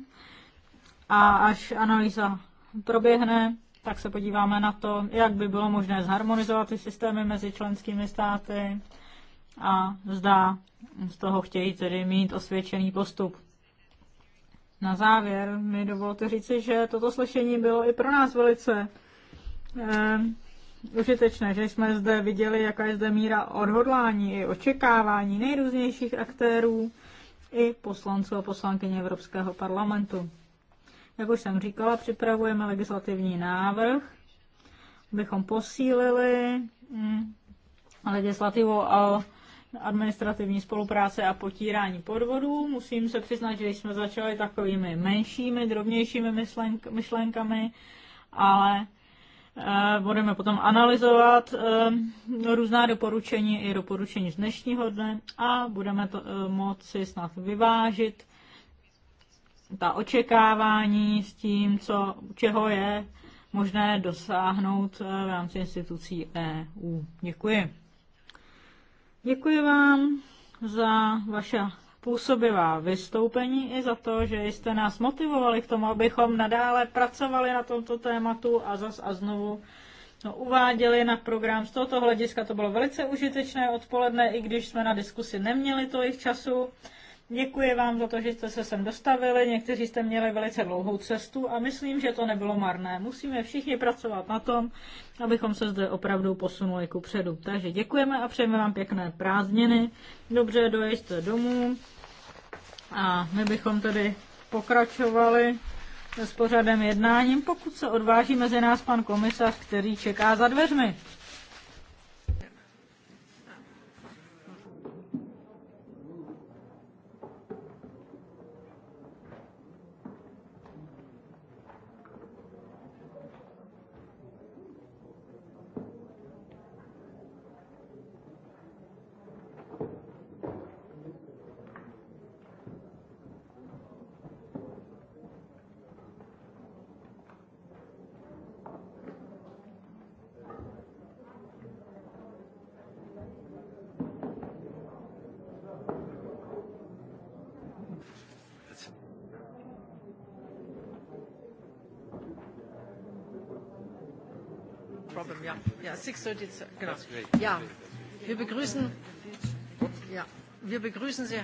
A až analýza proběhne, tak se podíváme na to, jak by bylo možné zharmonizovat ty systémy mezi členskými státy, a zda z toho chtějí tedy mít osvědčený postup. Na závěr mi dovolte říci, že toto slyšení bylo i pro nás velice eh, užitečné, že jsme zde viděli, jaká je zde míra odhodlání i očekávání nejrůznějších aktérů i poslanců a poslankyně Evropského parlamentu. Jak už jsem říkala, připravujeme legislativní návrh, abychom posílili hm, legislativu a administrativní spolupráce a potírání podvodů. Musím se přiznat, že jsme začali takovými menšími, drobnějšími myšlenk- myšlenkami, ale eh, Budeme potom analyzovat eh, různá doporučení i doporučení z dnešního dne a budeme to, eh, moci snad vyvážit ta očekávání s tím, co, čeho je možné dosáhnout v rámci institucí EU. Děkuji. Děkuji vám za vaše působivá vystoupení i za to, že jste nás motivovali k tomu, abychom nadále pracovali na tomto tématu a zas a znovu no, uváděli na program. Z tohoto hlediska to bylo velice užitečné odpoledne, i když jsme na diskusi neměli tolik času. Děkuji vám za to, že jste se sem dostavili. Někteří jste měli velice dlouhou cestu a myslím, že to nebylo marné. Musíme všichni pracovat na tom, abychom se zde opravdu posunuli ku předu. Takže děkujeme a přejeme vám pěkné prázdniny. Dobře dojeďte domů. A my bychom tedy pokračovali s pořadem jednáním, pokud se odváží mezi nás pan komisař, který čeká za dveřmi. genau. Ja, wir begrüßen, ja,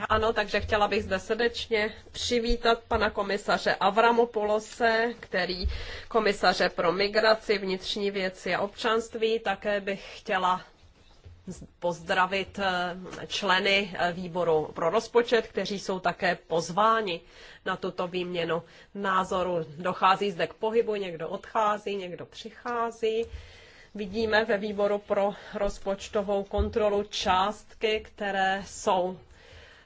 Ano, takže chtěla bych zde srdečně přivítat pana komisaře Avramopolose, který komisaře pro migraci, vnitřní věci a občanství. Také bych chtěla pozdravit eh, členy eh, výboru pro rozpočet, kteří jsou také pozváni na tuto výměnu názoru. Dochází zde k pohybu, někdo odchází, někdo přichází. Vidíme ve výboru pro rozpočtovou kontrolu částky, které jsou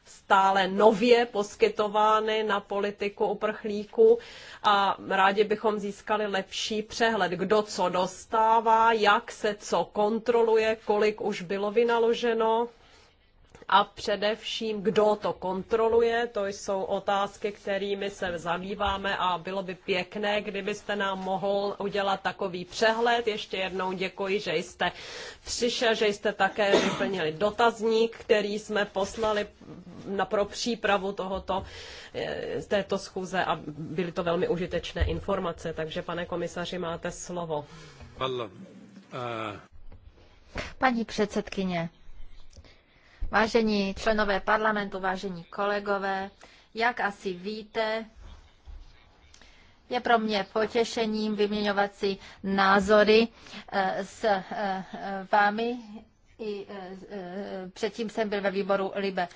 stále nově poskytovány na politiku uprchlíků a rádi bychom získali lepší přehled, kdo co dostává, jak se co kontroluje, kolik už bylo vynaloženo a především, kdo to kontroluje. To jsou otázky, kterými se zabýváme a bylo by pěkné, kdybyste nám mohl udělat takový přehled. Ještě jednou děkuji, že jste přišel, že jste také vyplnili dotazník, který jsme poslali na pro přípravu tohoto, eh, této schůze a byly to velmi užitečné informace. Takže, pane komisaři, máte slovo. Eh. Paní předsedkyně, Vážení členové parlamentu, vážení kolegové, jak asi víte, je pro mě potěšením vyměňovat si názory eh, s eh, vámi. I eh, předtím jsem byl ve výboru Libe.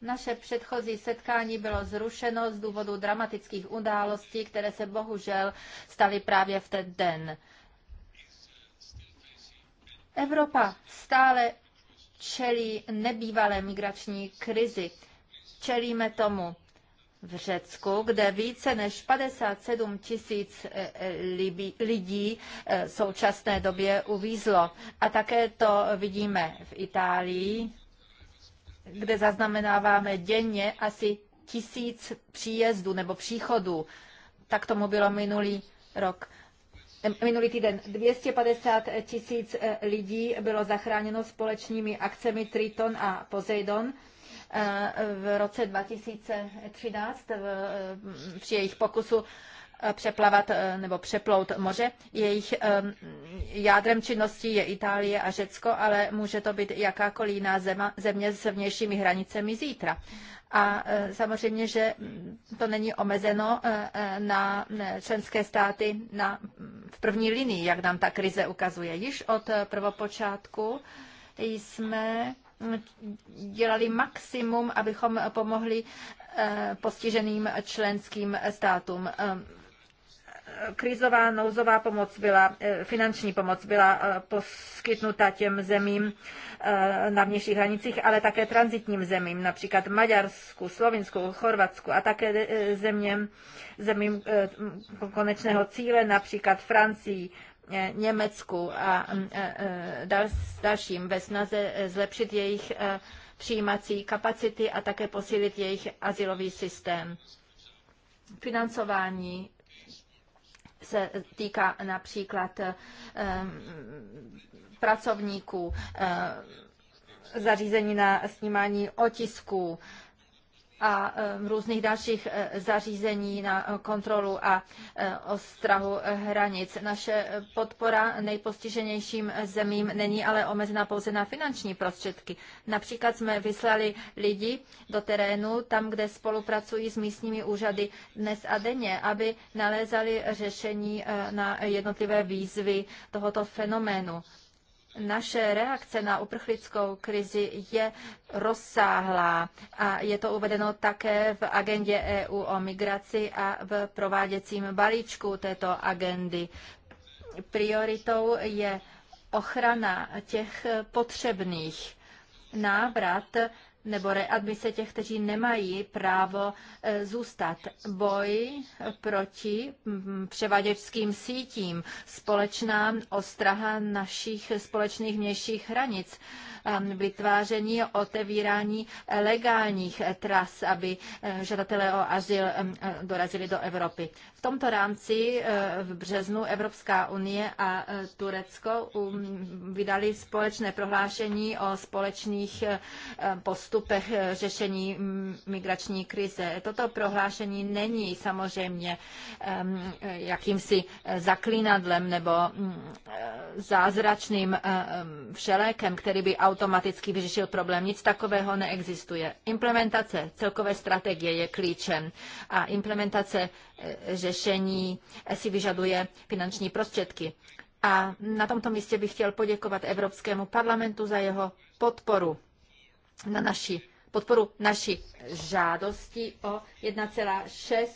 Naše předchozí setkání bylo zrušeno z důvodu dramatických událostí, které se bohužel staly právě v ten den. Evropa stále čelí nebývalé migrační krizi. Čelíme tomu v Řecku, kde více než 57 tisíc e, e, lidí e, v současné době uvízlo. A také to vidíme v Itálii, kde zaznamenáváme denně asi tisíc příjezdů nebo příchodů. Tak tomu bylo minulý rok minulý týden 250 tisíc eh, lidí bylo zachráněno společnými akcemi Triton a Poseidon eh, v roce 2013 v, eh, při jejich pokusu přeplavat nebo přeplout moře. Jejich ehm, jádrem činnosti je Itálie a Řecko, ale může to být jakákoliv jiná země s vnějšími hranicemi zítra. A e, samozřejmě, že to není omezeno e, e, na členské státy na, v první linii, jak nám ta krize ukazuje. Již od prvopočátku jsme dělali maximum, abychom pomohli postiženým členským státům krizová nouzová pomoc byla, eh, finanční pomoc byla eh, poskytnuta těm zemím eh, na vnějších hranicích, ale také transitním zemím, například Maďarsku, Slovinsku, Chorvatsku a také zeměm, zemím konečného cíle, například Francii, Německu a mm, dalším ve snaze zlepšit jejich přijímací kapacity a také posílit jejich asilový systém. Financování se týká například eh, pracovníků, eh, zařízení na snímání otisků, a e, různých dalších e, zařízení na kontrolu a e, ostrahu hranic. Naše podpora nejpostiženějším zemím není ale omezena pouze na finanční prostředky. Například jsme vyslali lidi do terénu, tam, kde spolupracují s místními úřady dnes a denně, aby nalézali řešení na jednotlivé výzvy tohoto fenoménu. Naše reakce na uprchlickou krizi je rozsáhlá a je to uvedeno také v agendě EU o migraci a v prováděcím balíčku této agendy. Prioritou je ochrana těch potřebných návrat nebo readmise těch, kteří nemají právo e, zůstat. Boj proti převaděčským sítím, společná ostraha našich společných vnějších hranic Um, vytváření, otevírání eh, legálních eh, tras, aby eh, žadatelé o azyl dorazili do Evropy. V tomto rámci v březnu Evropská unie a Turecko um, vydali společné prohlášení o společných postupech řešení mm, migrační krize. Toto prohlášení není samozřejmě jakýmsi zaklínadlem nebo mm, zázračným všelékem, který by automaticky automaticky vyřešil problém. Nic takového neexistuje. Implementace celkové strategie je klíčem a implementace e, řešení e, si vyžaduje finanční prostředky. A na tomto místě bych chtěl poděkovat Evropskému parlamentu za jeho podporu na naši podporu naší žádosti o 1,6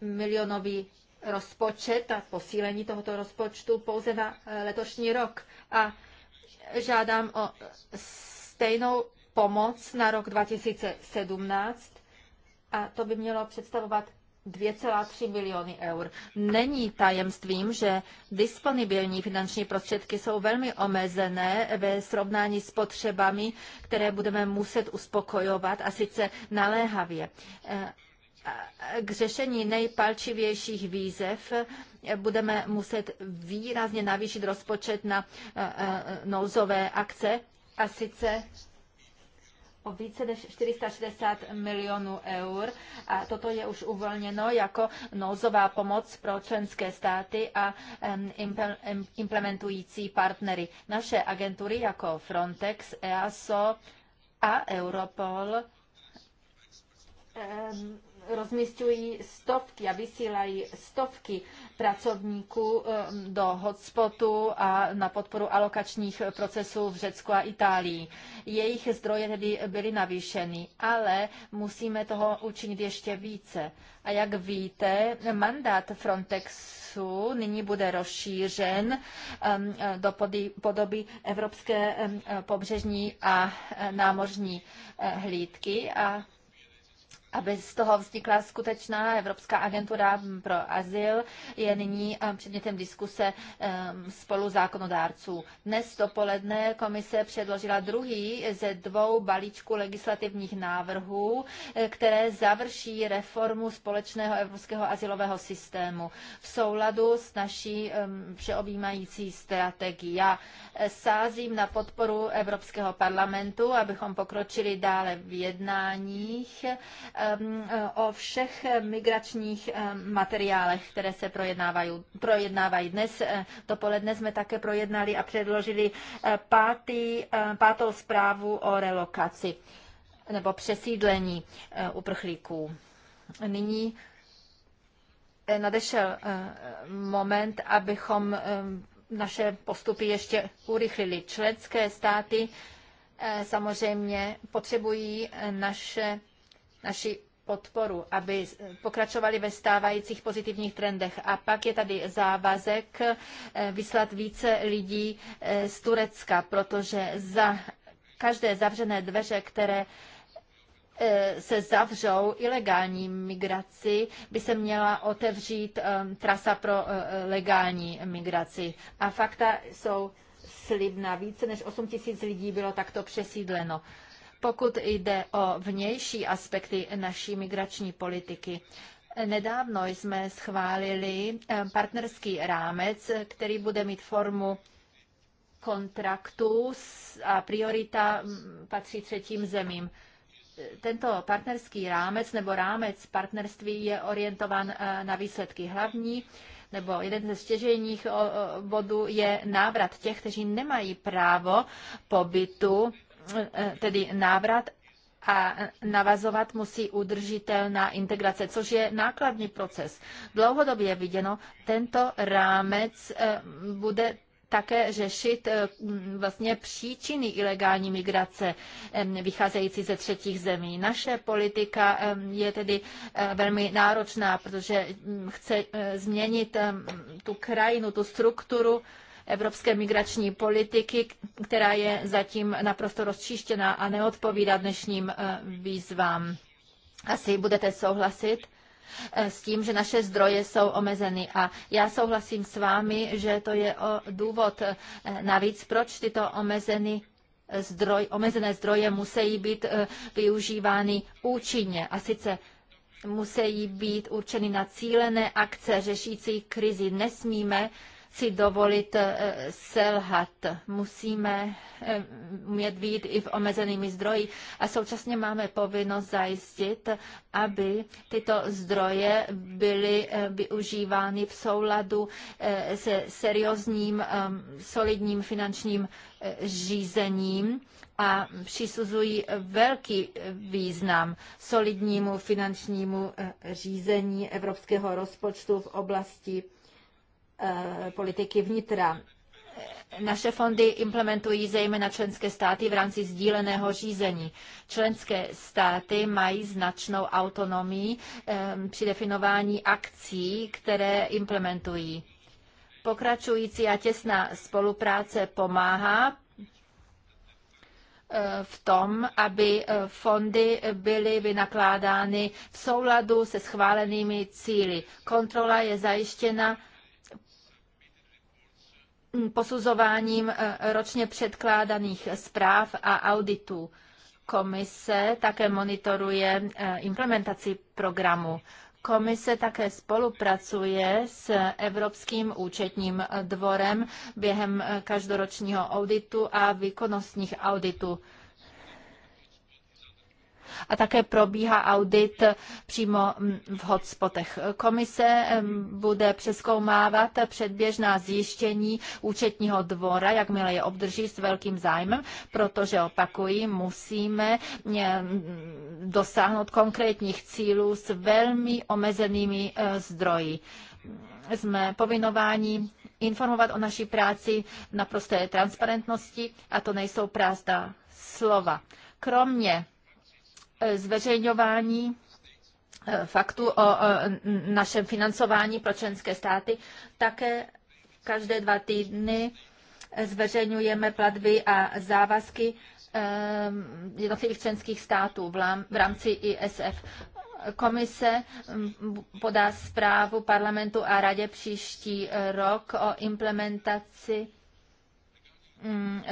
milionový rozpočet a posílení tohoto rozpočtu pouze na e, letošní rok. A žádám o stejnou pomoc na rok 2017 a to by mělo představovat 2,3 miliony eur. Není tajemstvím, že disponibilní finanční prostředky jsou velmi omezené ve srovnání s potřebami, které budeme muset uspokojovat a sice naléhavě k řešení nejpalčivějších výzev budeme muset výrazně navýšit rozpočet na eh, eh, nouzové akce a sice o více než 460 milionů eur a toto je už uvolněno jako nouzová pomoc pro členské státy a implementující partnery. Naše agentury jako Frontex, EASO a Europol rozmístují stovky a vysílají stovky pracovníků do hotspotu a na podporu alokačních procesů v Řecku a Itálii. Jejich zdroje tedy byly navýšeny, ale musíme toho učinit ještě více. A jak víte, mandát Frontexu nyní bude rozšířen do podoby Evropské pobřežní a námořní eh, hlídky a aby z toho vznikla skutečná Evropská agentura pro azyl, je nyní eh, předmětem diskuse eh, spolu zákonodárců. Dnes dopoledne komise předložila druhý ze dvou balíčků legislativních návrhů, eh, které završí reformu společného evropského azylového systému v souladu s naší všeobjímající strategií. Já sázím na podporu Evropského parlamentu, abychom pokročili dále v jednáních Um, o všech migračních um, materiálech, které se projednávají. projednávají. Dnes uh, dopoledne jsme také projednali a předložili uh, pátý, uh, pátou zprávu o relokaci nebo přesídlení uprchlíků. Nyní eh, nadešel eh, moment, abychom eh, naše postupy ještě urychlili. Členské státy samozřejmě potřebují naše naši podporu, aby pokračovali ve stávajících pozitivních trendech. A pak je tady závazek eh, vyslat více lidí eh, z Turecka, protože za každé zavřené dveře, které eh, se zavřou ilegální migraci, by se měla otevřít trasa pro legální migraci. A fakta jsou slibná. Více než 8 tisíc lidí bylo takto přesídleno. Pokud jde o vnější aspekty naší migrační politiky, Nedávno jsme schválili eh, partnerský rámec, který bude mít formu kontraktu a priorita mm, patří třetím zemím. Tento partnerský rámec nebo rámec partnerství je orientovan eh, na výsledky hlavní nebo jeden ze stěžejních bodů je návrat těch, kteří nemají právo pobytu E, tedy návrat a navazovat musí udržitelná integrace, což je nákladný proces. Dlouhodobě viděno, tento rámec e, bude také řešit e, vlastně příčiny ilegální migrace vycházející ze třetích zemí. Naše politika je tedy velmi náročná, protože chce změnit tu krajinu, tu strukturu evropské migrační politiky, která je zatím naprosto rozčištěná a neodpovídá dnešním eh, výzvám. Asi budete souhlasit eh, s tím, že naše zdroje jsou omezeny. A já souhlasím s vámi, že to je o důvod eh, navíc, proč tyto omezeny zdroj, omezené zdroje musí být využívány účinně. A sice musí být určeny na cílené akce řešící krizi. Nesmíme si dovolit eh, selhat. Musíme eh, umět být i v omezenými zdroji a současně máme povinnost zajistit, aby tyto zdroje byly eh, využívány v souladu se seriózním, ehm, solidním finančním řízením a přisuzují velký význam solidnímu finančnímu řízení evropského rozpočtu v oblasti Eh, politiky vnitra. Naše fondy implementují zejména členské státy v rámci sdíleného řízení. Členské státy mají značnou autonomii při definování akcí, které implementují. Pokračující a těsná spolupráce pomáhá eh, v tom, aby eh, fondy byly vynakládány v souladu se schválenými cíly. Kontrola je zajištěna posuzováním eh, ročně předkládaných zpráv a auditů. Komise také monitoruje eh, implementaci programu. Komise také spolupracuje s Evropským účetním dvorem během eh, každoročního auditu a výkonnostních auditů a také probíhá audit přímo mm, v hotspotech. Komise mm, bude přeskoumávat předběžná zjištění účetního dvora, jakmile je obdrží s velkým zájmem, protože opakují, musíme mm, dosáhnout konkrétních cílů s velmi omezenými e, zdroji. Jsme povinováni informovat o naší práci na prosté transparentnosti a to nejsou prázdná slova. Kromě zveřejňování eh, faktu o našem financování pro členské státy. Také každé dva týdny eh, zveřejňujeme platby a závazky eh, jednotlivých členských států v rámci ISF. Komise podá zprávu parlamentu a radě příští rok o implementaci mm,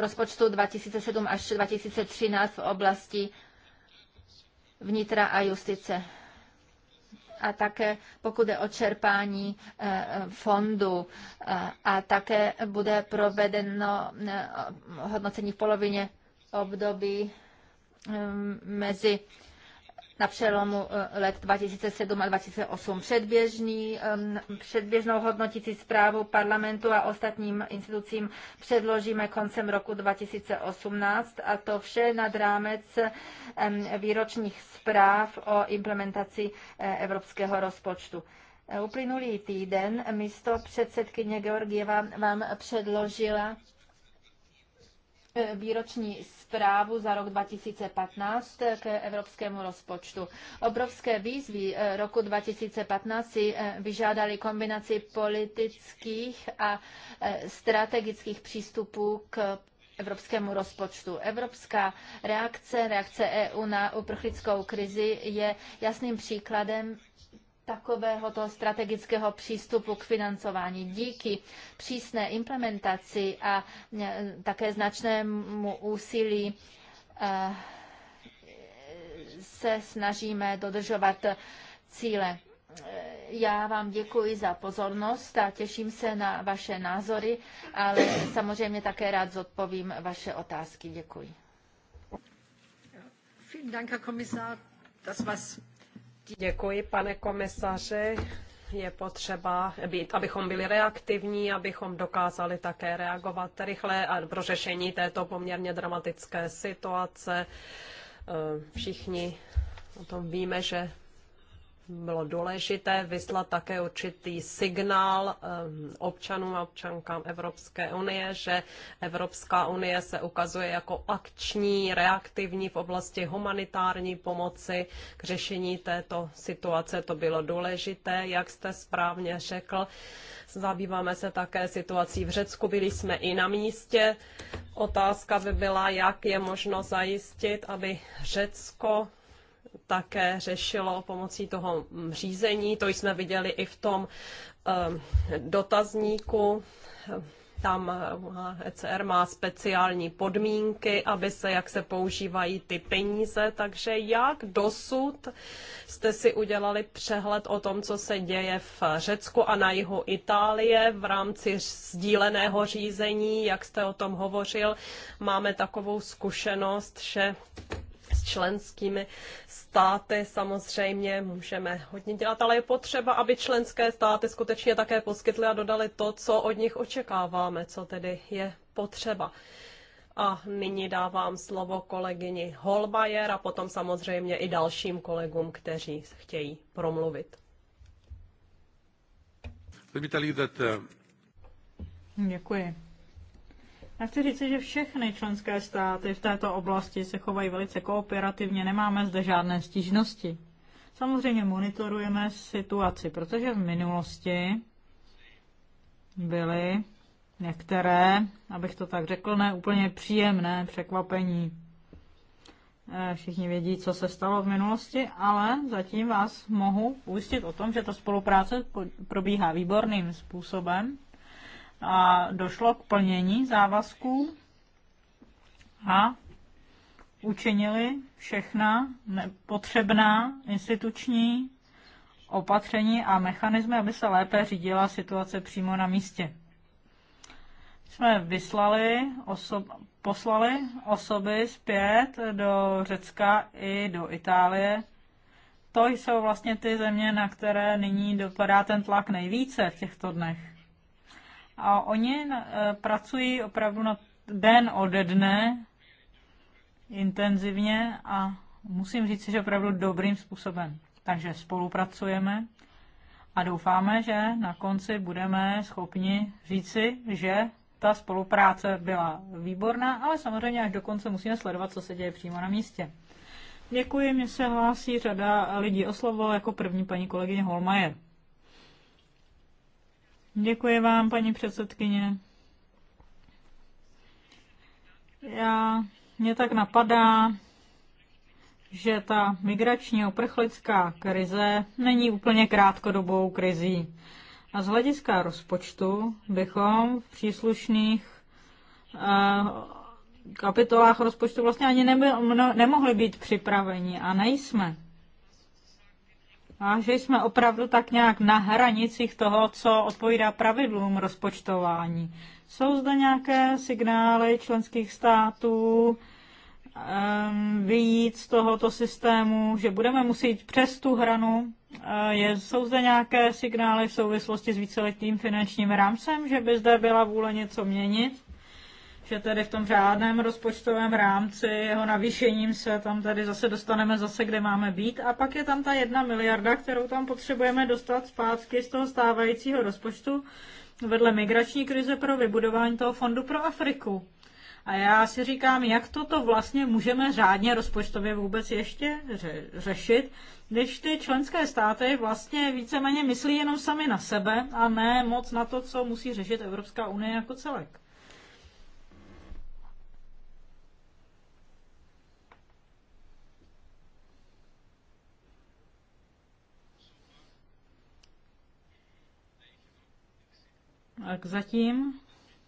rozpočtu 2007 až 2013 v oblasti vnitra a justice. A také pokud je o čerpání eh, fondu eh, a také bude provedeno eh, hodnocení v polovině období mezi na přelomu eh, let 2007 a 2008. Předběžný, předběžnou hodnotící zprávu parlamentu a ostatním institucím předložíme koncem roku 2018 a to vše nad rámec výročních zpráv o implementaci eh, evropského rozpočtu. Eh, uplynulý týden místo předsedkyně Georgieva vám předložila výroční zprávu za rok 2015 k evropskému rozpočtu. Obrovské výzvy eh, roku 2015 si eh, vyžádali kombinaci politických a eh, strategických přístupů k evropskému rozpočtu. Evropská reakce, reakce EU na uprchlickou krizi je jasným příkladem takovéhoto strategického přístupu k financování. Díky přísné implementaci a e, také značnému úsilí e, se snažíme dodržovat cíle. E, já vám děkuji za pozornost a těším se na vaše názory, ale samozřejmě také rád zodpovím vaše otázky. Děkuji. Vielen Dank, Herr Kommissar. Das, was Děkuji, pane komisaři. Je potřeba, být, abychom byli reaktivní, abychom dokázali také reagovat rychle a pro řešení této poměrně dramatické situace. Eh, všichni o tom víme, že bylo důležité vyslat také určitý signál ehm, občanům a občankám Evropské unie, že Evropská unie se ukazuje jako akční, reaktivní v oblasti humanitární pomoci k řešení této situace. To bylo důležité, jak jste správně řekl. Zabýváme se také situací v Řecku, byli jsme i na místě. Otázka by byla, jak je možno zajistit, aby Řecko také řešilo pomocí toho řízení. To jsme viděli i v tom ehm, dotazníku. Tam ECR eh, e má speciální podmínky, aby se, jak se používají ty peníze. Takže jak dosud jste si udělali přehled o tom, co se děje v Řecku a na jihu Itálie v rámci sdíleného řízení, jak jste o tom hovořil. Máme takovou zkušenost, že členskými státy samozřejmě můžeme hodně dělat, ale je potřeba, aby členské státy skutečně také poskytly a dodali to, co od nich očekáváme, co tedy je potřeba. A nyní dávám slovo kolegyni Holbajer a potom samozřejmě i dalším kolegům, kteří chtějí promluvit. Uh, Děkuji. Já chci říct, že všechny členské státy v této oblasti se chovají velice kooperativně, nemáme zde žádné stížnosti. Samozřejmě monitorujeme situaci, protože v minulosti byly některé, abych to tak řekl, neúplně příjemné překvapení. Eh, všichni vědí, co se stalo v minulosti, ale zatím vás mohu ujistit o tom, že ta spolupráce probíhá výborným způsobem a došlo k plnění závazků a učinili všechna potřebná instituční opatření a mechanismy, aby se lépe řídila situace přímo na místě. Jsme vyslali osob, poslali osoby zpět do Řecka i do Itálie. To jsou vlastně ty země, na které nyní dopadá ten tlak nejvíce v těchto dnech. A oni eh, pracují opravdu na den ode dne intenzivně a musím říct, že opravdu dobrým způsobem. Takže spolupracujeme a doufáme, že na konci budeme schopni říci, že ta spolupráce byla výborná, ale samozřejmě až do konce musíme sledovat, co se děje přímo na místě. Děkuji, mě se hlásí řada lidí o slovo, jako první paní kolegyně Holmajer. Děkuji vám, paní předsedkyně. Já, mě tak napadá, že ta migrační uprchlická krize není úplně krátkodobou krizí. A z hlediska rozpočtu bychom v příslušných eh, kapitolách rozpočtu vlastně ani nemohli být připraveni a nejsme a že jsme opravdu tak nějak na hranicích toho, co odpovídá pravidlům rozpočtování. Jsou zde nějaké signály členských států um, vyjít z tohoto systému, že budeme muset přes tu hranu? Eh, je, jsou zde nějaké signály v souvislosti s víceletým finančním rámcem, že by zde byla vůle něco měnit? že tedy v tom řádném rozpočtovém rámci jeho navýšením se tam tady zase dostaneme zase, kde máme být. A pak je tam ta jedna miliarda, kterou tam potřebujeme dostat zpátky z toho stávajícího rozpočtu vedle migrační krize pro vybudování toho fondu pro Afriku. A já si říkám, jak toto vlastně můžeme řádně rozpočtově vůbec ještě ře- řešit, když ty členské státy vlastně víceméně myslí jenom sami na sebe a ne moc na to, co musí řešit Evropská unie jako celek. tak zatím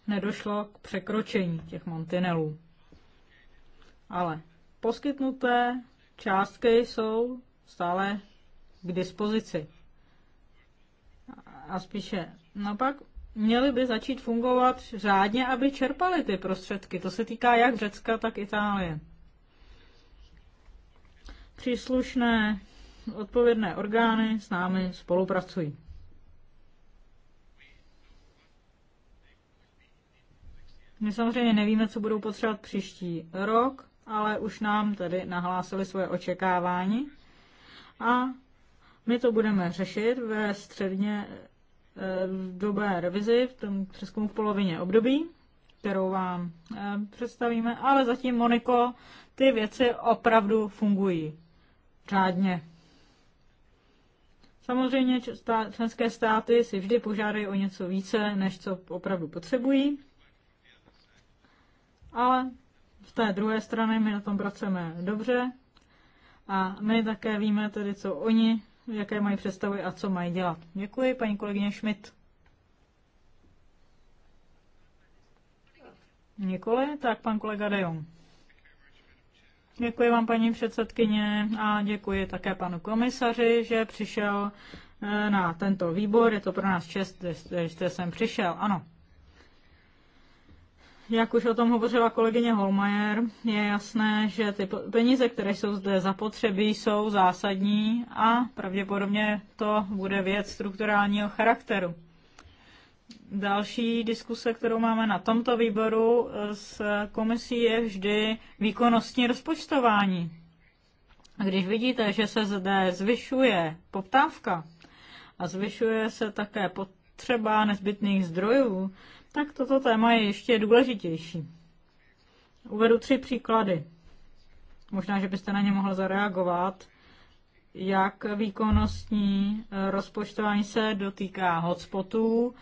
nedošlo k překročení těch mantinelů. Ale poskytnuté částky jsou stále k dispozici. A spíše naopak měly by začít fungovat řádně, aby čerpali ty prostředky. To se týká jak Řecka, tak Itálie. Příslušné odpovědné orgány s námi spolupracují. My samozřejmě nevíme, co budou potřebovat příští rok, ale už nám tedy nahlásili svoje očekávání a my to budeme řešit ve středně eh, v dobé revizi, v tom přeskumu v polovině období, kterou vám eh, představíme, ale zatím, Moniko, ty věci opravdu fungují řádně. Samozřejmě členské státy si vždy požádají o něco více, než co opravdu potřebují ale v té druhé strany my na tom pracujeme dobře a my také víme tedy, co oni, jaké mají představy a co mají dělat. Děkuji, paní kolegyně Schmidt. Nikoli, tak pan kolega De Děkuji vám, paní předsedkyně, a děkuji také panu komisaři, že přišel eh, na tento výbor. Je to pro nás čest, že jste sem přišel. Ano, jak už o tom hovořila kolegyně Holmajer, je jasné, že ty peníze, které jsou zde zapotřebí, jsou zásadní a pravděpodobně to bude věc strukturálního charakteru. Další diskuse, kterou máme na tomto výboru s komisí, je vždy výkonnostní rozpočtování. A když vidíte, že se zde zvyšuje poptávka a zvyšuje se také potřeba nezbytných zdrojů, tak toto téma je ještě důležitější. Uvedu tři příklady. Možná, že byste na ně mohl zareagovat. Jak výkonnostní eh, rozpočtování se dotýká hotspotů.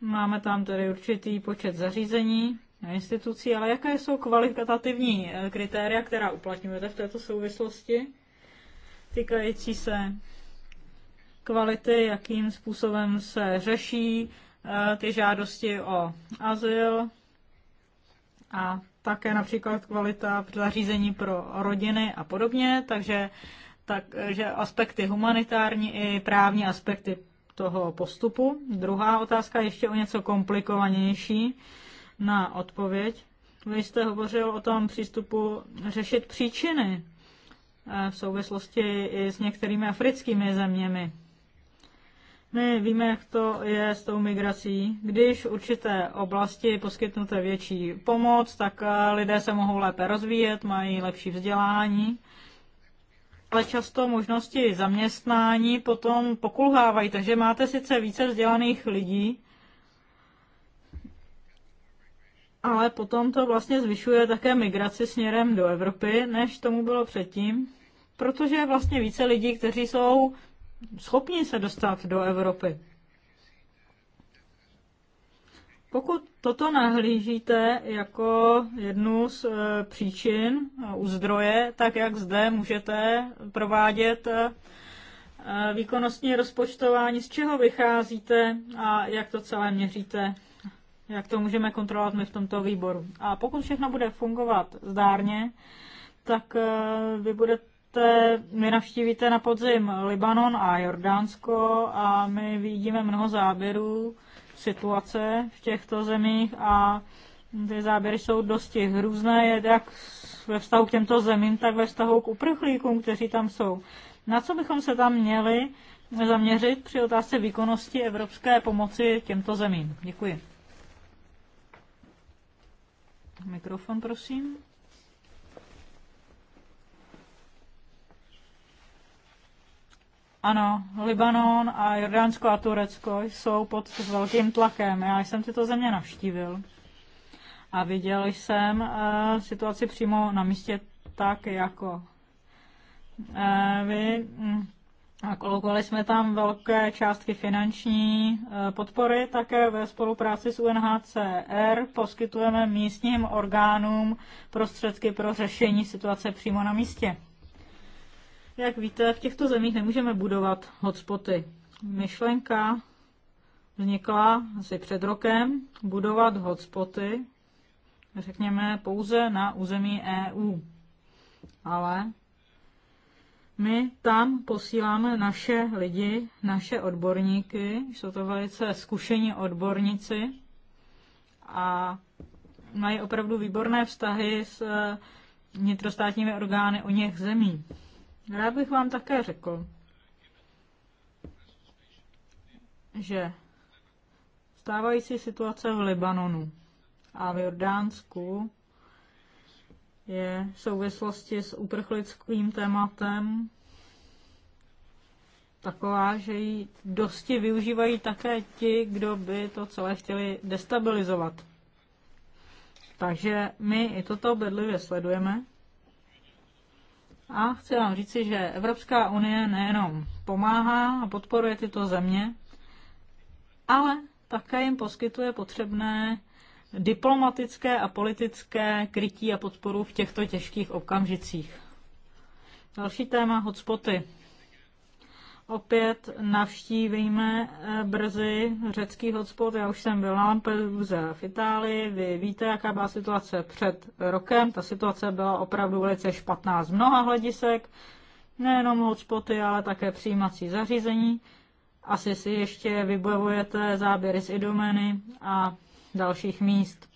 Máme tam tedy určitý počet zařízení a institucí, ale jaké jsou kvalitativní eh, kritéria, která uplatňujete v této souvislosti, týkající se kvality, jakým způsobem se řeší Eh, ty žádosti o azyl a také například kvalita zařízení pro rodiny a podobně, takže takže eh, aspekty humanitární i právní aspekty toho postupu. Druhá otázka ještě o něco komplikovanější na odpověď. Vy jste hovořil o tom přístupu řešit příčiny eh, v souvislosti i s některými africkými zeměmi. My víme, jak to je s tou migrací. Když určité oblasti poskytnuté větší pomoc, tak eh, lidé se mohou lépe rozvíjet, mají lepší vzdělání. Ale často možnosti zaměstnání potom pokulhávají, takže máte sice více vzdělaných lidí, ale potom to vlastně zvyšuje také migraci směrem do Evropy, než tomu bylo předtím, protože je vlastně více lidí, kteří jsou schopni se dostat do Evropy. Pokud toto nahlížíte jako jednu z e, příčin e, u zdroje, tak jak zde můžete provádět e, výkonnostní rozpočtování, z čeho vycházíte a jak to celé měříte, jak to můžeme kontrolovat my v tomto výboru. A pokud všechno bude fungovat zdárně, tak vy budete pojedete, my navštívíte na podzim Libanon a Jordánsko a my vidíme mnoho záběrů situace v těchto zemích a ty záběry jsou dosti hrůzné, jak ve vztahu k těmto zemím, tak ve vztahu k uprchlíkům, kteří tam jsou. Na co bychom se tam měli zaměřit při otázce výkonnosti evropské pomoci těmto zemím? Děkuji. Mikrofon, prosím. Ano, Libanon a Jordánsko a Turecko jsou pod velkým tlakem. Já jsem tyto země navštívil a viděl jsem uh, situaci přímo na místě tak jako uh, vy. Mm. A kolokovali jsme tam velké částky finanční eh, podpory, také ve spolupráci s UNHCR poskytujeme místním orgánům prostředky pro řešení situace přímo na místě. Jak víte, v těchto zemích nemůžeme budovat hotspoty. Myšlenka vznikla asi před rokem budovat hotspoty, řekněme, pouze na území EU. Ale my tam posíláme naše lidi, naše odborníky, jsou to velice zkušení odborníci a mají opravdu výborné vztahy s eh, vnitrostátními orgány o něch zemí. Já bych vám také řekl, že stávající situace v Libanonu a v Jordánsku je v souvislosti s uprchlickým tématem taková, že ji dosti využívají také ti, kdo by to celé chtěli destabilizovat. Takže my i toto bedlivě sledujeme a chci vám říci, že Evropská unie nejenom pomáhá a podporuje tyto země, ale také jim poskytuje potřebné diplomatické a politické krytí a podporu v těchto těžkých okamžicích. Další téma hotspoty opět navštívíme eh, brzy řecký hotspot. Já už jsem byl na Lampeduze v Itálii. Vy víte, jaká byla situace před rokem. Ta situace byla opravdu velice špatná z mnoha hledisek. Nejenom hotspoty, ale také přijímací zařízení. Asi si ještě vybavujete záběry z Idomeny a dalších míst.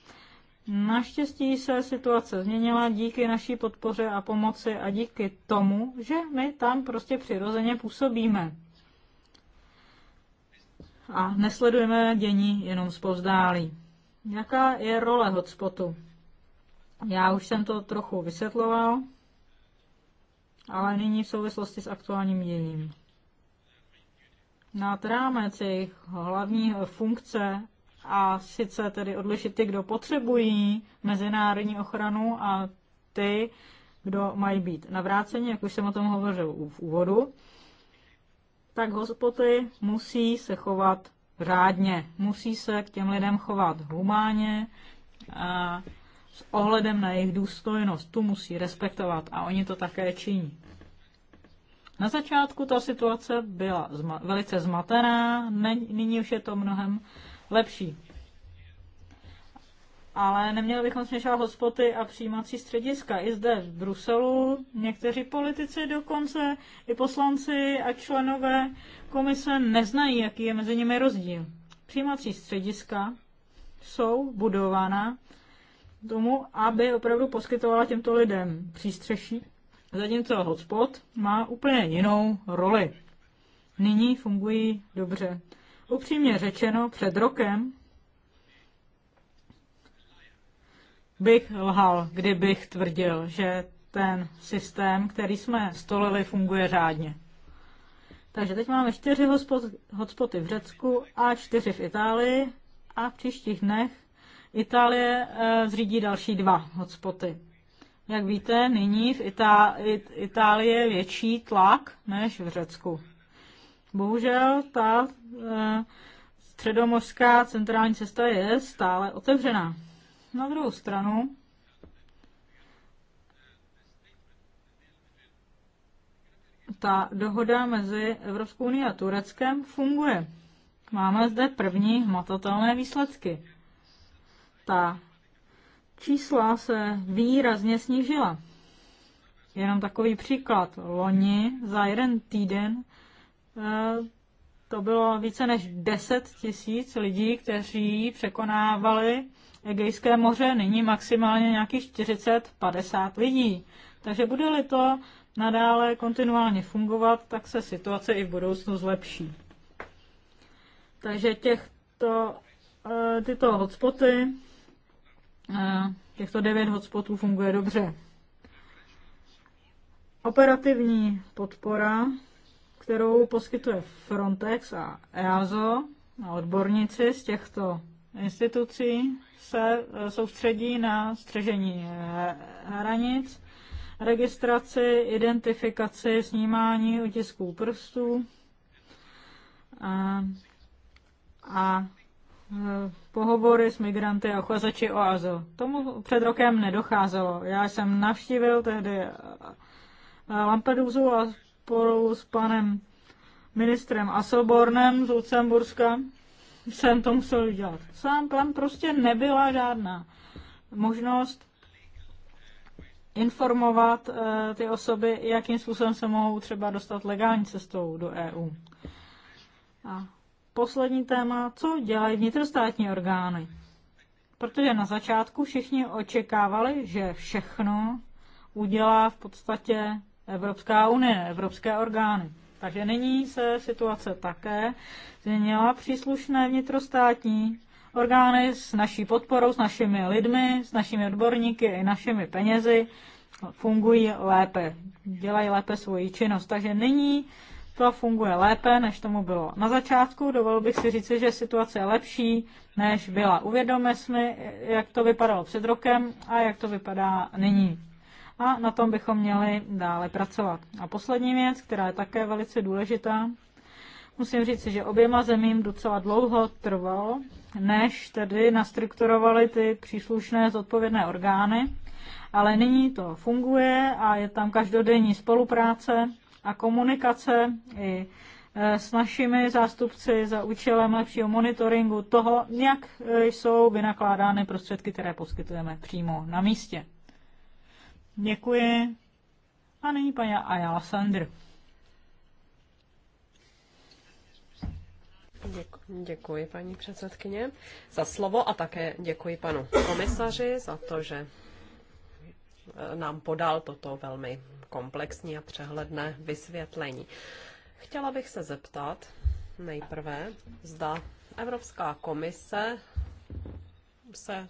Naštěstí se situace změnila díky naší podpoře a pomoci a díky tomu, že my tam prostě přirozeně působíme. A nesledujeme dění jenom zpovzdálí. Jaká je role hotspotu? Já už jsem to trochu vysvětloval, ale nyní v souvislosti s aktuálním děním. Nad rámec jejich hlavní eh, funkce a sice tedy odlišit ty, kdo potřebují mezinárodní ochranu a ty, kdo mají být navráceni, jak už jsem o tom hovořil v úvodu, tak hospody musí se chovat řádně, musí se k těm lidem chovat humánně a s ohledem na jejich důstojnost. Tu musí respektovat a oni to také činí. Na začátku ta situace byla zma- velice zmatená, nyní už je to mnohem lepší. Ale neměli bychom směšovat hospody a přijímací střediska. I zde v Bruselu někteří politici dokonce, i poslanci a členové komise neznají, jaký je mezi nimi rozdíl. Přijímací střediska jsou budována tomu, aby opravdu poskytovala těmto lidem přístřeší, zatímco hotspot má úplně jinou roli. Nyní fungují dobře. Upřímně řečeno, před rokem bych lhal, kdybych tvrdil, že ten systém, který jsme stolili, funguje řádně. Takže teď máme čtyři hotspoty v Řecku a čtyři v Itálii a v příštích dnech Itálie eh, zřídí další dva hotspoty. Jak víte, nyní v Itá- It- Itálii je větší tlak než v Řecku. Bohužel ta Eh, středomořská centrální cesta je stále otevřená. Na druhou stranu ta dohoda mezi Evropskou unii a Tureckem funguje. Máme zde první hmatatelné výsledky. Ta čísla se výrazně snížila. Jenom takový příklad. Loni za jeden týden eh, to bylo více než 10 tisíc lidí, kteří překonávali Egejské moře, nyní maximálně nějakých 40-50 lidí. Takže bude-li to nadále kontinuálně fungovat, tak se situace i v budoucnu zlepší. Takže těchto, eh, tyto hotspoty, eh, těchto devět hotspotů funguje dobře. Operativní podpora kterou poskytuje Frontex a EASO, a odborníci z těchto institucí se e, soustředí na střežení e, hranic, registraci, identifikaci, snímání otisků prstů a, a e, pohovory s migranty a uchazeči o azyl. Tomu před rokem nedocházelo. Já jsem navštívil tehdy Lampedusu a spolu s panem ministrem Asobornem z Lucemburska jsem to musel dělat sám. Tam prostě nebyla žádná možnost informovat eh, ty osoby, jakým způsobem se mohou třeba dostat legální cestou do EU. A poslední téma, co dělají vnitrostátní orgány. Protože na začátku všichni očekávali, že všechno udělá v podstatě Evropská unie, evropské orgány. Takže nyní se situace také změnila. Příslušné vnitrostátní orgány s naší podporou, s našimi lidmi, s našimi odborníky i našimi penězi fungují lépe, dělají lépe svoji činnost. Takže nyní to funguje lépe, než tomu bylo na začátku. Dovolil bych si říct, že situace je lepší, než byla. Uvědomme jsme, jak to vypadalo před rokem a jak to vypadá nyní a na tom bychom měli dále pracovat. A poslední věc, která je také velice důležitá, musím říct, že oběma zemím docela dlouho trvalo, než tedy nastrukturovali ty příslušné zodpovědné orgány, ale nyní to funguje a je tam každodenní spolupráce a komunikace i e, s našimi zástupci za účelem lepšího monitoringu toho, jak e, jsou vynakládány prostředky, které poskytujeme přímo na místě. Děkuji. A nyní paní Ayala Sandr. Děkuji, děkuji, paní předsedkyně, za slovo a také děkuji panu komisaři za to, že eh, nám podal toto velmi komplexní a přehledné vysvětlení. Chtěla bych se zeptat nejprve, zda Evropská komise se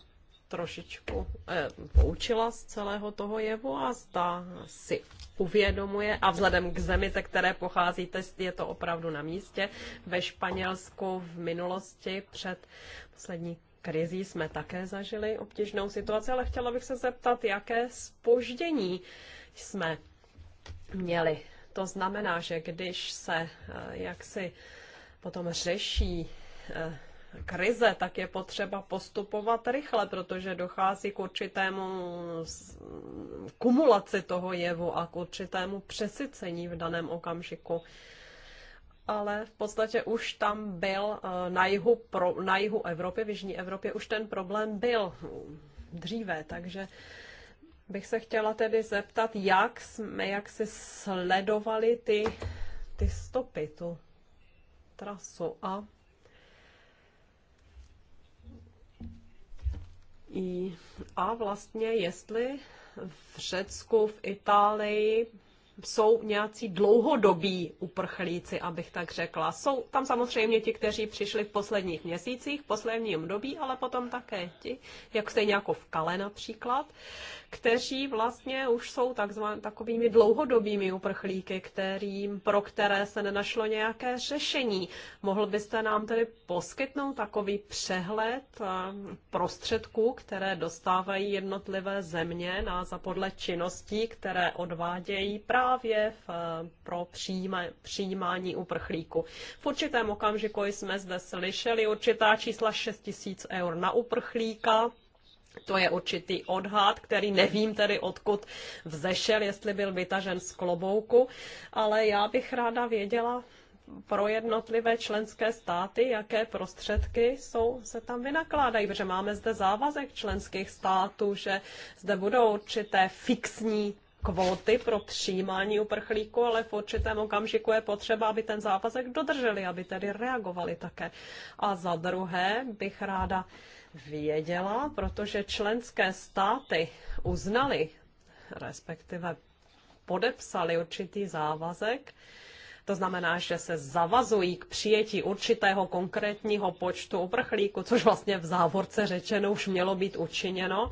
trošičku eh, poučila z celého toho jevu a zda si uvědomuje a vzhledem k zemi, ze které pocházíte, je to opravdu na místě. Ve Španělsku v minulosti před poslední krizí jsme také zažili obtížnou situaci, ale chtěla bych se zeptat, jaké spoždění jsme měli. To znamená, že když se eh, jaksi potom řeší eh, krize, tak je potřeba postupovat rychle, protože dochází k určitému kumulaci toho jevu a k určitému přesycení v daném okamžiku ale v podstatě už tam byl eh, na jihu, pro, na jihu Evropy, v Jižní Evropě už ten problém byl dříve, takže bych se chtěla tedy zeptat, jak jsme, jak si sledovali ty, ty stopy, tu trasu a a vlastně jestli v Řecku, v Itálii jsou nějací dlouhodobí uprchlíci, abych tak řekla. Jsou tam samozřejmě ti, kteří přišli v posledních měsících, v posledním dobí, ale potom také ti, jak stejně jako v Kale například, kteří vlastně už jsou takzvan, takovými dlouhodobými uprchlíky, kterým, pro které se nenašlo nějaké řešení. Mohl byste nám tedy poskytnout takový přehled eh, prostředků, které dostávají jednotlivé země na, za podle činností, které odvádějí právě právě v, eh, pro přijíma, přijímání uprchlíku. V určitém okamžiku jsme zde slyšeli určitá čísla 6 tisíc eur na uprchlíka. To je určitý odhad, který nevím tedy odkud vzešel, jestli byl vytažen z klobouku, ale já bych ráda věděla, pro jednotlivé členské státy, jaké prostředky jsou, se tam vynakládají, protože máme zde závazek členských států, že zde budou určité fixní kvóty pro přijímání uprchlíků, ale v určitém okamžiku je potřeba, aby ten závazek dodrželi, aby tedy reagovali také. A za druhé bych ráda věděla, protože členské státy uznali, respektive podepsali určitý závazek, to znamená, že se zavazují k přijetí určitého konkrétního počtu uprchlíků, což vlastně v závorce řečeno už mělo být učiněno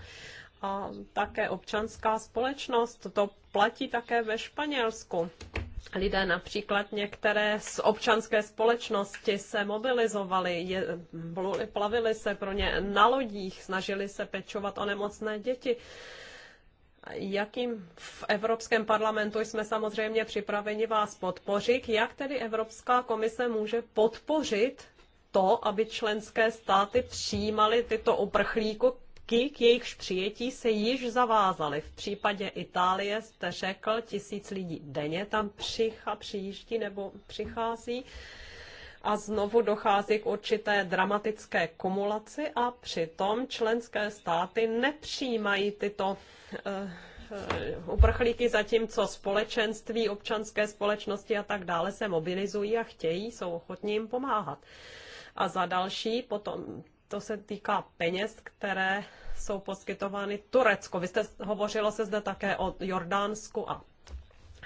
a také občanská společnost. To platí také ve Španělsku. Lidé například některé z občanské společnosti se mobilizovali, je, plavili se pro ně na lodích, snažili se pečovat o nemocné děti. Jakým v Evropském parlamentu jsme samozřejmě připraveni vás podpořit, jak tedy Evropská komise může podpořit to, aby členské státy přijímaly tyto uprchlíky, prvky, k jejichž přijetí se již zavázali. V případě Itálie jste řekl, tisíc lidí denně tam přicha, přijíždí nebo přichází a znovu dochází k určité dramatické kumulaci a přitom členské státy nepřijímají tyto eh, eh uprchlíky, zatímco společenství, občanské společnosti a tak dále se mobilizují a chtějí, jsou ochotní jim pomáhat. A za další potom to se týká peněz, které jsou poskytovány Turecku. Vy jste hovořilo se zde také o Jordánsku a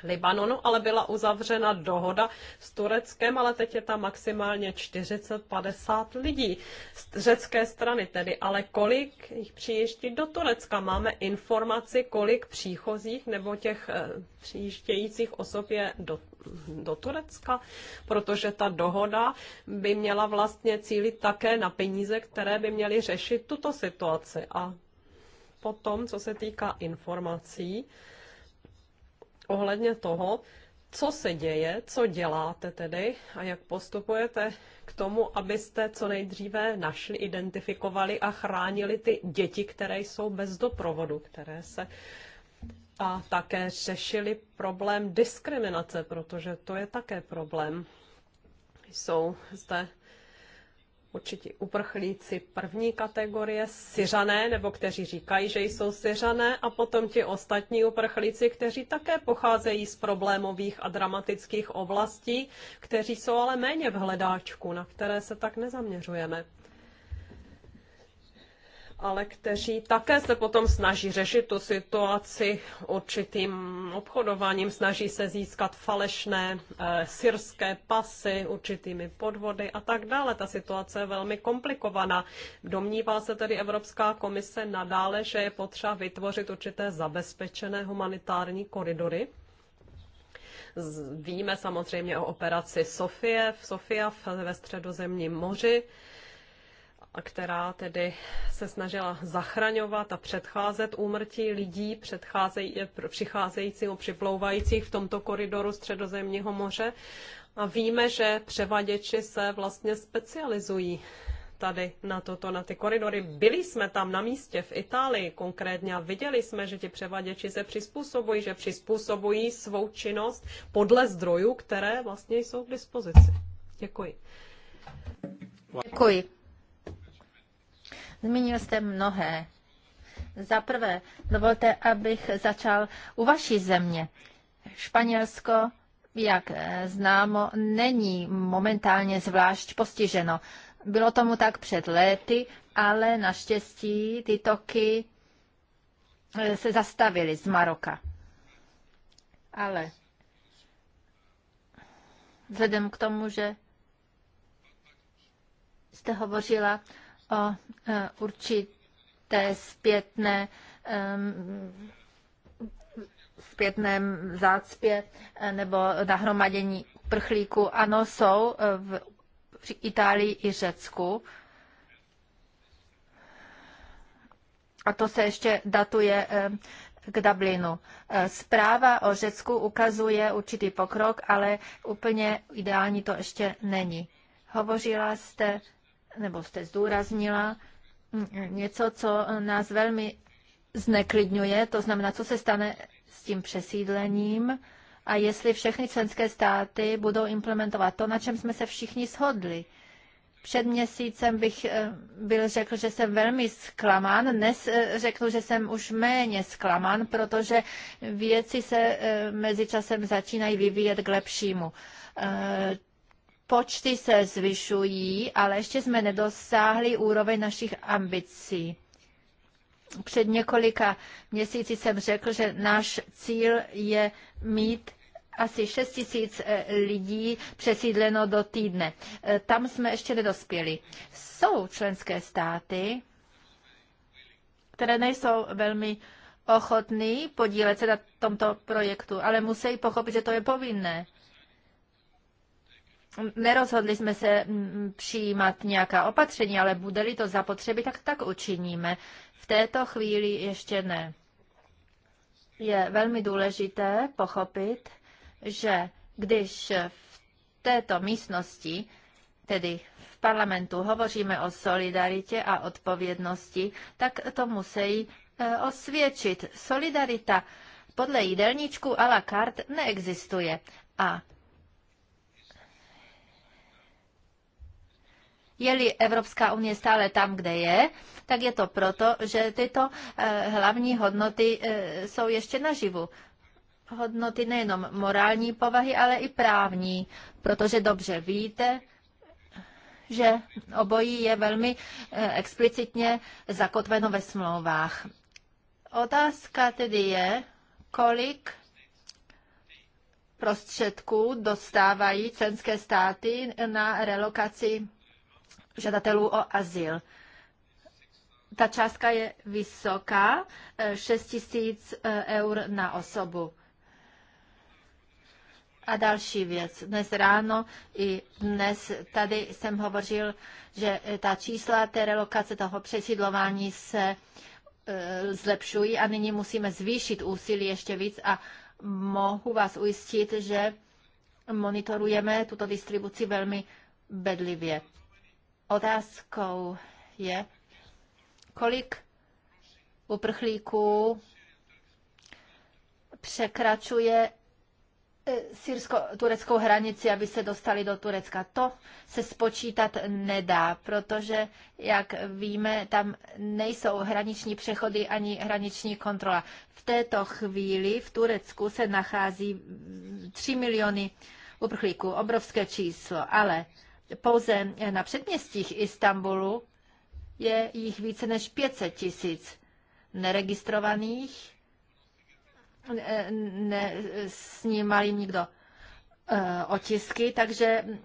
Libanonu, ale byla uzavřena dohoda s Tureckem, ale teď je tam maximálně 40-50 lidí z řecké strany tedy. Ale kolik jich přijíždí do Turecka? Máme informaci, kolik příchozích nebo těch eh, přijíždějících osob je do, do Turecka, protože ta dohoda by měla vlastně cílit také na peníze, které by měly řešit tuto situaci. A potom, co se týká informací, ohledně toho, co se děje, co děláte tedy a jak postupujete k tomu, abyste co nejdříve našli, identifikovali a chránili ty děti, které jsou bez doprovodu, které se a také řešili problém diskriminace, protože to je také problém. Jsou zde určitě uprchlíci první kategorie, syřané, nebo kteří říkají, že jsou syřané, a potom ti ostatní uprchlíci, kteří také pocházejí z problémových a dramatických oblastí, kteří jsou ale méně v hledáčku, na které se tak nezaměřujeme ale kteří také se potom snaží řešit tu situaci určitým obchodováním, snaží se získat falešné e, syrské pasy, určitými podvody a tak dále. Ta situace je velmi komplikovaná. Domnívá se tedy Evropská komise nadále, že je potřeba vytvořit určité zabezpečené humanitární koridory? Víme samozřejmě o operaci Sofie, v Sofia ve středozemním moři která tedy se snažila zachraňovat a předcházet úmrtí lidí předcházejí, přicházejícího, připlouvajících v tomto koridoru Středozemního moře. A víme, že převaděči se vlastně specializují tady na toto, na ty koridory. Byli jsme tam na místě v Itálii konkrétně a viděli jsme, že ti převaděči se přizpůsobují, že přizpůsobují svou činnost podle zdrojů, které vlastně jsou k dispozici. Děkuji. Děkuji. Zmínil jste mnohé. Za prvé, dovolte, abych začal u vaší země. Španělsko, jak známo, není momentálně zvlášť postiženo. Bylo tomu tak před léty, ale naštěstí ty toky eh, se zastavily z Maroka. Ale vzhledem k tomu, že jste hovořila o e, určité zpětné e, zpětném zácpě e, nebo nahromadění prchlíků. Ano, jsou v Itálii i Řecku. A to se ještě datuje k Dublinu. Zpráva o Řecku ukazuje určitý pokrok, ale úplně ideální to ještě není. Hovořila jste nebo jste zdůraznila něco, co nás velmi zneklidňuje, to znamená, co se stane s tím přesídlením a jestli všechny členské státy budou implementovat to, na čem jsme se všichni shodli. Před měsícem bych eh, byl řekl, že jsem velmi zklamán, dnes eh, řekl, že jsem už méně zklamán, protože věci se eh, mezičasem začínají vyvíjet k lepšímu. Počty se zvyšují, ale ještě jsme nedosáhli úroveň našich ambicí. Před několika měsíci jsem řekl, že náš cíl je mít asi 6 tisíc eh, lidí přesídleno do týdne. Eh, tam jsme ještě nedospěli. Jsou členské státy, které nejsou velmi ochotný podílet se na tomto projektu, ale musí pochopit, že to je povinné. Nerozhodli jsme se mm, přijímat nějaká opatření, ale bude-li to zapotřebí, tak tak učiníme. V této chvíli ještě ne. Je velmi důležité pochopit, že když v této místnosti, tedy v parlamentu, hovoříme o solidaritě a odpovědnosti, tak to musí e, osvědčit. Solidarita podle jídelníčku a la carte neexistuje. A Je-li Evropská unie stále tam, kde je, tak je to proto, že tyto eh, hlavní hodnoty eh, jsou ještě naživu hodnoty nejenom morální povahy, ale i právní, protože dobře víte, že obojí je velmi eh, explicitně zakotveno ve smlouvách. Otázka tedy je, kolik prostředků dostávají členské státy na relokaci žadatelů o azyl. Ta částka je vysoká, 6 eh, tisíc eh, eur na osobu. A další věc. Dnes ráno i dnes tady jsem hovořil, že ta čísla té relokace, toho přesídlování se eh, zlepšují a nyní musíme zvýšit úsilí ještě víc a mohu vás ujistit, že monitorujeme tuto distribuci velmi bedlivě. Otázkou je, kolik uprchlíků překračuje eh, syrsko-tureckou hranici, aby se dostali do Turecka. To se spočítat nedá, protože, jak víme, tam nejsou hraniční přechody ani hraniční kontrola. V této chvíli v Turecku se nachází 3 miliony uprchlíků, obrovské číslo, ale pouze na předměstích Istanbulu je jich více než 500 tisíc neregistrovaných, ne, ním malým nikdo eh, otisky, takže eh,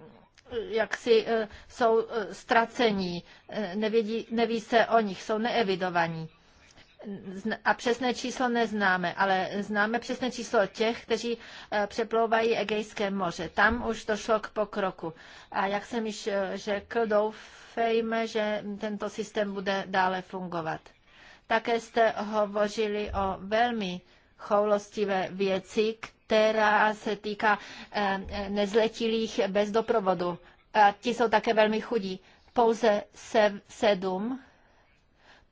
jak si eh, jsou ztracení, nevědí, neví se o nich, jsou neevidovaní a přesné číslo neznáme, ale známe přesné číslo těch, kteří eh, přeplouvají Egejské moře. Tam už došlo k pokroku. A jak jsem již eh, řekl, doufejme, že tento systém bude dále fungovat. Také jste hovořili o velmi choulostivé věci, která se týká eh, nezletilých bez doprovodu. A ti jsou také velmi chudí. Pouze sedm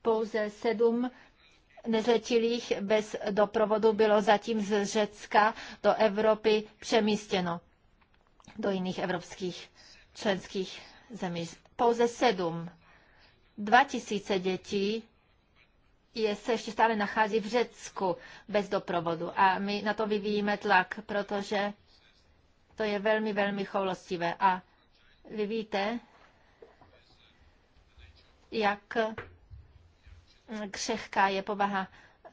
pouze sedm nezletilých bez doprovodu bylo zatím z Řecka do Evropy přemístěno do jiných evropských členských zemí. Pouze sedm. Dva tisíce dětí je, se ještě stále nachází v Řecku bez doprovodu. A my na to vyvíjíme tlak, protože to je velmi, velmi choulostivé. A vy víte, jak Mm, křehká je povaha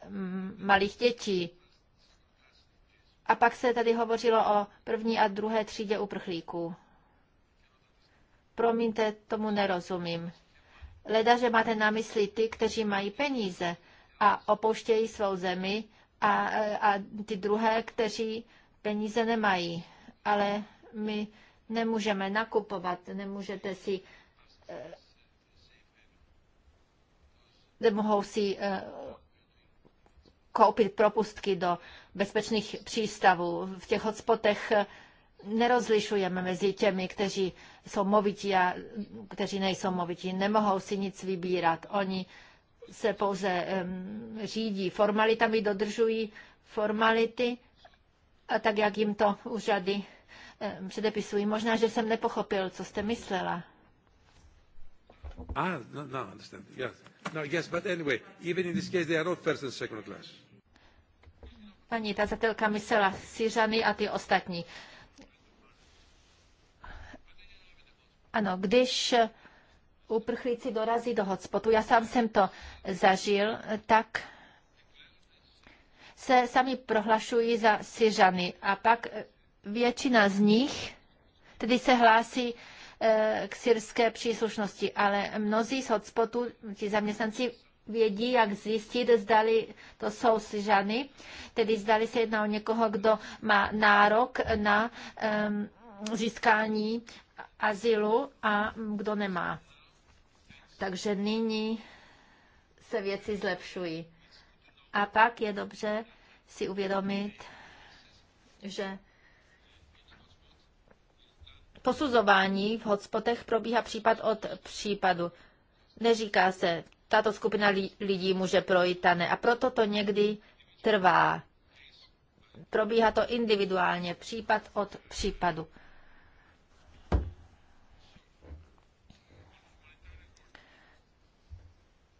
mm, malých dětí. A pak se tady hovořilo o první a druhé třídě uprchlíků. Promiňte, tomu nerozumím. Leda, že máte na mysli ty, kteří mají peníze a opouštějí svou zemi a, a ty druhé, kteří peníze nemají. Ale my nemůžeme nakupovat, nemůžete si eh, mohou si eh, koupit propustky do bezpečných přístavů. V těch hotspotech eh, nerozlišujeme mezi těmi, kteří jsou movití a kteří nejsou movití. Nemohou si nic vybírat. Oni se pouze um, řídí formalitami, dodržují formality a tak, jak jim to úřady um, předepisují. Možná, že jsem nepochopil, co jste myslela. Ah, no, no, understand. Yes. No, yes, but anyway, even in this case, they are not first and second class. Paní tazatelka myslela Syřany a ty ostatní. Ano, když uprchlíci dorazí do hotspotu, já sám jsem to zažil, tak se sami prohlašují za Syřany a pak většina z nich tedy se hlásí Eh, k syrské příslušnosti, ale mnozí z hotspotů, ti zaměstnanci vědí, jak zjistit, zdali to jsou Syřany, tedy zdali se jedná o někoho, kdo má nárok na um, získání azylu a kdo nemá. Takže nyní se věci zlepšují. A pak je dobře si uvědomit, že posuzování v hotspotech probíhá případ od případu. Neříká se, tato skupina lidí může projít a ne. A proto to někdy trvá. Probíhá to individuálně, případ od případu.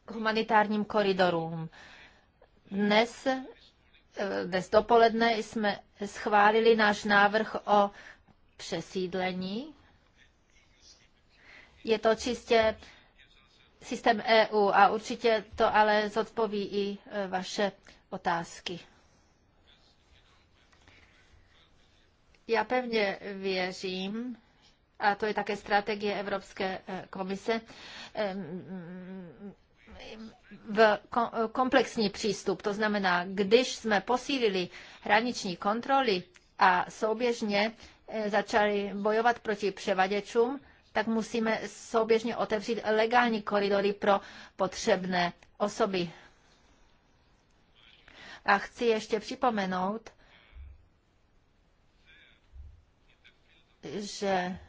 K humanitárním koridorům. Dnes, eh, dnes dopoledne jsme schválili náš návrh o přesídlení. Je to čistě systém EU a určitě to ale zodpoví i e, vaše otázky. Já pevně věřím, a to je také strategie Evropské e, komise, v komplexní přístup. To znamená, když jsme posílili hraniční kontroly a souběžně Eh, začali bojovat proti převaděčům, tak musíme souběžně otevřít legální koridory pro potřebné osoby. A chci ještě připomenout, že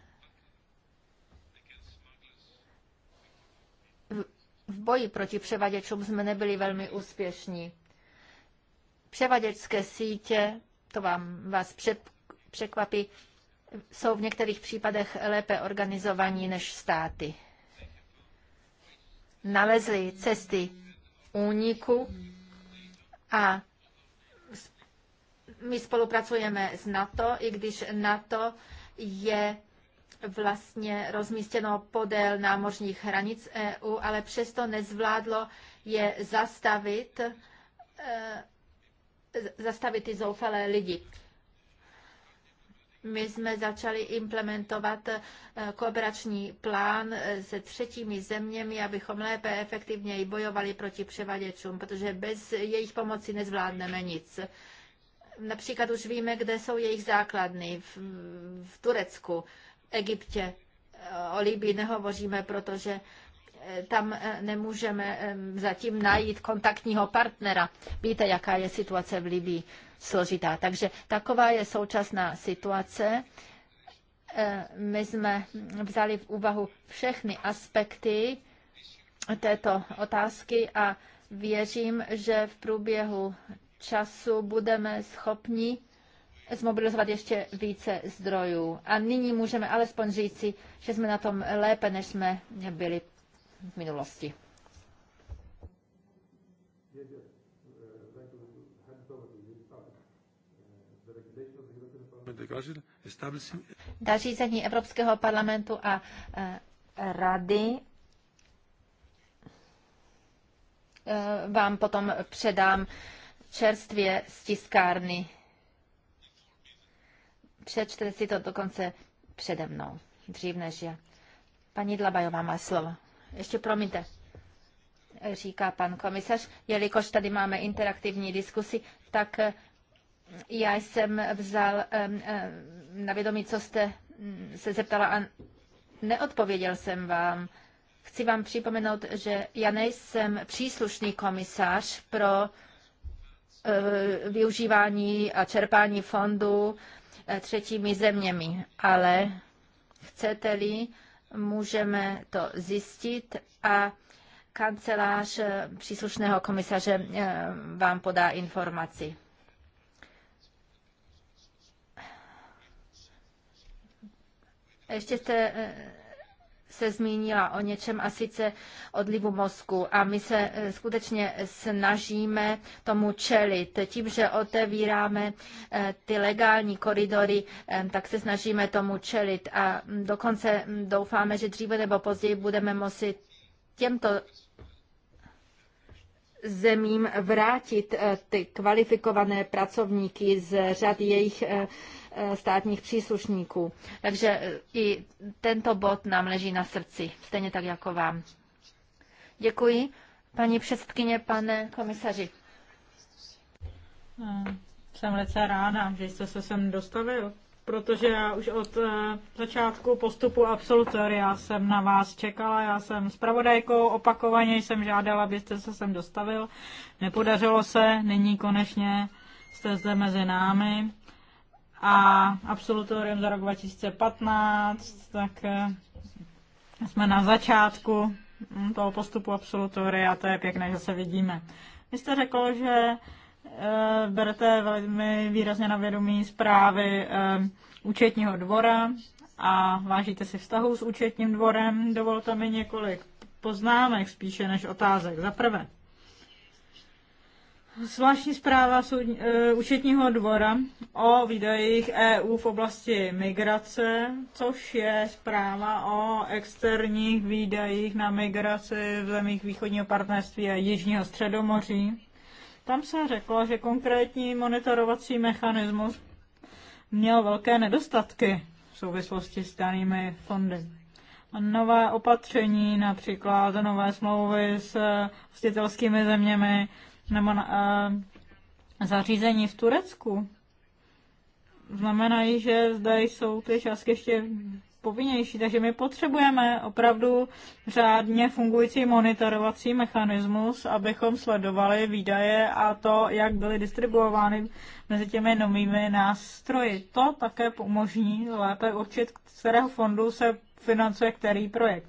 v boji proti převaděčům jsme nebyli velmi úspěšní. Převaděčské sítě, to vám vás před, překvapí, jsou v některých případech lépe organizovaní než státy. Nalezli cesty úniku a my spolupracujeme s NATO, i když NATO je vlastně rozmístěno podél námořních hranic EU, ale přesto nezvládlo je zastavit, e, zastavit ty zoufalé lidi. My jsme začali implementovat eh, kooperační plán eh, se třetími zeměmi, abychom lépe, efektivněji bojovali proti převaděčům, protože bez jejich pomoci nezvládneme nic. Například už víme, kde jsou jejich základny v, v Turecku, Egyptě. Eh, o Libii nehovoříme, protože tam nemůžeme zatím najít kontaktního partnera. Víte, jaká je situace v Libii složitá. Takže taková je současná situace. Eh, my jsme vzali v úvahu všechny aspekty této otázky a věřím, že v průběhu času budeme schopni zmobilizovat ještě více zdrojů. A nyní můžeme alespoň říci, že jsme na tom lépe, než jsme byli v minulosti. nařízení Evropského parlamentu a e, rady e, vám potom předám čerstvě z tiskárny. Přečtete si to dokonce přede mnou, dřív než já. Paní Dlabajová má slovo. Ještě promiňte, říká pan komisař, jelikož tady máme interaktivní diskusi, tak e, já jsem vzal na vědomí, co jste mm, se zeptala a neodpověděl jsem vám. Chci vám připomenout, že já nejsem příslušný komisař pro e, využívání a čerpání fondů e, třetími zeměmi, ale chcete-li, můžeme to zjistit a kancelář příslušného komisaře e, vám podá informaci. Ještě jste eh, se zmínila o něčem a sice odlivu mozku a my se eh, skutečně snažíme tomu čelit. Tím, že otevíráme eh, ty legální koridory, tak se snažíme tomu čelit a mm, dokonce mm, doufáme, že dříve nebo později budeme moci těmto zemím vrátit ty kvalifikované pracovníky z řad jejich Eh, státních příslušníků. Takže eh, i tento bod nám leží na srdci, stejně tak jako vám. Děkuji. Paní předsedkyně, pane komisaři. Eh, jsem lece ráda, že jste se sem dostavil, protože já už od začátku postupu absolutoria jsem na vás čekala. Já jsem pravodajkou opakovaně jsem žádala, abyste se sem dostavil. Nepodařilo se, nyní konečně jste zde mezi námi a absolutoriem za rok 2015, tak eh, jsme na začátku hm, toho postupu absolutoria a to je pěkné, že se vidíme. Vy jste řekl, že eh, berete velmi výrazně na vědomí zprávy eh, účetního dvora a vážíte si vztahu s účetním dvorem. Dovolte mi několik poznámek spíše než otázek. Za prvé, zvláštní zpráva eh, účetního dvora o výdajích EU v oblasti migrace, což je zpráva o externích výdajích na migraci v zemích východního partnerství a jižního středomoří. Tam se řeklo, že konkrétní monitorovací mechanismus měl velké nedostatky v souvislosti s danými fondy. Nové opatření, například nové smlouvy s hostitelskými zeměmi, nebo na, eh, zařízení v Turecku, znamenají, že zde jsou ty částky ještě povinnější, takže my potřebujeme opravdu řádně fungující monitorovací mechanismus, abychom sledovali výdaje a to, jak byly distribuovány mezi těmi novými nástroji. To také umožní lépe určit, z kterého fondu se financuje který projekt.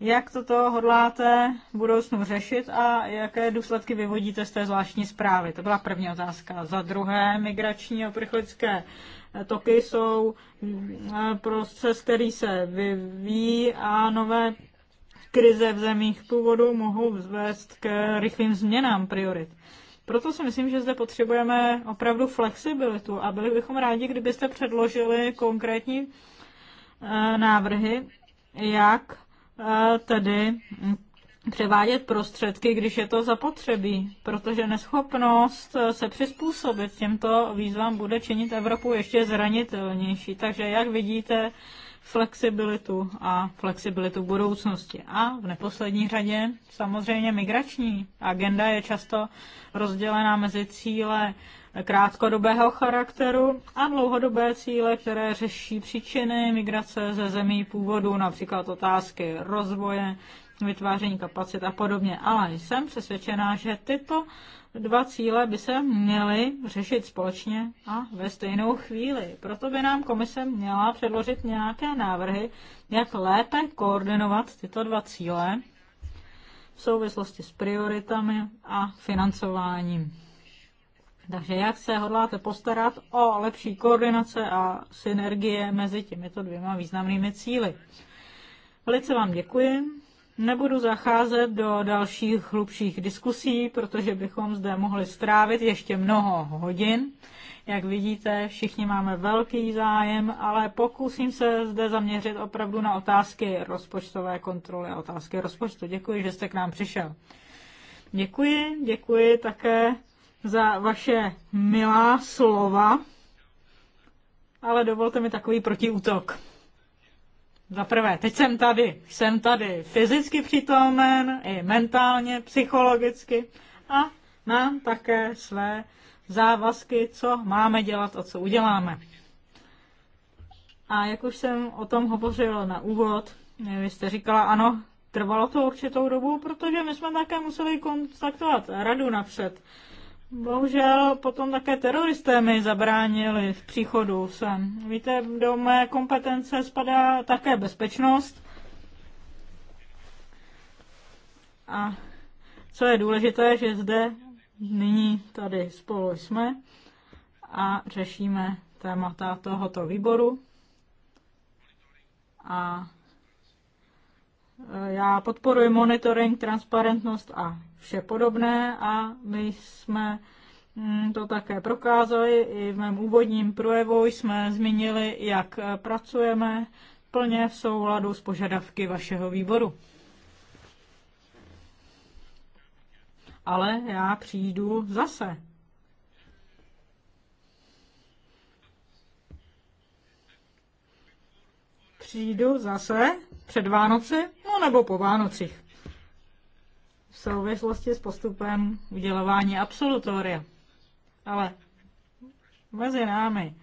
Jak toto hodláte v budoucnu řešit a jaké důsledky vyvodíte z té zvláštní zprávy? To byla první otázka. Za druhé, migrační a prchlické toky jsou eh, proces, který se vyvíjí a nové krize v zemích původu mohou vzvést k rychlým změnám priorit. Proto si myslím, že zde potřebujeme opravdu flexibilitu a byli bychom rádi, kdybyste předložili konkrétní eh, návrhy, jak tedy převádět prostředky, když je to zapotřebí, protože neschopnost se přizpůsobit těmto výzvám bude činit Evropu ještě zranitelnější. Takže jak vidíte, flexibilitu a flexibilitu budoucnosti. A v neposlední řadě samozřejmě migrační agenda je často rozdělená mezi cíle krátkodobého charakteru a dlouhodobé cíle, které řeší příčiny migrace ze zemí původu, například otázky rozvoje, vytváření kapacit a podobně. Ale jsem přesvědčená, že tyto dva cíle by se měly řešit společně a ve stejnou chvíli. Proto by nám komise měla předložit nějaké návrhy, jak lépe koordinovat tyto dva cíle v souvislosti s prioritami a financováním. Takže jak se hodláte postarat o lepší koordinace a synergie mezi těmito dvěma významnými cíly? Velice vám děkuji Nebudu zacházet do dalších hlubších diskusí, protože bychom zde mohli strávit ještě mnoho hodin. Jak vidíte, všichni máme velký zájem, ale pokusím se zde zaměřit opravdu na otázky rozpočtové kontroly a otázky rozpočtu. Děkuji, že jste k nám přišel. Děkuji, děkuji také za vaše milá slova, ale dovolte mi takový protiútok. Za prvé, teď jsem tady. Jsem tady fyzicky přítomen, i mentálně, psychologicky a mám také své závazky, co máme dělat a co uděláme. A jak už jsem o tom hovořil na úvod, vy jste říkala, ano, trvalo to určitou dobu, protože my jsme také museli kontaktovat radu napřed. Bohužel potom také teroristé mi zabránili v příchodu sem. Víte, do mé kompetence spadá také bezpečnost. A co je důležité, že zde nyní tady spolu jsme a řešíme témata tohoto výboru. A e, já podporuji monitoring, transparentnost a vše podobné a my jsme mm, to také prokázali. I v mém úvodním projevu jsme zmínili, jak pracujeme plně v souladu s požadavky vašeho výboru. Ale já přijdu zase. Přijdu zase před Vánoci, no nebo po Vánocích souvislosti s postupem udělování absolutoria. Ale mezi námi,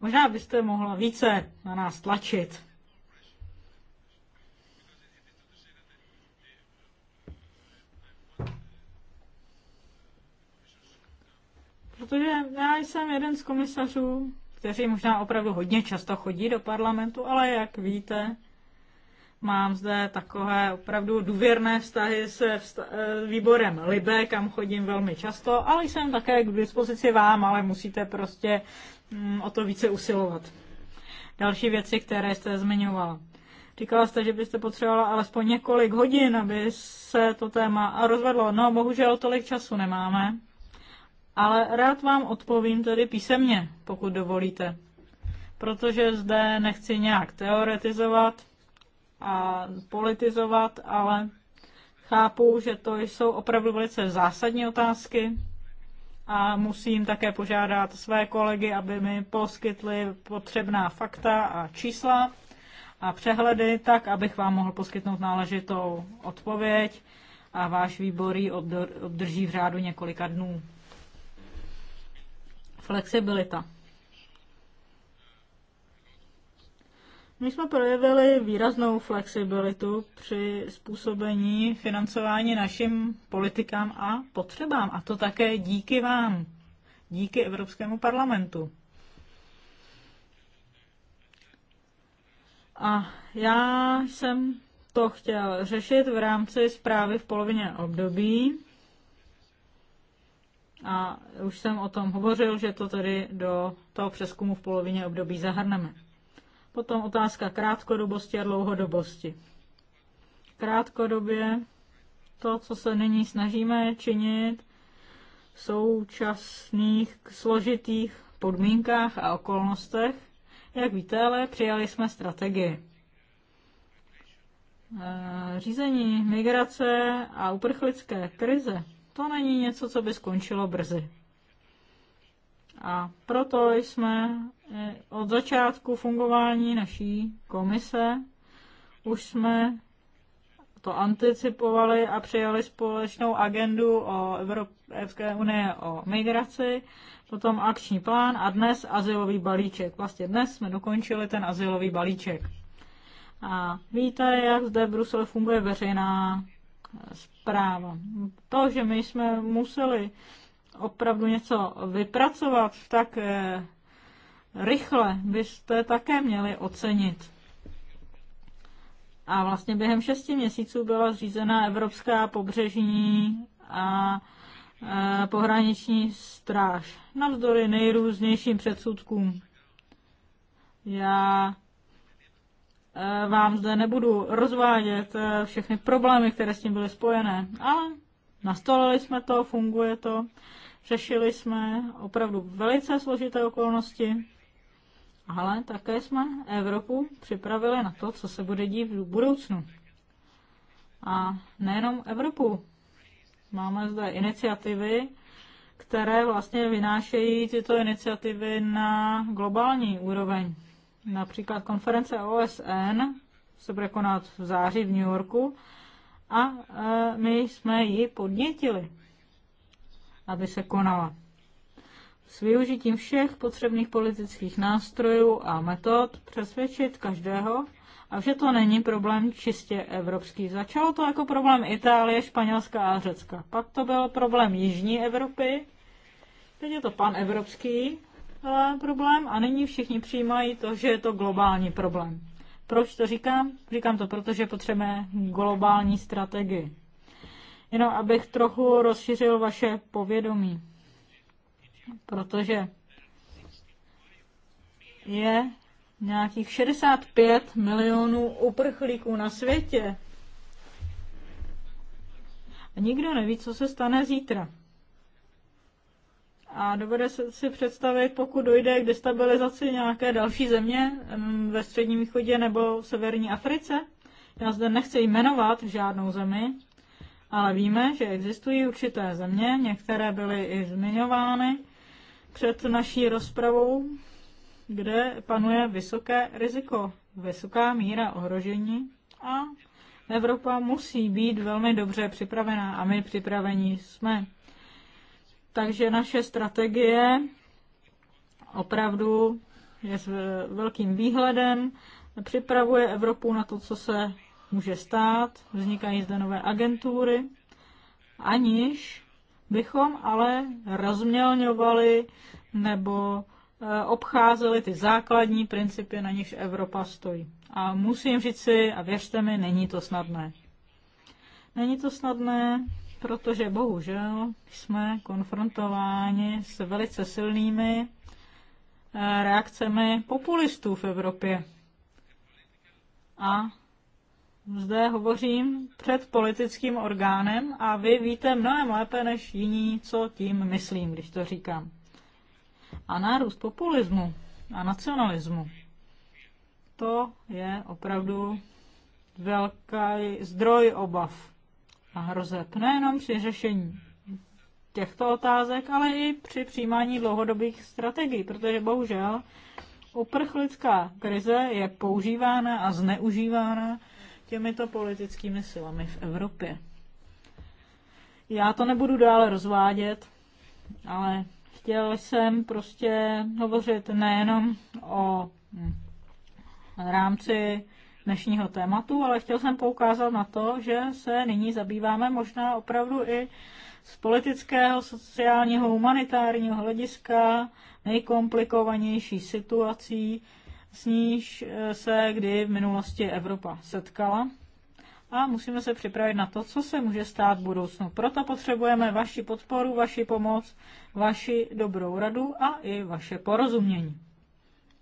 možná byste mohla více na nás tlačit. Protože já jsem jeden z komisařů, kteří možná opravdu hodně často chodí do parlamentu, ale jak víte, Mám zde takové opravdu důvěrné vztahy se vsta- eh, výborem Libe, kam chodím velmi často, ale jsem také k dispozici vám, ale musíte prostě mm, o to více usilovat. Další věci, které jste zmiňovala. Říkala jste, že byste potřebovala alespoň několik hodin, aby se to téma rozvedlo. No, bohužel tolik času nemáme, ale rád vám odpovím tedy písemně, pokud dovolíte. Protože zde nechci nějak teoretizovat, a politizovat, ale chápu, že to jsou opravdu velice zásadní otázky a musím také požádat své kolegy, aby mi poskytli potřebná fakta a čísla a přehledy, tak abych vám mohl poskytnout náležitou odpověď a váš výbor ji obdrží v řádu několika dnů. Flexibilita. My jsme projevili výraznou flexibilitu při způsobení financování našim politikám a potřebám. A to také díky vám, díky Evropskému parlamentu. A já jsem to chtěl řešit v rámci zprávy v polovině období. A už jsem o tom hovořil, že to tedy do toho přeskumu v polovině období zahrneme. Potom otázka krátkodobosti a dlouhodobosti. Krátkodobě to, co se nyní snažíme činit v současných složitých podmínkách a okolnostech, jak víte, ale přijali jsme strategii. Eh, řízení migrace a uprchlické krize, to není něco, co by skončilo brzy. A proto jsme Eh, od začátku fungování naší komise už jsme to anticipovali a přijali společnou agendu o Evropské unie o migraci, potom akční plán a dnes asilový balíček. Vlastně dnes jsme dokončili ten asilový balíček. A víte, jak zde v Bruselu funguje veřejná zpráva. Eh, to, že my jsme museli opravdu něco vypracovat v tak eh, rychle byste také měli ocenit. A vlastně během šesti měsíců byla zřízena Evropská pobřežní a e, pohraniční stráž. Navzdory nejrůznějším předsudkům. Já e, vám zde nebudu rozvádět e, všechny problémy, které s tím byly spojené, ale nastolili jsme to, funguje to, řešili jsme opravdu velice složité okolnosti ale také jsme Evropu připravili na to, co se bude dít v budoucnu. A nejenom Evropu. Máme zde iniciativy, které vlastně vynášejí tyto iniciativy na globální úroveň. Například konference OSN se bude konat v září v New Yorku a e, my jsme ji podnětili, aby se konala s využitím všech potřebných politických nástrojů a metod přesvědčit každého, a že to není problém čistě evropský. Začalo to jako problém Itálie, Španělska a Řecka. Pak to byl problém Jižní Evropy, teď je to pan evropský eh, problém a nyní všichni přijímají to, že je to globální problém. Proč to říkám? Říkám to, protože potřebujeme globální strategii. Jenom abych trochu rozšířil vaše povědomí protože je nějakých 65 milionů uprchlíků na světě. A nikdo neví, co se stane zítra. A dovede si představit, pokud dojde k destabilizaci nějaké další země ve středním východě nebo v severní Africe. Já zde nechci jmenovat žádnou zemi, ale víme, že existují určité země, některé byly i zmiňovány, před naší rozpravou, kde panuje vysoké riziko, vysoká míra ohrožení a Evropa musí být velmi dobře připravená a my připravení jsme. Takže naše strategie opravdu je s velkým výhledem, připravuje Evropu na to, co se může stát, vznikají zde nové agentury, aniž bychom ale rozmělňovali nebo eh, obcházeli ty základní principy, na nichž Evropa stojí. A musím říct si, a věřte mi, není to snadné. Není to snadné, protože bohužel jsme konfrontováni s velice silnými eh, reakcemi populistů v Evropě. A zde hovořím před politickým orgánem a vy víte mnohem lépe než jiní, co tím myslím, když to říkám. A nárůst populismu a nacionalismu, to je opravdu velký zdroj obav a hrozeb. Nejenom při řešení těchto otázek, ale i při přijímání dlouhodobých strategií, protože bohužel uprchlická krize je používána a zneužívána těmito politickými silami v Evropě. Já to nebudu dále rozvádět, ale chtěl jsem prostě hovořit nejenom o hm, rámci dnešního tématu, ale chtěl jsem poukázat na to, že se nyní zabýváme možná opravdu i z politického, sociálního, humanitárního hlediska nejkomplikovanější situací, s níž eh, se kdy v minulosti Evropa setkala a musíme se připravit na to, co se může stát v budoucnu. Proto potřebujeme vaši podporu, vaši pomoc, vaši dobrou radu a i vaše porozumění.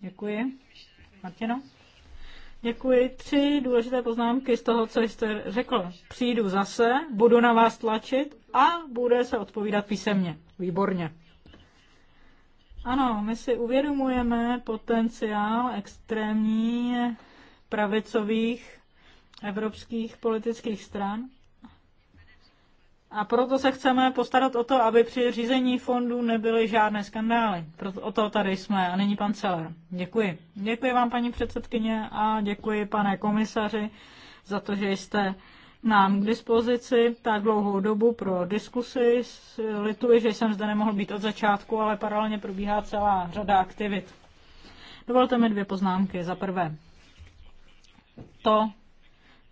Děkuji. Martino? Děkuji. Tři důležité poznámky z toho, co jste řekl. Přijdu zase, budu na vás tlačit a bude se odpovídat písemně. Výborně. Ano, my si uvědomujeme potenciál extrémní pravicových evropských politických stran. A proto se chceme postarat o to, aby při řízení fondů nebyly žádné skandály. Proto o to tady jsme. A nyní pan Celer. Děkuji. Děkuji vám, paní předsedkyně, a děkuji, pane komisaři, za to, že jste nám k dispozici tak dlouhou dobu pro diskusy. Lituji, že jsem zde nemohl být od začátku, ale paralelně probíhá celá řada aktivit. Dovolte mi dvě poznámky. Za prvé, to,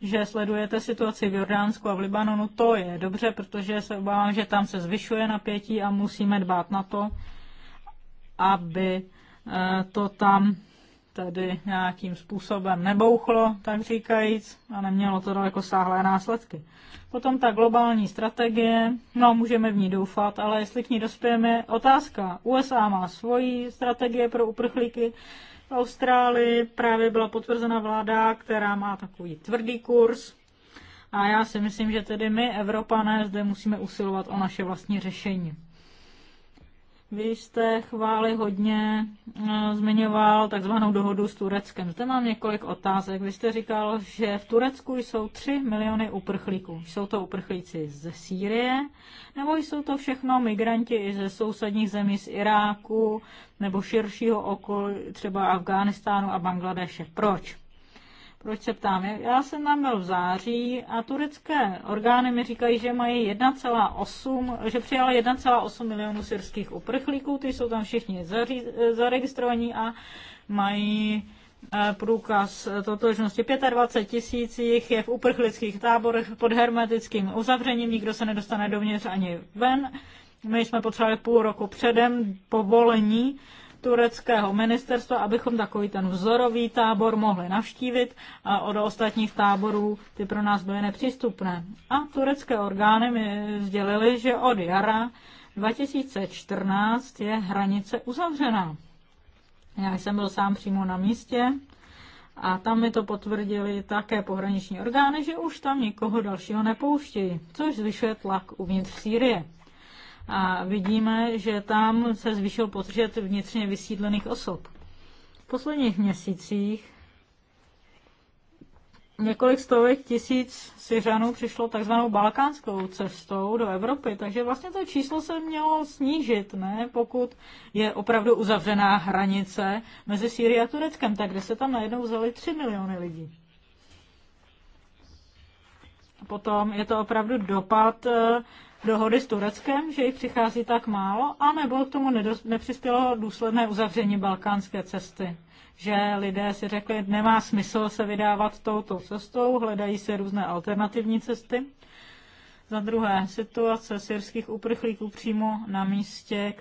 že sledujete situaci v Jordánsku a v Libanonu, to je dobře, protože se obávám, že tam se zvyšuje napětí a musíme dbát na to, aby eh, to tam tedy nějakým způsobem nebouchlo, tak říkajíc, a nemělo to daleko sáhlé následky. Potom ta globální strategie, no můžeme v ní doufat, ale jestli k ní dospějeme, otázka. USA má svoji strategie pro uprchlíky, v Austrálii právě byla potvrzena vláda, která má takový tvrdý kurz. A já si myslím, že tedy my, Evropané, zde musíme usilovat o naše vlastní řešení. Vy jste chváli hodně eh, zmiňoval takzvanou dohodu s Tureckem. Zde mám několik otázek. Vy jste říkal, že v Turecku jsou 3 miliony uprchlíků. Jsou to uprchlíci ze Sýrie, nebo jsou to všechno migranti i ze sousedních zemí z Iráku, nebo širšího okolí, třeba Afghánistánu a Bangladeše. Proč? Proč se ptám? Já jsem tam byl v září a turecké orgány mi říkají, že mají 1,8, že přijali 1,8 milionů syrských uprchlíků, ty jsou tam všichni zaří, zaregistrovaní a mají eh, průkaz totožnosti. 25 tisíc jich je v uprchlických táborech pod hermetickým uzavřením, nikdo se nedostane dovnitř ani ven. My jsme potřebovali půl roku předem povolení tureckého ministerstva, abychom takový ten vzorový tábor mohli navštívit a od ostatních táborů ty pro nás byly nepřístupné. A turecké orgány mi sdělili, že od jara 2014 je hranice uzavřená. Já jsem byl sám přímo na místě a tam mi to potvrdili také pohraniční orgány, že už tam nikoho dalšího nepouštějí, což zvyšuje tlak uvnitř Sýrie a vidíme, že tam se zvýšil počet vnitřně vysídlených osob. V posledních měsících několik stovek tisíc Syřanů přišlo takzvanou balkánskou cestou do Evropy, takže vlastně to číslo se mělo snížit, ne? Pokud je opravdu uzavřená hranice mezi Sýrií a Tureckem, tak kde se tam najednou vzali 3 miliony lidí. Potom je to opravdu dopad eh, dohody s Tureckem, že jich přichází tak málo, anebo k tomu nedos- nepřispělo důsledné uzavření balkánské cesty. Že lidé si řekli, nemá smysl se vydávat touto cestou, hledají se různé alternativní cesty. Za druhé, situace syrských uprchlíků přímo na místě,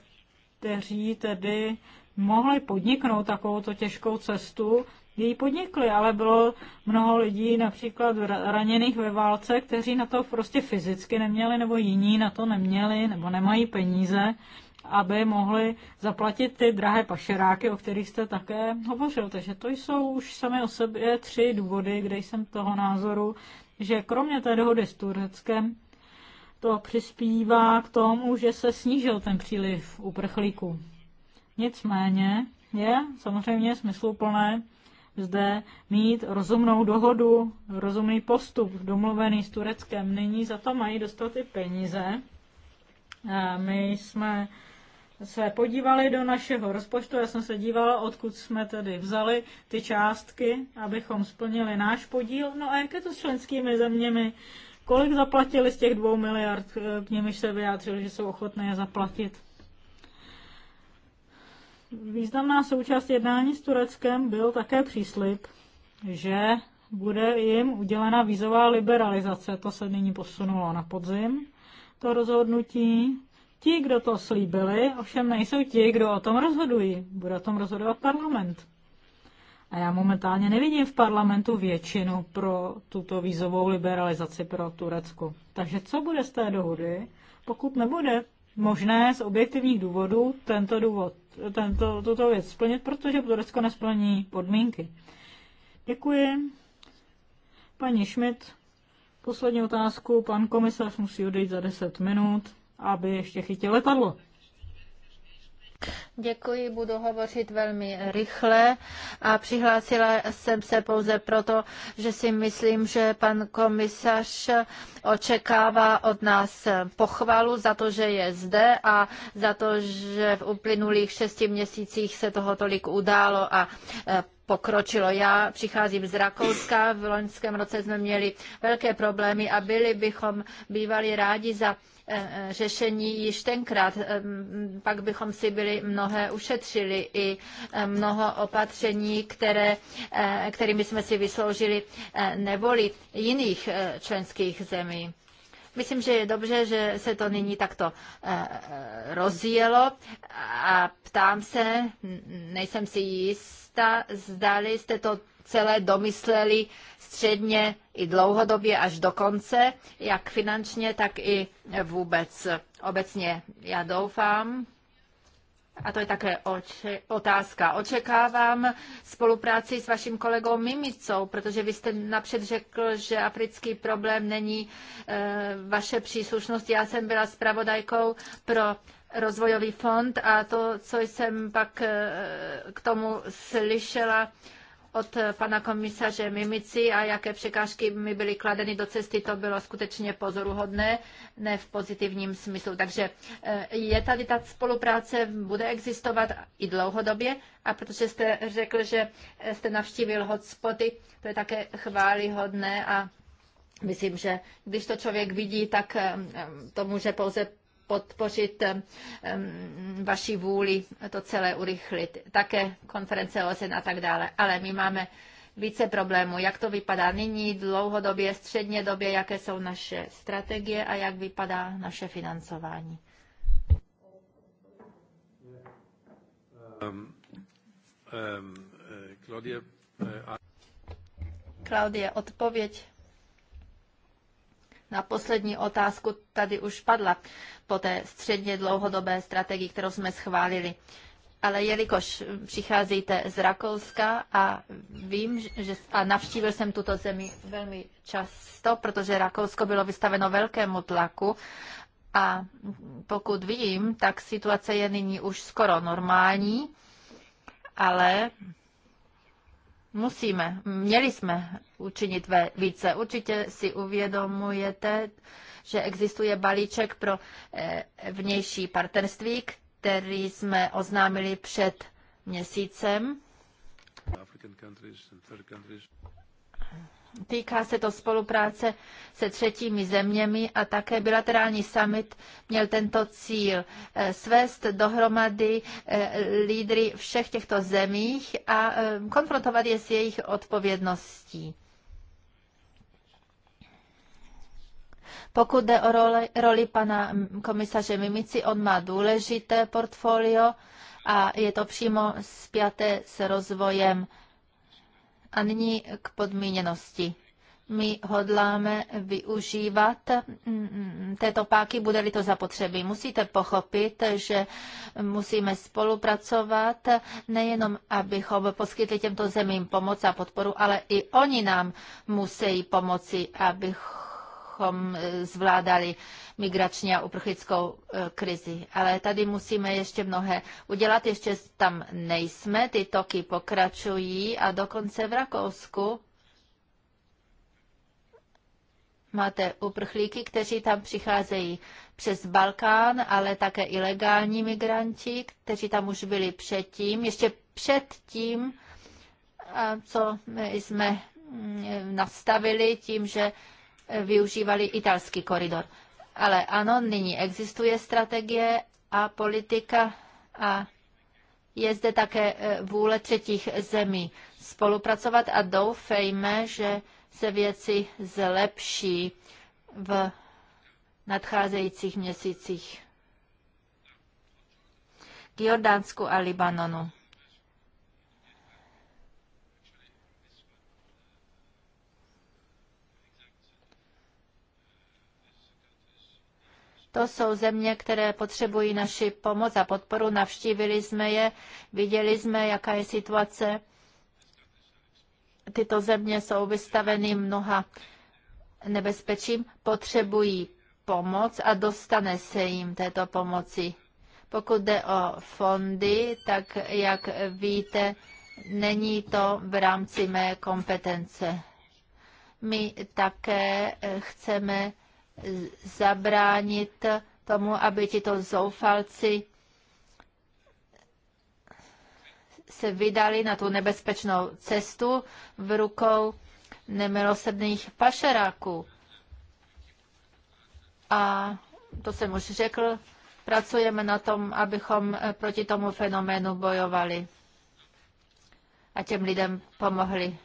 kteří tedy mohli podniknout takovouto těžkou cestu, její podnikli, ale bylo mnoho lidí například raněných ve válce, kteří na to prostě fyzicky neměli nebo jiní na to neměli nebo nemají peníze, aby mohli zaplatit ty drahé pašeráky, o kterých jste také hovořil. Takže to jsou už sami o sobě tři důvody, kde jsem toho názoru, že kromě té dohody s Tureckem to přispívá k tomu, že se snížil ten příliv uprchlíků. Nicméně je samozřejmě smysluplné zde mít rozumnou dohodu, rozumný postup domluvený s Tureckem. Nyní za to mají dostat i peníze. My jsme se podívali do našeho rozpočtu, já jsem se dívala, odkud jsme tedy vzali ty částky, abychom splnili náš podíl. No a jak je to s členskými zeměmi? Kolik zaplatili z těch dvou miliard, k nimiž se vyjádřili, že jsou ochotné je zaplatit? Významná součást jednání s Tureckem byl také příslip, že bude jim udělena vízová liberalizace. To se nyní posunulo na podzim, to rozhodnutí. Ti, kdo to slíbili, ovšem nejsou ti, kdo o tom rozhodují. Bude o tom rozhodovat parlament. A já momentálně nevidím v parlamentu většinu pro tuto vízovou liberalizaci pro Turecko. Takže co bude z té dohody, pokud nebude možné z objektivních důvodů tento důvod tento, tuto věc splnit, protože Turecko nesplní podmínky. Děkuji. Paní Schmidt, poslední otázku. Pan komisař musí odejít za 10 minut, aby ještě chytil letadlo. Děkuji, budu hovořit velmi rychle a přihlásila jsem se pouze proto, že si myslím, že pan komisař očekává od nás pochvalu za to, že je zde a za to, že v uplynulých šesti měsících se toho tolik událo a e, pokročilo. Já přicházím z Rakouska, v loňském roce jsme měli velké problémy a byli bychom bývali rádi za Eh, eh, řešení již tenkrát. Eh, pak bychom si byli mnohé ušetřili i mnoho opatření, které, kterými jsme si vysloužili nevoli jiných členských zemí. Myslím, že je dobře, že se to nyní takto rozjelo a ptám se, nejsem si jistá, zdali jste to celé domysleli středně i dlouhodobě až do konce, jak finančně, tak i vůbec obecně. Já doufám, a to je také oče- otázka. Očekávám spolupráci s vaším kolegou Mimicou, protože vy jste napřed řekl, že africký problém není e, vaše příslušnost. Já jsem byla zpravodajkou pro rozvojový fond a to, co jsem pak e, k tomu slyšela, e, od pana komisaře Mimici a jaké překážky mi byly kladeny do cesty, to bylo skutečně pozoruhodné, ne v pozitivním smyslu. Takže eh, je tady ta spolupráce, bude existovat i dlouhodobě a protože jste řekl, že jste navštívil hotspoty, to je také chválihodné a Myslím, že když to člověk vidí, tak eh, to může pouze podpořit vaši vůli to celé urychlit. Také konference OSN a tak dále. Ale my máme více problémů. Jak to vypadá nyní, dlouhodobě, středně době, jaké jsou naše strategie a jak vypadá naše financování? Um, um, Claudia, uh, eh, Claudia, eh, odpověď na poslední otázku tady už padla po té středně dlouhodobé strategii, kterou jsme schválili. Ale jelikož přicházíte z Rakouska a vím, že a navštívil jsem tuto zemi velmi často, protože Rakousko bylo vystaveno velkému tlaku a pokud vím, tak situace je nyní už skoro normální, ale musíme, měli jsme učinit více. Určitě si uvědomujete, že existuje balíček pro eh, vnější partnerství, který jsme oznámili před měsícem. Týká se to spolupráce se třetími zeměmi a také bilaterální summit měl tento cíl eh, svést dohromady eh, lídry všech těchto zemích a eh, konfrontovat je s jejich odpovědností. Pokud jde o roli, roli pana mm, komisaře Mimici, on má důležité portfolio a je to přímo spjaté s rozvojem a nyní k podmíněnosti. My hodláme využívat mm, mm, této páky, bude-li to zapotřebí. Musíte pochopit, že musíme spolupracovat nejenom, abychom poskytli těmto zemím pomoc a podporu, ale i oni nám musí pomoci, abychom abychom eh, zvládali migrační a uprchlickou eh, krizi. Ale tady musíme ještě mnohé udělat, ještě tam nejsme, ty toky pokračují a dokonce v Rakousku máte uprchlíky, kteří tam přicházejí přes Balkán, ale také ilegální migranti, kteří tam už byli předtím, ještě předtím, eh, co jsme mm, nastavili tím, že využívali italský koridor. Ale ano, nyní existuje strategie a politika a je zde také e, vůle třetích zemí spolupracovat a doufejme, že se věci zlepší v nadcházejících měsících. K Jordánsku a Libanonu. To jsou země, které potřebují naši pomoc a podporu. Navštívili jsme je, viděli jsme, jaká je situace. Tyto země jsou vystaveny mnoha nebezpečím, potřebují pomoc a dostane se jim této pomoci. Pokud jde o fondy, tak jak víte, není to v rámci mé kompetence. My také chceme zabránit tomu, aby tito zoufalci se vydali na tu nebezpečnou cestu v rukou nemilosrdných pašeráků. A to jsem už řekl, pracujeme na tom, abychom proti tomu fenoménu bojovali a těm lidem pomohli.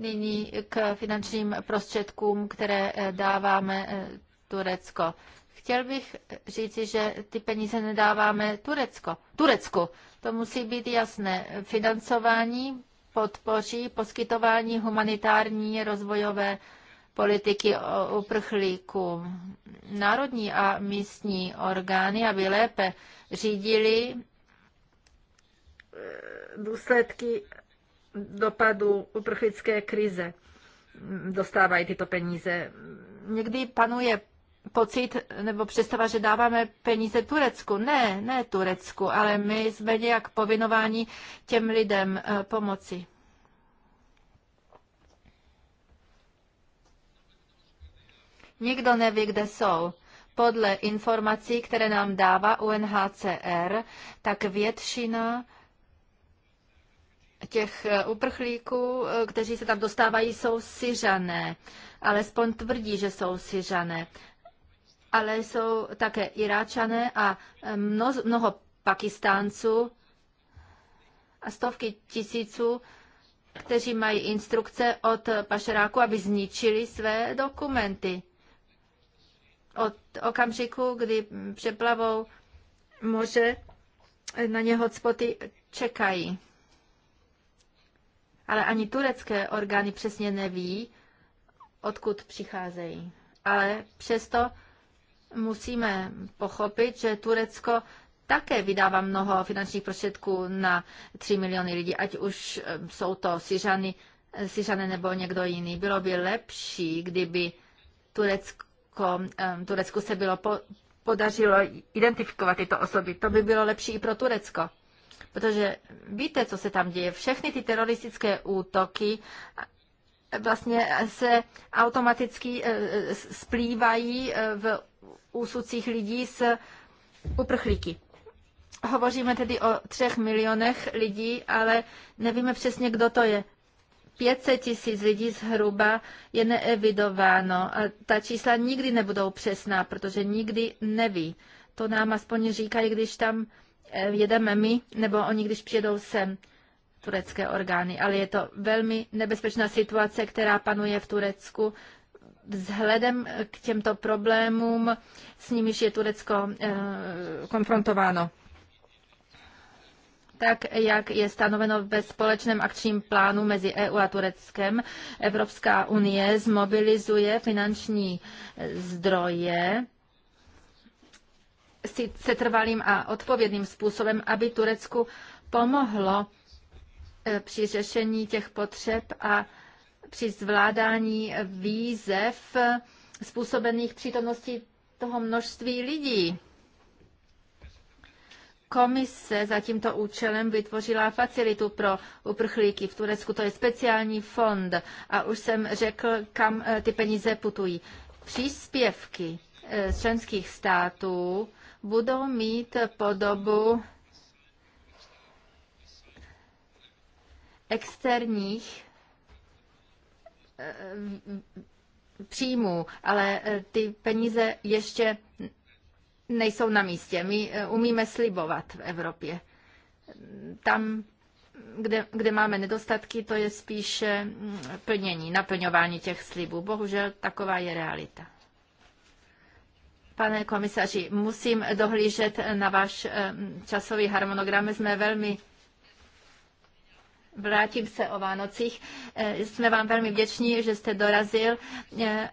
Nyní k finančním prostředkům, které eh, dáváme eh, Turecko. Chtěl bych eh, říci, že ty peníze nedáváme Turecko. Turecku. To musí být jasné. Financování podpoří poskytování humanitární rozvojové politiky uprchlíků. Národní a místní orgány, aby lépe řídili důsledky dopadu uprchlické krize dostávají tyto peníze. Někdy panuje pocit nebo představa, že dáváme peníze Turecku. Ne, ne Turecku, ale my jsme nějak povinováni těm lidem eh, pomoci. Nikdo neví, kde jsou. Podle informací, které nám dává UNHCR, tak většina těch eh, uprchlíků, eh, kteří se tam dostávají, jsou syřané. Alespoň tvrdí, že jsou syřané. Ale jsou také iráčané a eh, mno, mnoho pakistánců a stovky tisíců, kteří mají instrukce od pašeráku, aby zničili své dokumenty. Od okamžiku, kdy přeplavou moře, na něho spoty čekají ale ani turecké orgány přesně neví, odkud přicházejí. Ale přesto musíme pochopit, že Turecko také vydává mnoho finančních prostředků na 3 miliony lidí, ať už eh, jsou to Syřany, eh, Syřany nebo někdo jiný. Bylo by lepší, kdyby Turecko, eh, Turecku se bylo po, podařilo identifikovat tyto osoby. To by bylo lepší i pro Turecko. Protože víte, co se tam děje. Všechny ty teroristické útoky vlastně se automaticky eh, splývají eh, v úsudcích lidí s uprchlíky. Hovoříme tedy o třech milionech lidí, ale nevíme přesně, kdo to je. 500 tisíc lidí zhruba je neevidováno. A ta čísla nikdy nebudou přesná, protože nikdy neví. To nám aspoň říkají, když tam jedeme eh, my, nebo oni, když přijedou sem turecké orgány. Ale je to velmi nebezpečná situace, která panuje v Turecku vzhledem k těmto problémům, s nimiž je Turecko eh, konfrontováno tak jak je stanoveno ve společném akčním plánu mezi EU a Tureckem, Evropská unie zmobilizuje finanční zdroje si setrvalým a odpovědným způsobem, aby Turecku pomohlo eh, při řešení těch potřeb a při zvládání výzev eh, způsobených přítomností toho množství lidí. Komise za tímto účelem vytvořila facilitu pro uprchlíky v Turecku, to je speciální fond a už jsem řekl, kam eh, ty peníze putují. Příspěvky z členských států budou mít podobu externích eh, příjmů, ale eh, ty peníze ještě nejsou na místě. My eh, umíme slibovat v Evropě. Tam, kde, kde máme nedostatky, to je spíše mm, plnění, naplňování těch slibů. Bohužel taková je realita. Pane komisaři, musím dohlížet na váš eh, časový harmonogram. Jsme velmi vrátím se o Vánocích. Eh, jsme vám velmi vděční, že jste dorazil. Eh,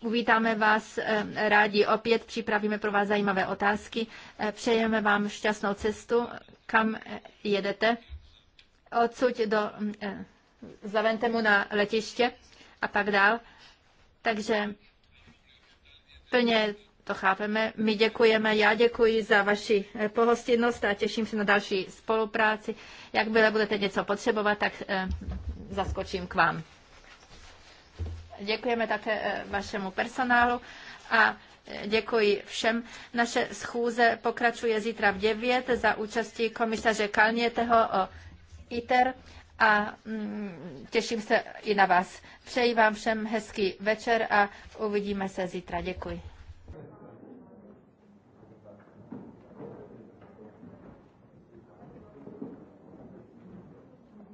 uvítáme vás rádi opět, připravíme pro vás zajímavé otázky. Přejeme vám šťastnou cestu, kam jedete. Odsuť do Zaventemu na letiště a tak dál. Takže Plně to chápeme. My děkujeme, já děkuji za vaši eh, pohostinnost a těším se na další spolupráci. Jakmile budete něco potřebovat, tak eh, zaskočím k vám. Děkujeme také eh, vašemu personálu a Děkuji všem. Naše schůze pokračuje zítra v 9 za účastí komisaře Kalněteho o ITER a mm, těším se i na vás. Přeji vám všem hezký večer a uvidíme se zítra. Děkuji.